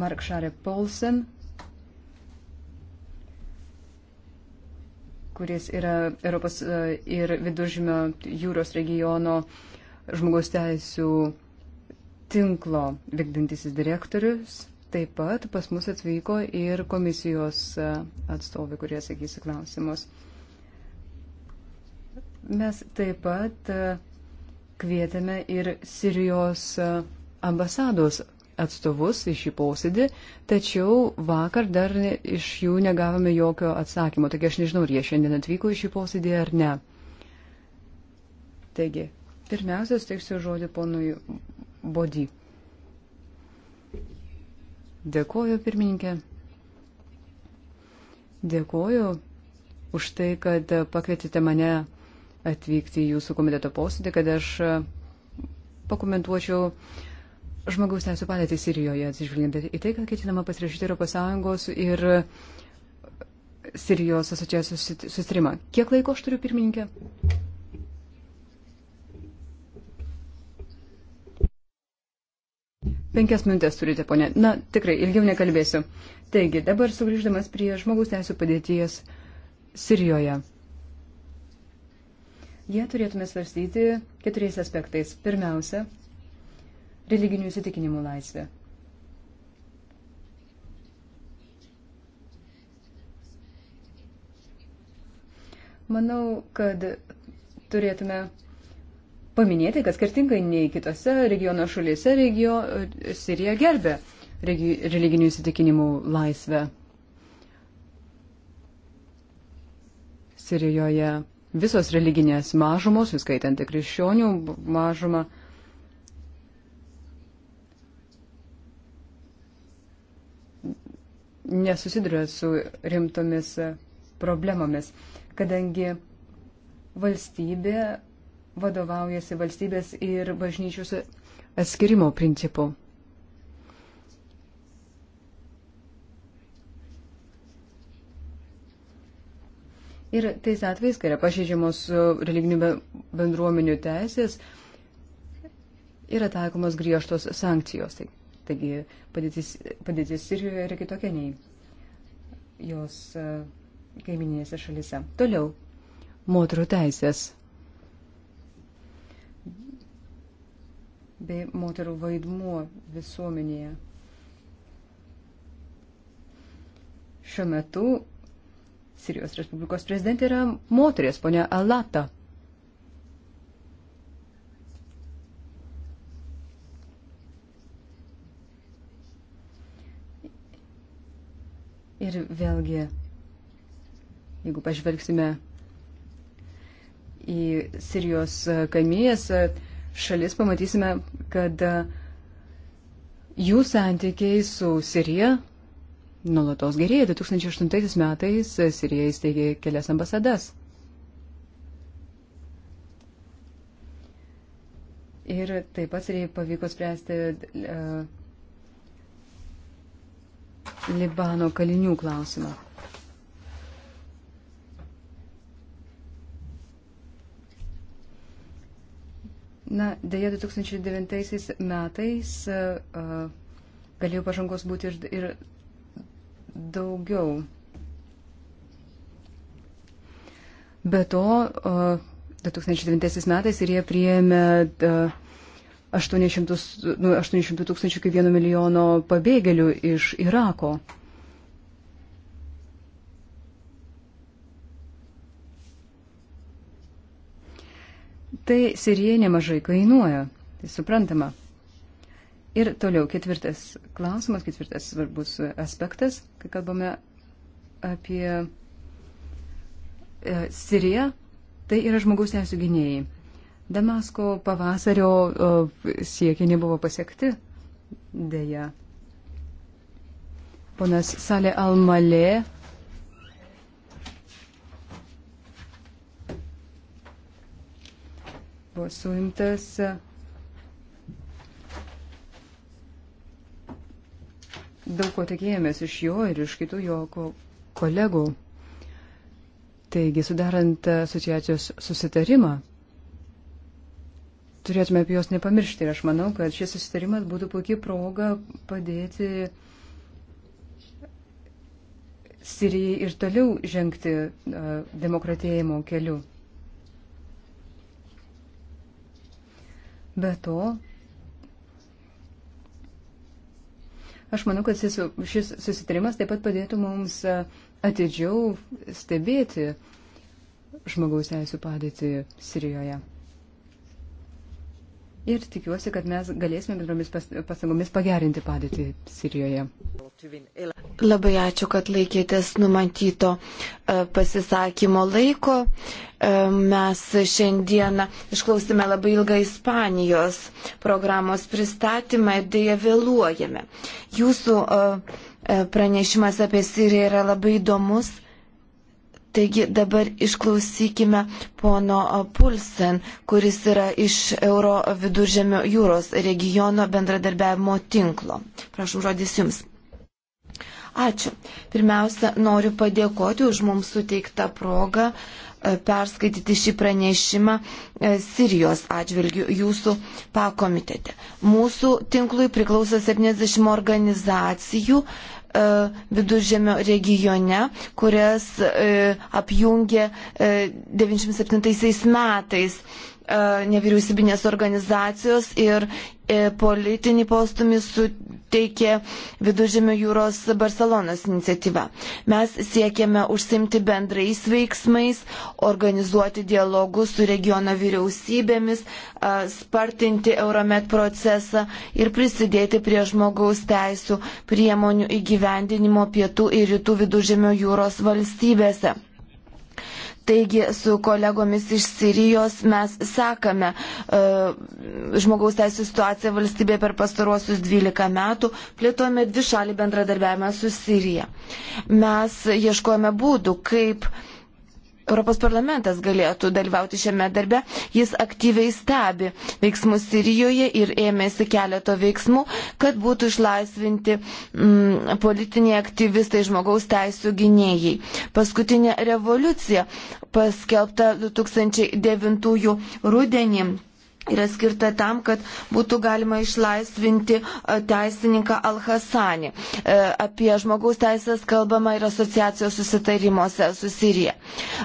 Mark Šarė Polsen, kuris yra Europos e, ir viduržymio jūros regiono žmogaus teisų tinklo vykdantisis direktorius. Taip pat pas mus atvyko ir komisijos e, atstovai, kurie sakys klausimus. Mes taip pat e, kvietėme ir Sirijos e, ambasados atstovus į šį posėdį, tačiau vakar dar iš jų negavome jokio atsakymo. Taigi aš nežinau, ar jie šiandien atvyko į šį posėdį ar ne. Taigi, pirmiausia, steiksiu žodį ponui Bodį. Dėkoju, pirmininkė. Dėkoju už tai, kad pakvietėte mane atvykti į jūsų komiteto posėdį, kad aš e, pakomentuočiau žmogaus teisų padėtį Sirijoje, atsižvelgiant į tai, kad ketinama pasirašyti Europos Sąjungos ir Sirijos asociacijos sustrimą. Kiek laiko aš turiu pirmininkę? Penkias minutės turite, ponė. Na, tikrai, ilgiau nekalbėsiu. Taigi, dabar sugrįždamas prie žmogaus teisų padėties Sirijoje ją turėtume svarstyti keturiais aspektais. Pirmiausia, religinių įsitikinimų laisvė. Manau, kad turėtume paminėti, kad skirtingai nei kitose regiono šalyse regio, Sirija gerbė regi, religinių įsitikinimų laisvę. Sirijoje Visos religinės mažumos, įskaitant ir krikščionių mažumą, nesusiduria su rimtomis problemomis, kadangi valstybė vadovaujasi valstybės ir bažnyčios atskirimo principu. Ir tais atvejais, kai yra pažeidžiamos e, religinių bendruomenių teisės, yra taikomos griežtos sankcijos. Tai-, taigi padėtis, padėtis Sirijoje yra kitokia nei jos e, kaiminėse šalise. Toliau. Moterų teisės. Bei moterų vaidmuo visuomenėje. Šiuo metu Sirijos Respublikos prezidentė yra moteris, ponia Alata. Ir vėlgi, jeigu pažvelgsime į Sirijos kaiminės šalis, pamatysime, kad jų santykiai su Sirija nulatos gerėja. 2008 metais Sirija įsteigė kelias ambasadas. Ir taip pat Sirijai pavyko spręsti uh, Libano kalinių klausimą. Na, dėja 2009 metais uh, galėjo pažangos būti ir, ir daugiau. Be to, 2009 metais ir jie priėmė 800, e, nu, 800 tūkstančių iki 1 milijono pabėgėlių iš Irako. Tai Sirija nemažai kainuoja, tai suprantama. Ir toliau ketvirtas klausimas, ketvirtas svarbus aspektas, kai kalbame apie e, Siriją, tai yra žmogaus teisų gynėjai. Damasko pavasario o, siekiai nebuvo pasiekti, dėja. Ponas Salė Almalė buvo suimtas. E, daug ko tikėjomės iš jo ir iš kitų jo kolegų. Taigi, sudarant asociacijos susitarimą, turėtume apie juos nepamiršti. Ir aš manau, kad šis susitarimas būtų puikiai proga padėti Sirijai ir toliau žengti demokratėjimo keliu. Be to, Aš manau, kad šis susitarimas taip pat padėtų mums e, atidžiau stebėti žmogaus teisų padėtį Sirijoje ir tikiuosi, kad mes galėsime bendromis pastangomis pagerinti padėtį Sirijoje. Labai ačiū, kad laikėtės numatyto e, pasisakymo laiko. E, mes šiandieną išklausime labai ilgą Ispanijos programos pristatymą ir dėja vėluojame. Jūsų e, pranešimas apie Siriją yra labai įdomus. Taigi dabar išklausykime pono Pulsen, kuris yra iš Euro viduržemio jūros regiono bendradarbiavimo tinklo. Prašom žodis jums. Ačiū. Pirmiausia, noriu padėkoti už mums suteiktą progą e, perskaityti šį pranešimą e, Sirijos atžvilgių jūsų pakomitete. Mūsų tinklui priklauso 70 organizacijų E, viduržėmio regione, kurias e, apjungė 97 e, metais. E, nevyriausybinės organizacijos ir e, politinį postumį suteikė Vidužėmio jūros Barcelonos iniciatyva. Mes siekiame užsimti bendrais veiksmais, organizuoti dialogus su regiono vyriausybėmis, e, spartinti Euromet procesą ir prisidėti prie žmogaus teisų priemonių įgyvendinimo pietų ir rytų Vidužėmio jūros valstybėse. Taigi su kolegomis iš Sirijos mes sekame uh, žmogaus teisų situaciją valstybėje per pastaruosius 12 metų, plėtojame dvi šalį bendradarbiavimą su Sirija. Mes ieškojame būdų, kaip uh, Europos parlamentas galėtų dalyvauti šiame darbe. Jis aktyviai stebi veiksmus Sirijoje ir ėmėsi keleto veiksmų, kad būtų išlaisvinti mm, politiniai aktyvistai žmogaus teisų gynėjai. Paskutinė revoliucija paskelbta 2009 rudenį yra skirta tam, kad būtų galima išlaisvinti teisininką Al-Hasanį. E, apie žmogaus teisės kalbama ir asociacijos susitarimuose su Sirija.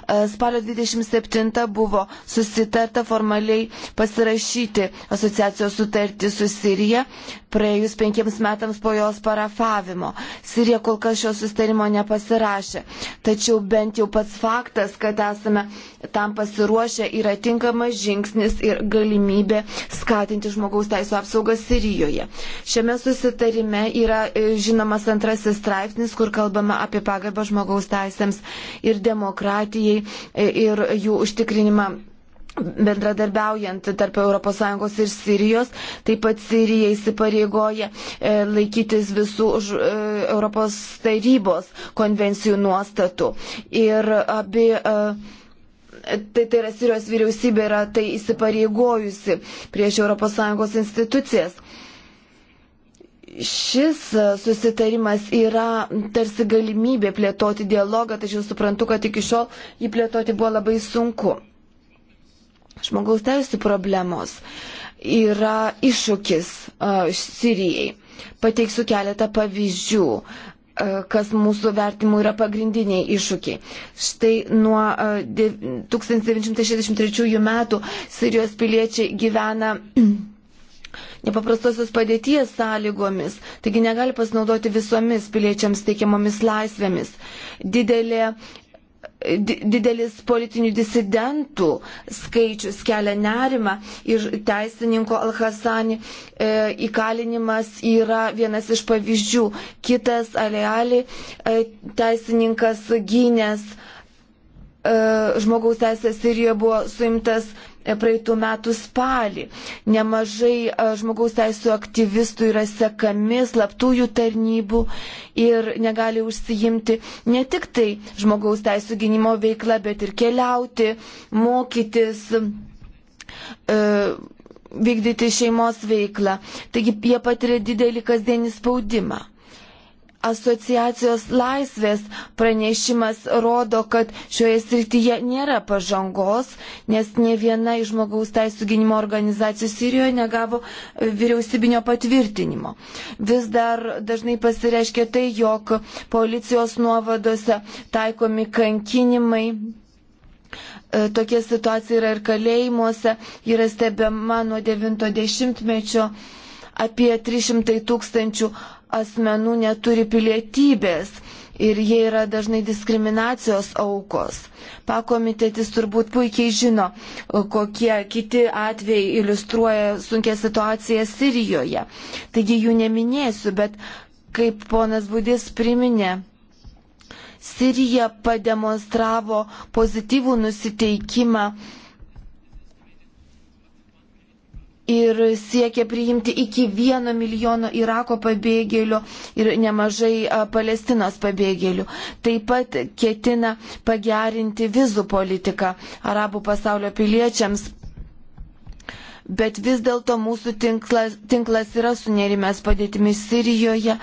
E, spalio 27 buvo susitarta formaliai pasirašyti asociacijos sutartį su Sirija praėjus penkiems metams po jos parafavimo. Sirija kol kas šio susitarimo nepasirašė. Tačiau bent jau pats faktas, kad esame tam pasiruošę, yra tinkamas žingsnis ir galimybė galimybė skatinti žmogaus teisų apsaugą Sirijoje. Šiame susitarime yra e, žinomas antrasis straipsnis, kur kalbama apie pagarbą žmogaus teisėms ir demokratijai e, ir jų užtikrinimą bendradarbiaujant tarp ES ir Sirijos, taip pat Sirija įsipareigoja e, laikytis visų už, e, Europos tarybos konvencijų nuostatų. Ir abi e, tai, tai yra Sirijos vyriausybė yra tai įsipareigojusi prieš ES institucijas. Šis e, susitarimas yra tarsi galimybė plėtoti dialogą, tačiau suprantu, kad iki šiol jį plėtoti buvo labai sunku. Žmogaus teisų problemos yra iššūkis uh, Sirijai. Pateiksiu keletą pavyzdžių. E, kas mūsų vertimų yra pagrindiniai iššūkiai. Štai nuo 1963 e, metų Sirijos piliečiai gyvena nepaprastosios padėties sąlygomis, taigi negali pasinaudoti visomis piliečiams teikiamomis laisvėmis. Didelė didelis politinių disidentų skaičius kelia nerimą ir teisininko Alhasani e, įkalinimas yra vienas iš pavyzdžių. Kitas Aleali e, teisininkas gynės e, žmogaus teisės Sirijoje buvo suimtas E, praeitų metų spalį. Nemažai e, žmogaus teisų aktyvistų yra sekami slaptųjų tarnybų ir negali užsijimti ne tik tai žmogaus teisų gynimo veikla, bet ir keliauti, mokytis. E, vykdyti šeimos veiklą. Taigi jie patiria didelį kasdienį spaudimą asociacijos laisvės pranešimas rodo, kad šioje srityje nėra pažangos, nes ne viena iš žmogaus teisų gynimo organizacijų Sirijoje negavo e, vyriausybinio patvirtinimo. Vis dar dažnai pasireiškia tai, jog policijos nuovadose taikomi kankinimai. E, tokia situacija yra ir kalėjimuose, yra stebima nuo 90-mečio apie 300 tūkstančių asmenų neturi pilietybės ir jie yra dažnai diskriminacijos aukos. Pakomitetis turbūt puikiai žino, kokie kiti atvejai iliustruoja sunkia situacija Sirijoje. Taigi jų neminėsiu, bet kaip ponas Budis priminė, Sirija pademonstravo pozityvų nusiteikimą ir siekia priimti iki vieno milijono Irako pabėgėlių ir nemažai Palestinos pabėgėlių. Taip pat ketina pagerinti vizų politiką arabų pasaulio piliečiams. Bet vis dėlto mūsų tinklas, tinklas yra sunerimęs padėtimi Sirijoje,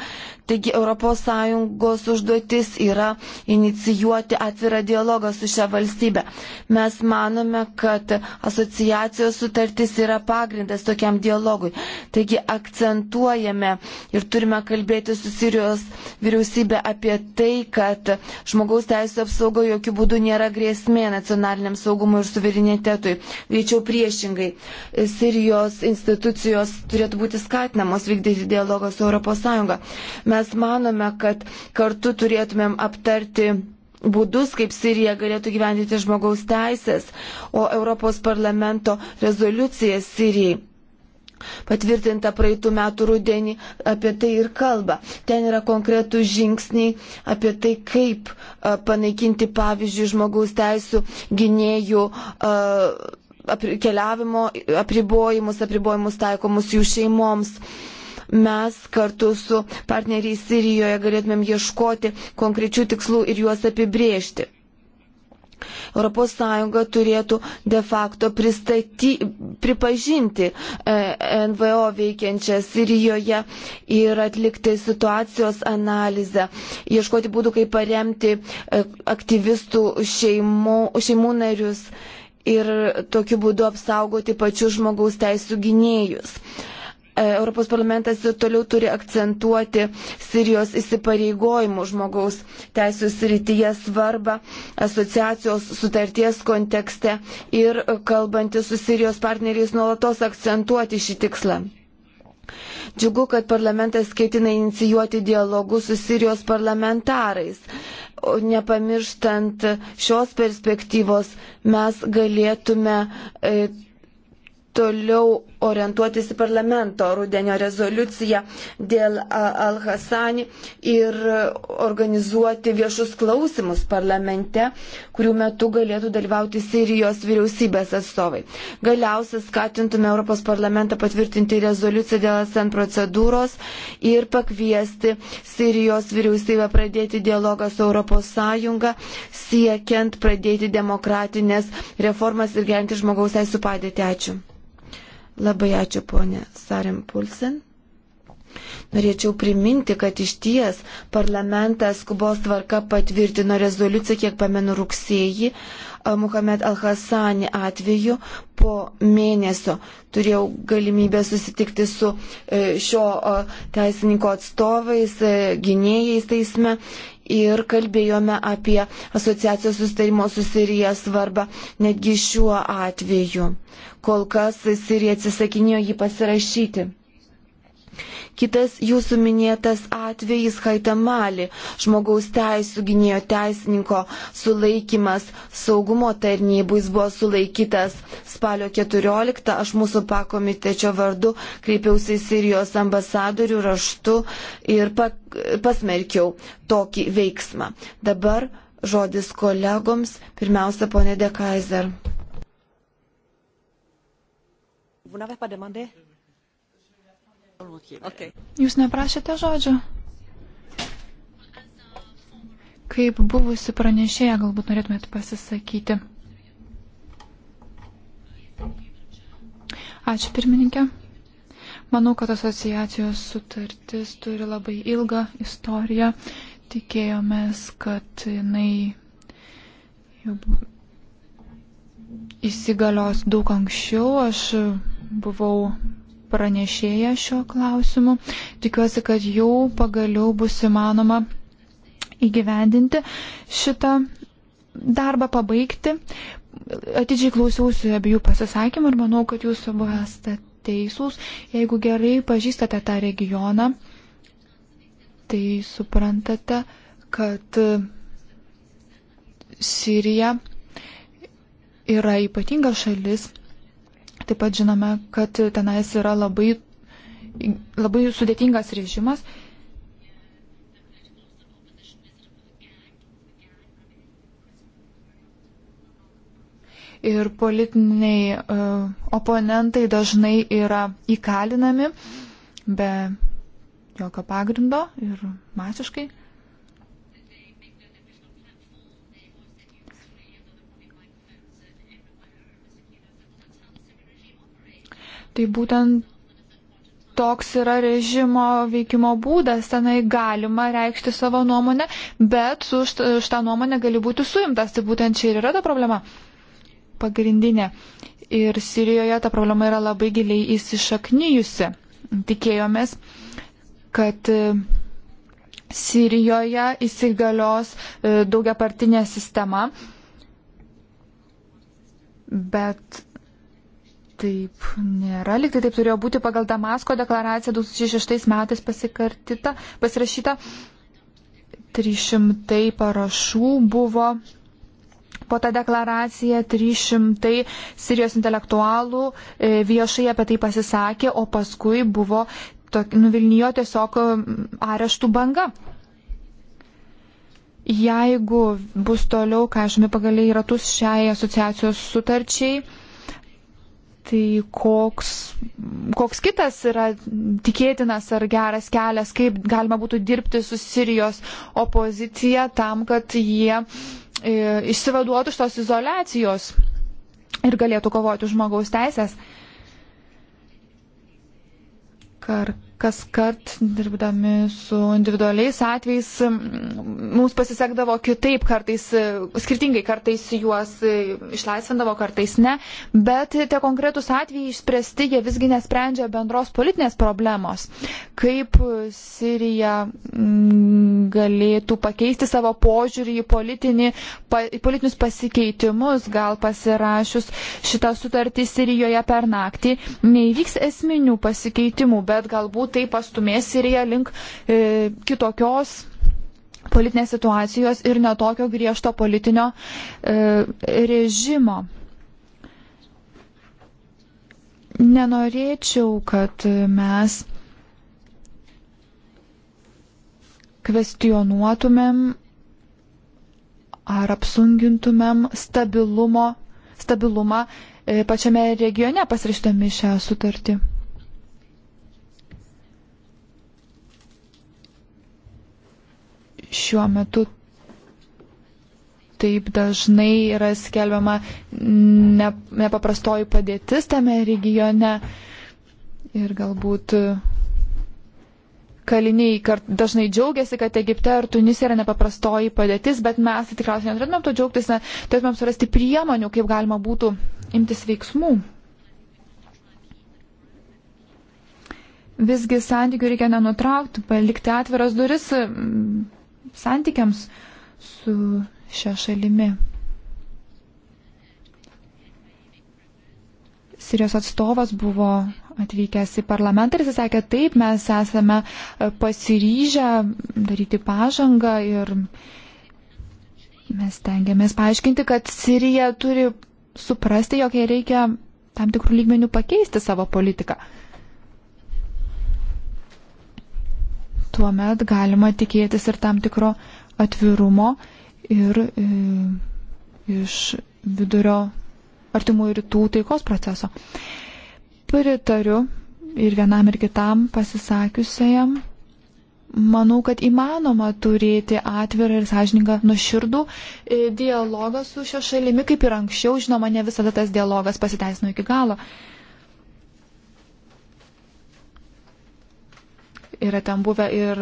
Taigi ES užduotis yra inicijuoti atvirą dialogą su šia valstybe. Mes manome, kad asociacijos sutartis yra pagrindas tokiam dialogui. Taigi akcentuojame ir turime kalbėti su Sirijos vyriausybė apie tai, kad žmogaus teisų apsauga jokių būdų nėra grėsmė nacionaliniam saugumui ir suverenitetui. Greičiau priešingai, Sirijos institucijos turėtų būti skatinamos vykdyti dialogą su ES. Mes manome, kad kartu turėtumėm aptarti būdus, kaip Sirija galėtų gyventi žmogaus teisės, o Europos parlamento rezoliucija Sirijai. Patvirtinta praeitų metų rudenį apie tai ir kalba. Ten yra konkretų žingsniai apie tai, kaip a, panaikinti, pavyzdžiui, žmogaus teisų gynėjų a, apri, keliavimo apribojimus, apribojimus taikomus jų šeimoms. A, mes kartu su partneriais Sirijoje galėtumėm ieškoti konkrečių tikslų ir juos apibriežti. ES turėtų de facto pristaty, pripažinti e, NVO veikiančią Sirijoje ir atlikti situacijos analizę, ieškoti būdų, kaip paremti e, aktyvistų šeimų, šeimų narius ir tokiu būdu apsaugoti pačius žmogaus teisų gynėjus. Uh, E, Europos parlamentas ir toliau turi akcentuoti Sirijos įsipareigojimų žmogaus teisų srityje svarbą asociacijos sutarties kontekste ir kalbantį su Sirijos partneriais nuolatos akcentuoti šį tikslą. Džiugu, kad parlamentas ketina inicijuoti dialogus su Sirijos parlamentarais. O nepamirštant šios perspektyvos, mes galėtume e, toliau orientuotis į parlamento rudenio rezoliuciją dėl Al-Hasani ir organizuoti viešus klausimus parlamente, kurių metu galėtų dalyvauti Sirijos vyriausybės atstovai. Galiausiai skatintume Europos parlamentą patvirtinti rezoliuciją dėl SN procedūros ir pakviesti Sirijos vyriausybę pradėti dialogą su Europos Sąjunga, siekiant pradėti demokratinės reformas ir gerinti žmogaus teisų padėtį. Ačiū. Labai ačiū ponė Sarem Pulsen. Norėčiau priminti, kad iš ties parlamentas skubos tvarka patvirtino rezoliuciją, kiek pamenu, rugsėjį Muhamed Al-Hassani atveju po mėnesio. Turėjau galimybę susitikti su e, šio teisininko atstovais, e, gynėjais teisme ir kalbėjome apie asociacijos sustarimo su Sirija svarbą netgi šiuo atveju. Kol kas Sirija atsisakinėjo jį pasirašyti. Kitas jūsų minėtas atvejis Haitamali, žmogaus teisų gynėjo teisininko sulaikimas saugumo tarnybų, jis buvo sulaikytas spalio 14, aš mūsų pakomitečio vardu kreipiausi į Sirijos ambasadorių raštu ir pa, pasmerkiau tokį veiksmą. Dabar žodis kolegoms, pirmiausia, ponė Dekaiser. Vous n'avez pas demandé Jūs neprašėte žodžio? Kaip buvusi pranešėja, galbūt norėtumėte pasisakyti. Ačiū pirmininkė. Manau, kad asociacijos sutartis turi labai ilgą istoriją. Tikėjomės, kad jinai jau įsigalios daug anksčiau. Aš buvau pranešėja šio klausimu. Tikiuosi, kad jau pagaliau bus įmanoma įgyvendinti šitą darbą, pabaigti. Atidžiai klausiausi abiejų pasisakymų ir manau, kad jūs abu esate teisūs. Jeigu gerai pažįstate tą regioną, tai suprantate, kad Sirija yra ypatinga šalis Taip pat žinome, kad tenais yra labai, labai sudėtingas režimas. Ir politiniai uh, oponentai dažnai yra įkalinami be jokio pagrindo ir masiškai. Tai būtent toks yra režimo veikimo būdas, tenai galima reikšti savo nuomonę, bet už, už tą nuomonę gali būti suimtas. Tai būtent čia ir yra ta problema pagrindinė. Ir Sirijoje ta problema yra labai giliai įsišaknyjusi. Tikėjomės, kad e, Sirijoje įsigalios e, daugiapartinė sistema, bet Taip nėra, liktai taip turėjo būti pagal Damasko deklaraciją 2006 metais pasirašyta. 300 parašų buvo po tą deklaraciją 300 sirijos intelektualų e, viešai apie tai pasisakė, o paskui buvo tok, nu, nuvilnijo tiesiog areštų banga. Jeigu bus toliau, ką aš žinau, pagaliai ratus šiai asociacijos sutarčiai, tai koks, koks kitas yra tikėtinas ar geras kelias, kaip galima būtų dirbti su Sirijos opozicija tam, kad jie e, išsivaduotų iš tos izolacijos ir galėtų kovoti už žmogaus teisės. Kar kas kart dirbdami su individualiais atvejais mums pasisekdavo kitaip, kartais skirtingai, kartais juos išlaisvindavo, kartais ne, bet tie konkretūs atvejai išspręsti, jie visgi nesprendžia bendros politinės problemos. Kaip Sirija galėtų pakeisti savo požiūrį į, politinį, pa, į politinius pasikeitimus, gal pasirašius šitą sutartį Sirijoje per naktį, neįvyks esminių pasikeitimų, bet galbūt tai pastumės Siriją link e, kitokios politinės situacijos ir netokio griežto politinio e, režimo. Nenorėčiau, kad mes kvestionuotumėm ar apsungintumėm stabilumo, stabilumą e, pačiame regione pasirašydami šią sutartį. šiuo metu taip dažnai yra skelbiama ne, nepaprastoji padėtis tame regione ir galbūt kaliniai kart, dažnai džiaugiasi, kad Egipte ar Tunise yra nepaprastoji padėtis, bet mes tai tikriausiai neturėtumėm to džiaugtis, ne, turėtumėm surasti priemonių, kaip galima būtų imtis veiksmų. Visgi santykių reikia nenutraukti, palikti atviras duris santykiams su šia šalimi. Sirijos atstovas buvo atvykęs į parlamentą ir jis sakė, taip, mes esame pasiryžę daryti pažangą ir mes tengiamės paaiškinti, kad Sirija turi suprasti, jog jai reikia tam tikrų lygmenių pakeisti savo politiką. tuomet galima tikėtis ir tam tikro atvirumo ir e, iš vidurio artimųjų rytų taikos proceso. Pritariu ir vienam ir kitam pasisakiusiam. Manau, kad įmanoma turėti atvirą ir sąžiningą nuoširdų e, dialogą su šia šalimi, kaip ir anksčiau, žinoma, ne visada tas dialogas pasiteisino iki galo. E, Yra ten buvę ir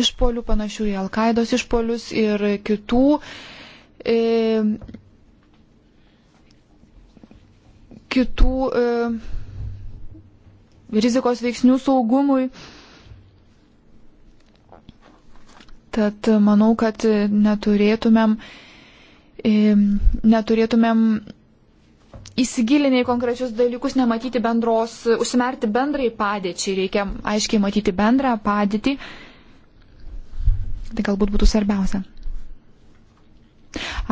išpolių panašių į Alkaidos išpolius ir kitų. E, kitų e, rizikos veiksnių saugumui. Tad manau, kad neturėtumėm, e, neturėtumėm įsigilinę į konkrečius dalykus, nematyti bendros, e, užsimerti bendrai padėčiai, reikia aiškiai matyti bendrą padėtį. Tai galbūt būtų svarbiausia.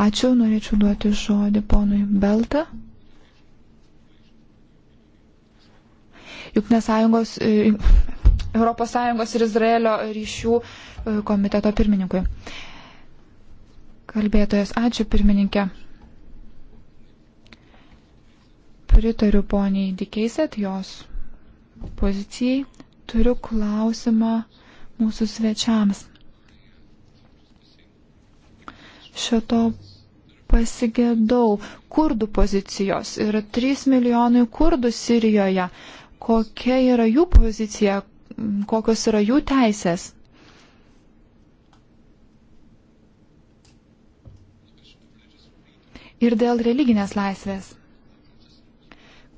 Ačiū, norėčiau duoti žodį ponui Beltą. Juk nesąjungos, e, Europos Sąjungos ir Izraelio ryšių e, komiteto pirmininkui. Kalbėtojas, ačiū pirmininkė. Pritariu poniai Dikeisėt jos pozicijai. Turiu klausimą mūsų svečiams. Šito pasigėdau. Kurdų pozicijos. Yra 3 milijonai kurdų Sirijoje. Kokia yra jų pozicija? Kokios yra jų teisės? Ir dėl religinės laisvės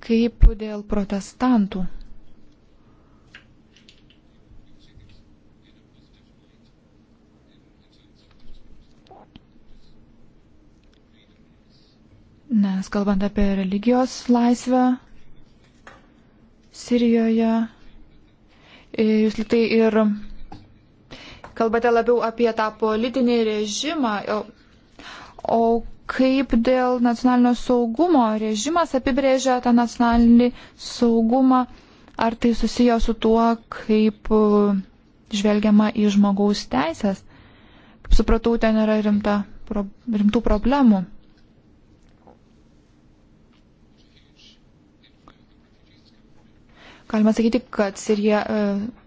kaip dėl protestantų. Nes kalbant apie religijos laisvę Sirijoje, e, jūs liktai ir kalbate labiau apie tą politinį režimą, o, o kaip dėl nacionalinio saugumo režimas apibrėžia tą nacionalinį saugumą, ar tai susiję su tuo, kaip e, žvelgiama į žmogaus teisės. Kaip supratau, ten yra rimta, pro, rimtų problemų. Galima sakyti, kad Sirija. E,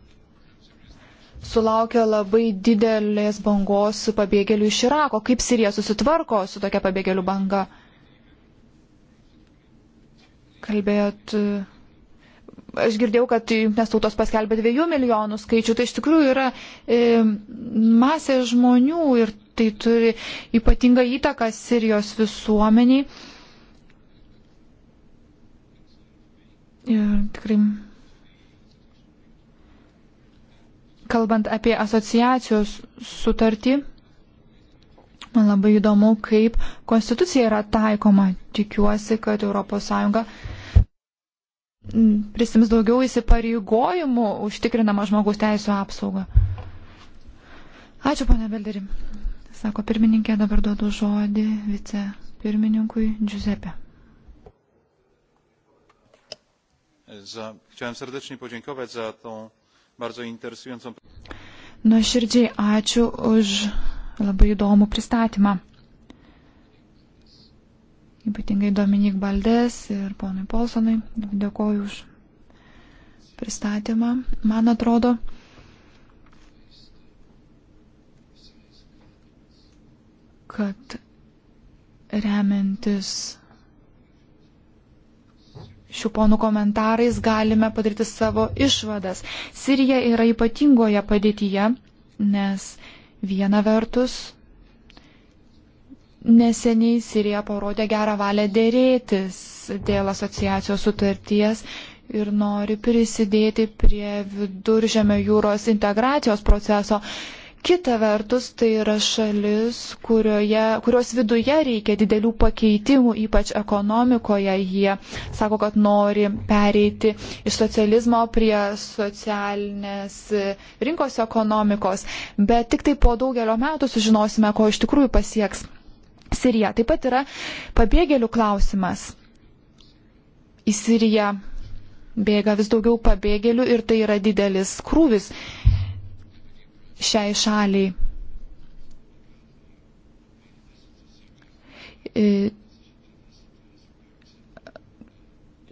sulaukia labai didelės bangos pabėgėlių iš Irako. Kaip Sirija susitvarko su tokia pabėgėlių banga? Kalbėjot. Aš girdėjau, kad jungtinės tautos paskelbė dviejų milijonų skaičių, tai iš tikrųjų yra e, masė žmonių ir tai turi ypatingą įtaką Sirijos visuomeniai. Ir tikrai Kalbant apie asociacijos sutartį, man labai įdomu, kaip konstitucija yra taikoma. Tikiuosi, kad ES prisims daugiau įsipareigojimų užtikrinama žmogaus teisų apsauga. Ačiū, ponia Belderi. Sako pirmininkė, dabar duodu žodį vicepirmininkui Giuseppe. Za, chciałem serdecznie podziękować za tą to bardzo interesującą. Nuoširdžiai ačiū už labai įdomų pristatymą. Ypatingai Dominik Baldes ir ponui Polsonui dėkoju už pristatymą. Man atrodo, kad remiantis šių ponų komentarais galime padaryti savo išvadas. Sirija yra ypatingoje padėtyje, nes viena vertus neseniai Sirija parodė gerą valią dėrėtis dėl asociacijos sutarties ir nori prisidėti prie viduržėmio jūros integracijos proceso. Kita vertus, tai yra šalis, kurioje, kurios viduje reikia didelių pakeitimų, ypač ekonomikoje. Jie sako, kad nori pereiti iš socializmo prie socialinės rinkos ekonomikos, bet tik tai po daugelio metų sužinosime, ko iš tikrųjų pasieks. Sirija. Taip pat yra pabėgėlių klausimas. Į Siriją bėga vis daugiau pabėgėlių ir tai yra didelis krūvis šiai šaliai. E,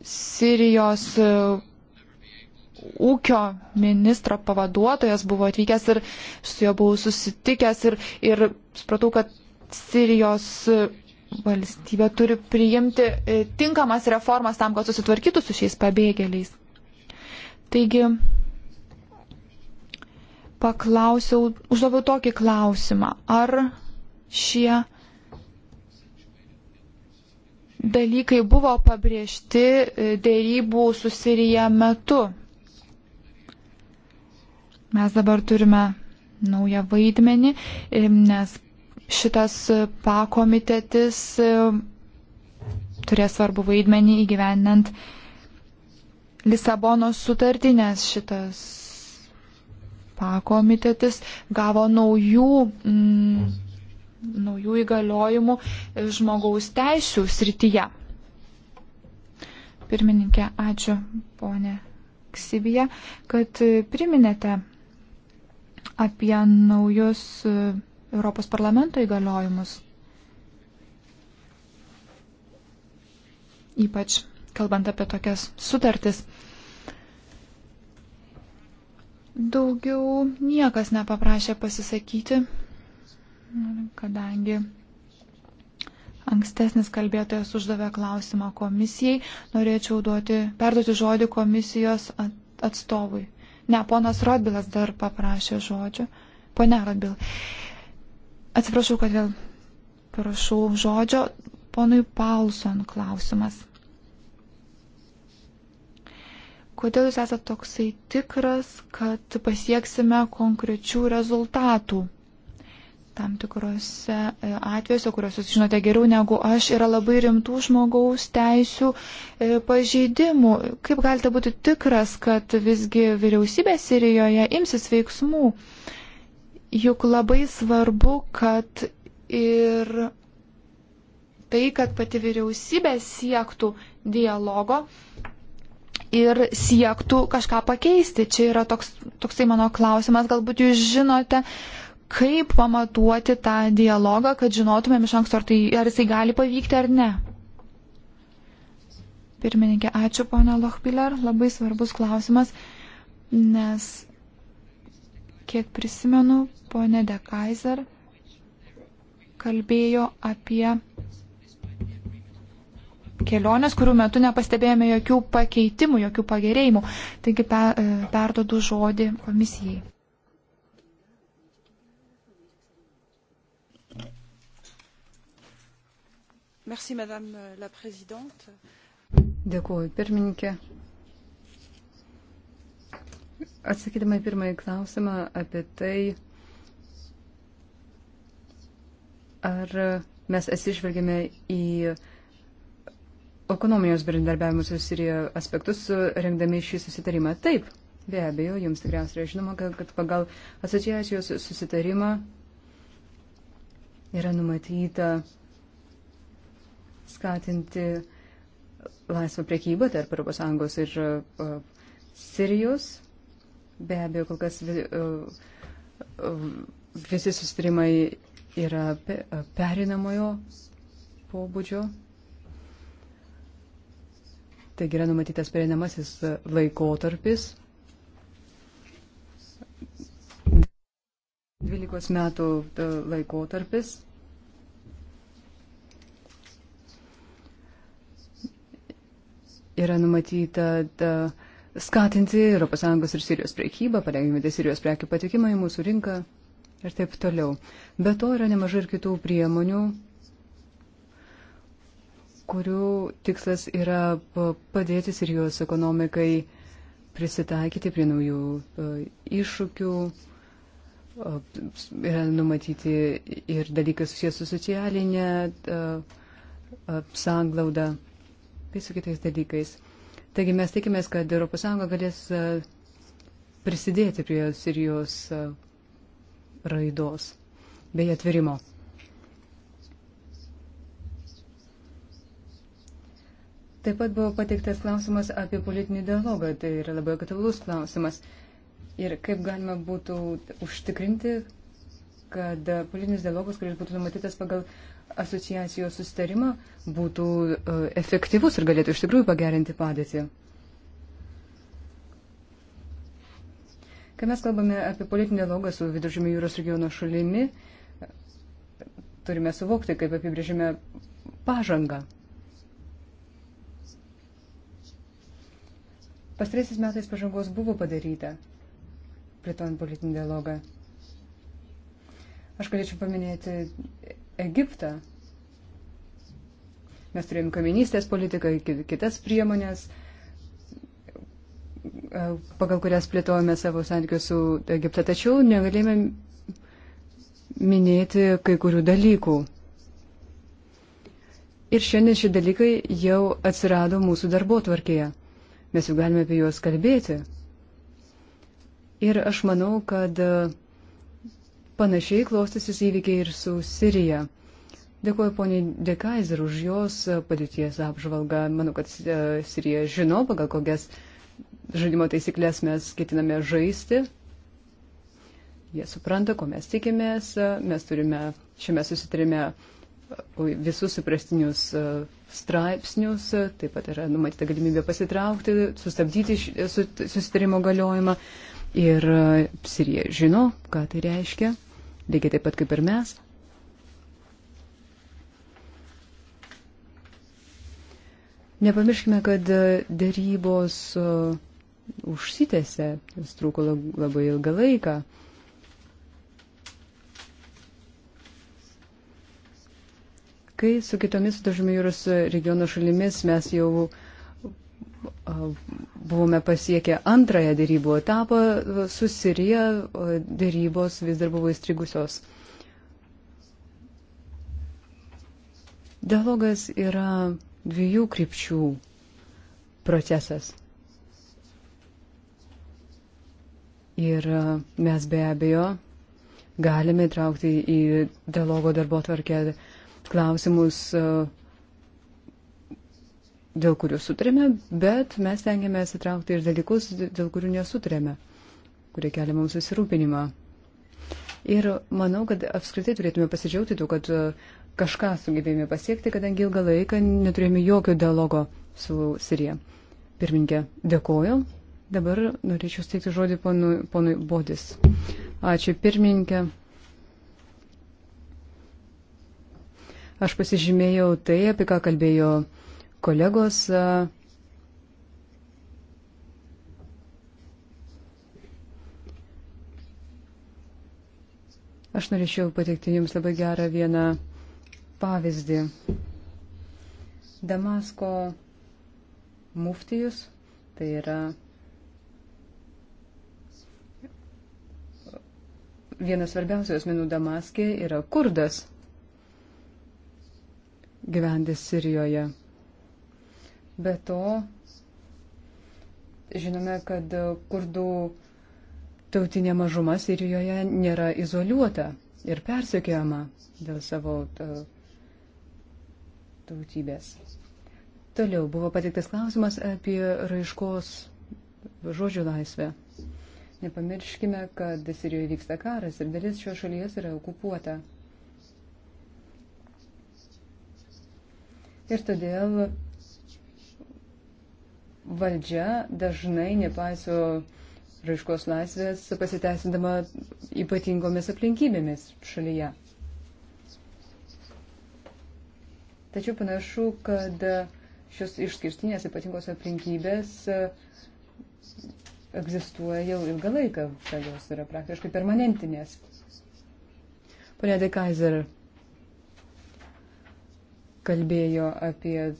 Sirijos e, ūkio ministro pavaduotojas buvo atvykęs ir su juo buvau susitikęs ir, ir supratau, kad Sirijos e, valstybė turi priimti tinkamas reformas tam, kad susitvarkytų su šiais pabėgėliais. Taigi, paklausiau, uždaviau tokį klausimą, ar šie dalykai buvo pabrėžti e, dėrybų susiryje metu. Mes dabar turime naują vaidmenį, e, nes šitas pakomitetis e, turės svarbu vaidmenį įgyvendinant Lisabonos sutartinės šitas pakomitetis gavo naujų, mm, naujų įgaliojimų žmogaus teisų srityje. Pirmininkė, ačiū ponė Ksibija, kad priminėte apie naujus Europos parlamento įgaliojimus. Ypač kalbant apie tokias sutartis. Daugiau niekas nepaprašė pasisakyti, kadangi ankstesnis kalbėtojas uždavė klausimą komisijai. Norėčiau duoti, perduoti žodį komisijos atstovui. Ne, ponas Rodbilas dar paprašė žodžio. Pone Rodbil. Atsiprašau, kad vėl prašau žodžio. Ponui Paulson klausimas. Kodėl jūs esate toksai tikras, kad pasieksime konkrečių rezultatų? Tam tikrose e, atvejuose, kuriuos jūs žinote geriau negu aš, yra labai rimtų žmogaus teisų e, pažeidimų. Kaip galite būti tikras, kad visgi vyriausybė Sirijoje imsis veiksmų? Juk labai svarbu, kad ir tai, kad pati vyriausybė siektų dialogo, ir siektų kažką pakeisti. Čia yra toks, toksai mano klausimas, galbūt jūs žinote, kaip pamatuoti tą dialogą, kad žinotumėm iš anksto, ar, tai, ar jisai gali pavykti ar ne. Pirmininkė, ačiū ponia Lochpiller, labai svarbus klausimas, nes kiek prisimenu, ponė De Kaiser kalbėjo apie kelionės, kurių metu nepastebėjome jokių pakeitimų, jokių pagerėjimų. Taigi pe, e, perdodu žodį komisijai. Merci, Madame la Présidente. Dėkuoju, pirmininkė. Atsakydama į pirmąjį klausimą apie tai, ar mes atsižvelgėme į uh, ekonominius bendradarbiavimus su Sirija aspektus, e, rengdami šį susitarimą. Taip, be abejo, jums tikriausiai žinoma, kad pagal asociacijos susitarimą yra numatyta skatinti laisvą priekybą tarp ES ir uh, Sirijos. Be abejo, kol kas uh, uh, visi susitarimai yra perinamojo pobūdžio Taigi yra numatytas pereinamasis laikotarpis 12 metų e, laikotarpis. Yra numatyta da, e, skatinti ES ir Sirijos priekybą, palengvinti Sirijos prekių patikimą į mūsų rinką ir taip toliau. Be to yra nemažai ir kitų priemonių, kurių tikslas yra padėti Sirijos ekonomikai prisitaikyti prie naujų iššūkių. Yra numatyti ir dalykas susijęs su socialinė sanglauda, visų kitais dalykais. Taigi mes tikimės, kad ES galės prisidėti prie Sirijos raidos bei atvirimo. Taip pat buvo pateiktas klausimas apie politinį dialogą, tai yra labai aktualus klausimas. Ir kaip galima būtų užtikrinti, kad politinis dialogas, kuris būtų numatytas pagal asociacijos sustarimą, būtų e, efektyvus ir galėtų iš tikrųjų pagerinti padėtį. Kai mes kalbame apie politinį dialogą su Viduržymio jūros regiono šalimi, turime suvokti, kaip apibrėžime pažangą. Pastaraisiais metais pažangos buvo padaryta, plėtojant politinį dialogą. Aš galėčiau paminėti Egiptą. Mes turėjom kaminystės politiką, kitas priemonės, e, pagal kurias plėtojame savo santykius su Egipta, tačiau negalėjome minėti kai kurių dalykų. Ir šiandien šie dalykai jau atsirado mūsų darbo tvarkėje. Mes jau galime apie juos kalbėti. Ir aš manau, kad e, panašiai klostysis įvykiai ir su Sirija. Dėkuoju poniai Dekaiser už jos e, padėties apžvalgą. Manau, kad e, Sirija žino, pagal kokias žaidimo taisyklės mes ketiname žaisti. Jie supranta, ko mes tikimės. Mes turime šiame susitarime visus suprastinius straipsnius, taip pat yra numatyta galimybė pasitraukti, sustabdyti susitarimo galiojimą. Ir e, Sirija žino, ką tai reiškia, lygiai taip pat kaip ir mes. Nepamirškime, kad e, dėrybos e, užsitęsė, jis trūko labai ilgą laiką. Kai su kitomis Dažmio jūros regiono šalimis mes jau buvome pasiekę antrąją dėrybų etapą, su Sirija dėrybos vis dar buvo įstrigusios. Dialogas yra dviejų krypčių procesas. Ir mes be abejo galime traukti į dialogo darbo tvarkę klausimus, e, dėl kurių sutarėme, bet mes tengiamės įtraukti ir dalykus, dėl kurių nesutarėme, kurie kelia mums susirūpinimą. Ir manau, kad apskritai turėtume pasidžiaugti tuo, kad e, kažką sugebėjome pasiekti, kadangi ilgą laiką neturėjome jokio dialogo su Sirija. Pirminkė, dėkoju. Dabar norėčiau steikti žodį ponui, ponui Bodis. Ačiū pirmininkė. Aš pasižymėjau tai, apie ką kalbėjo kolegos. Aš norėčiau pateikti Jums labai gerą vieną pavyzdį. Damasko muftijus, tai yra vienas svarbiausių asmenų Damaskė, yra kurdas gyventi Sirijoje. Be to, žinome, kad kurdų tautinė mažuma Sirijoje nėra izoliuota ir persekiojama dėl savo e, tautybės. Toliau buvo pateiktas klausimas apie raiškos žodžių laisvę. Nepamirškime, kad Sirijoje vyksta karas ir dalis šios šalies yra okupuota. Ir todėl valdžia dažnai nepaiso raiškos laisvės pasiteisindama ypatingomis aplinkybėmis šalyje. Tačiau panašu, kad šios išskirtinės ypatingos aplinkybės egzistuoja jau ilgą laiką, tai jos yra praktiškai permanentinės. Pane De Kaiser, kalbėjo apie e,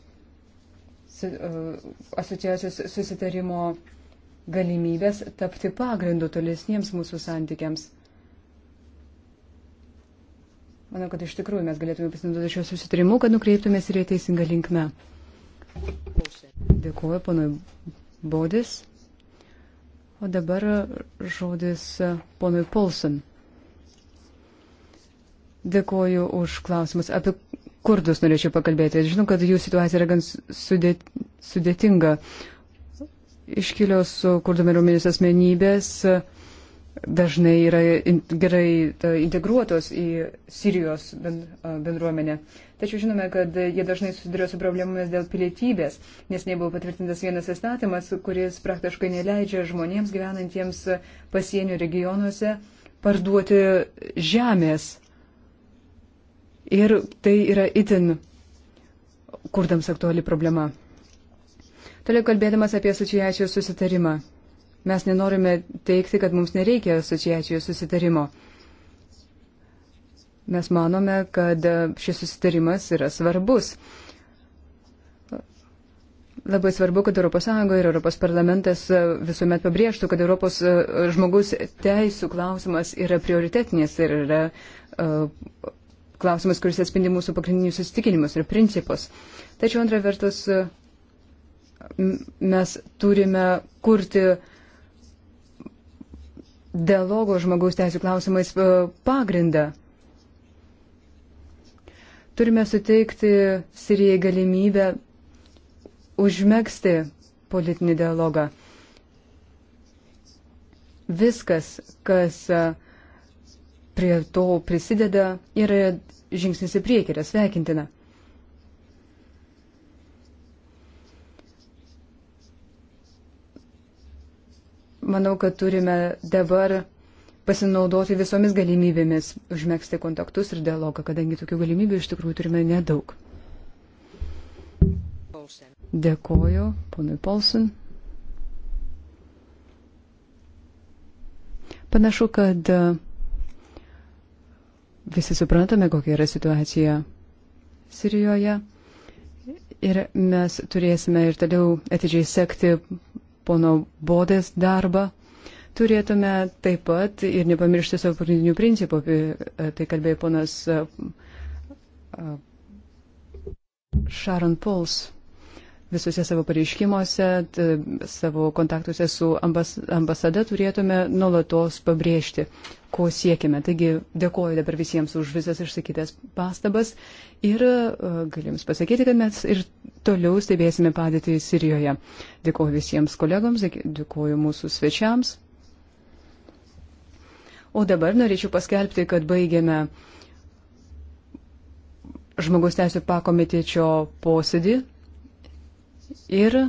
asociacijos susitarimo galimybės tapti pagrindu tolesniems mūsų santykiams. Manau, kad iš tikrųjų mes galėtume pasinaudoti šio susitarimu, kad nukreiptumės ir į teisingą linkmę. Dėkuoju, ponui Bodis. O dabar žodis ponui Polson. Dėkuoju už klausimus, apie kurdus norėčiau pakalbėti. Žinau, kad jų situacija yra gan sudėtinga. Iškilios kurdų bendruomenės asmenybės e, dažnai yra gerai e, integruotos į Sirijos e, bendruomenę. Tačiau žinome, kad jie dažnai susiduria su problemomis dėl pilietybės, nes nebuvo patvirtintas vienas įstatymas, kuris praktiškai neleidžia žmonėms gyvenantiems pasienio regionuose parduoti žemės Ir tai yra itin kurdams aktuali problema. Toliau kalbėdamas apie asociacijos susitarimą. Mes nenorime teikti, kad mums nereikia asociacijos susitarimo. Mes manome, kad šis susitarimas yra svarbus. Labai svarbu, kad ES ir ES parlamentas visuomet pabrėžtų, kad Europos e, žmogus teisų klausimas yra prioritetinis ir yra uh, klausimas, kuris atspindi mūsų pagrindinius įsitikinimus ir principus. Tačiau antra vertus, mes turime kurti dialogo žmogaus teisų klausimais e, pagrindą. Turime suteikti Sirijai galimybę užmėgsti politinį dialogą. Viskas, kas prie to prisideda, yra žingsnis į priekį yra sveikintina. Manau, kad turime dabar pasinaudoti visomis galimybėmis užmėgsti kontaktus ir dialogą, kadangi tokių galimybių iš tikrųjų turime nedaug. Dėkoju, ponui Polson. Panašu, kad Visi suprantame, kokia yra situacija Sirijoje. Ir mes turėsime ir toliau atidžiai sekti pono Bodės darbą. Turėtume taip pat ir nepamiršti savo pagrindinių principų, apie tai kalbėjo ponas Sharon Pauls visose savo pareiškimuose, savo kontaktuose su ambas, ambasada turėtume nuolatos pabrėžti ko siekime. Taigi dėkoju dabar visiems už visas išsakytas pastabas ir e, galim pasakyti, kad mes ir toliau stebėsime padėtį Sirijoje. Dėkoju visiems kolegoms, dėkoju mūsų svečiams. O dabar norėčiau paskelbti, kad baigiame žmogus teisų pakomitečio posėdį ir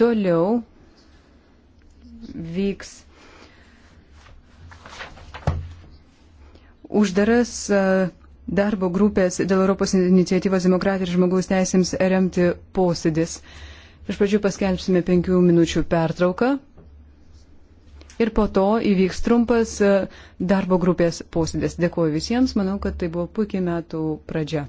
toliau vyks uždaras e, darbo grupės dėl Europos iniciatyvos demokratija ir žmogaus teisėms remti posėdis. Iš pradžių paskelbsime penkių minučių pertrauką ir po to įvyks trumpas e, darbo grupės posėdis. Dėkuoju visiems, manau, kad tai buvo puikiai metų pradžia.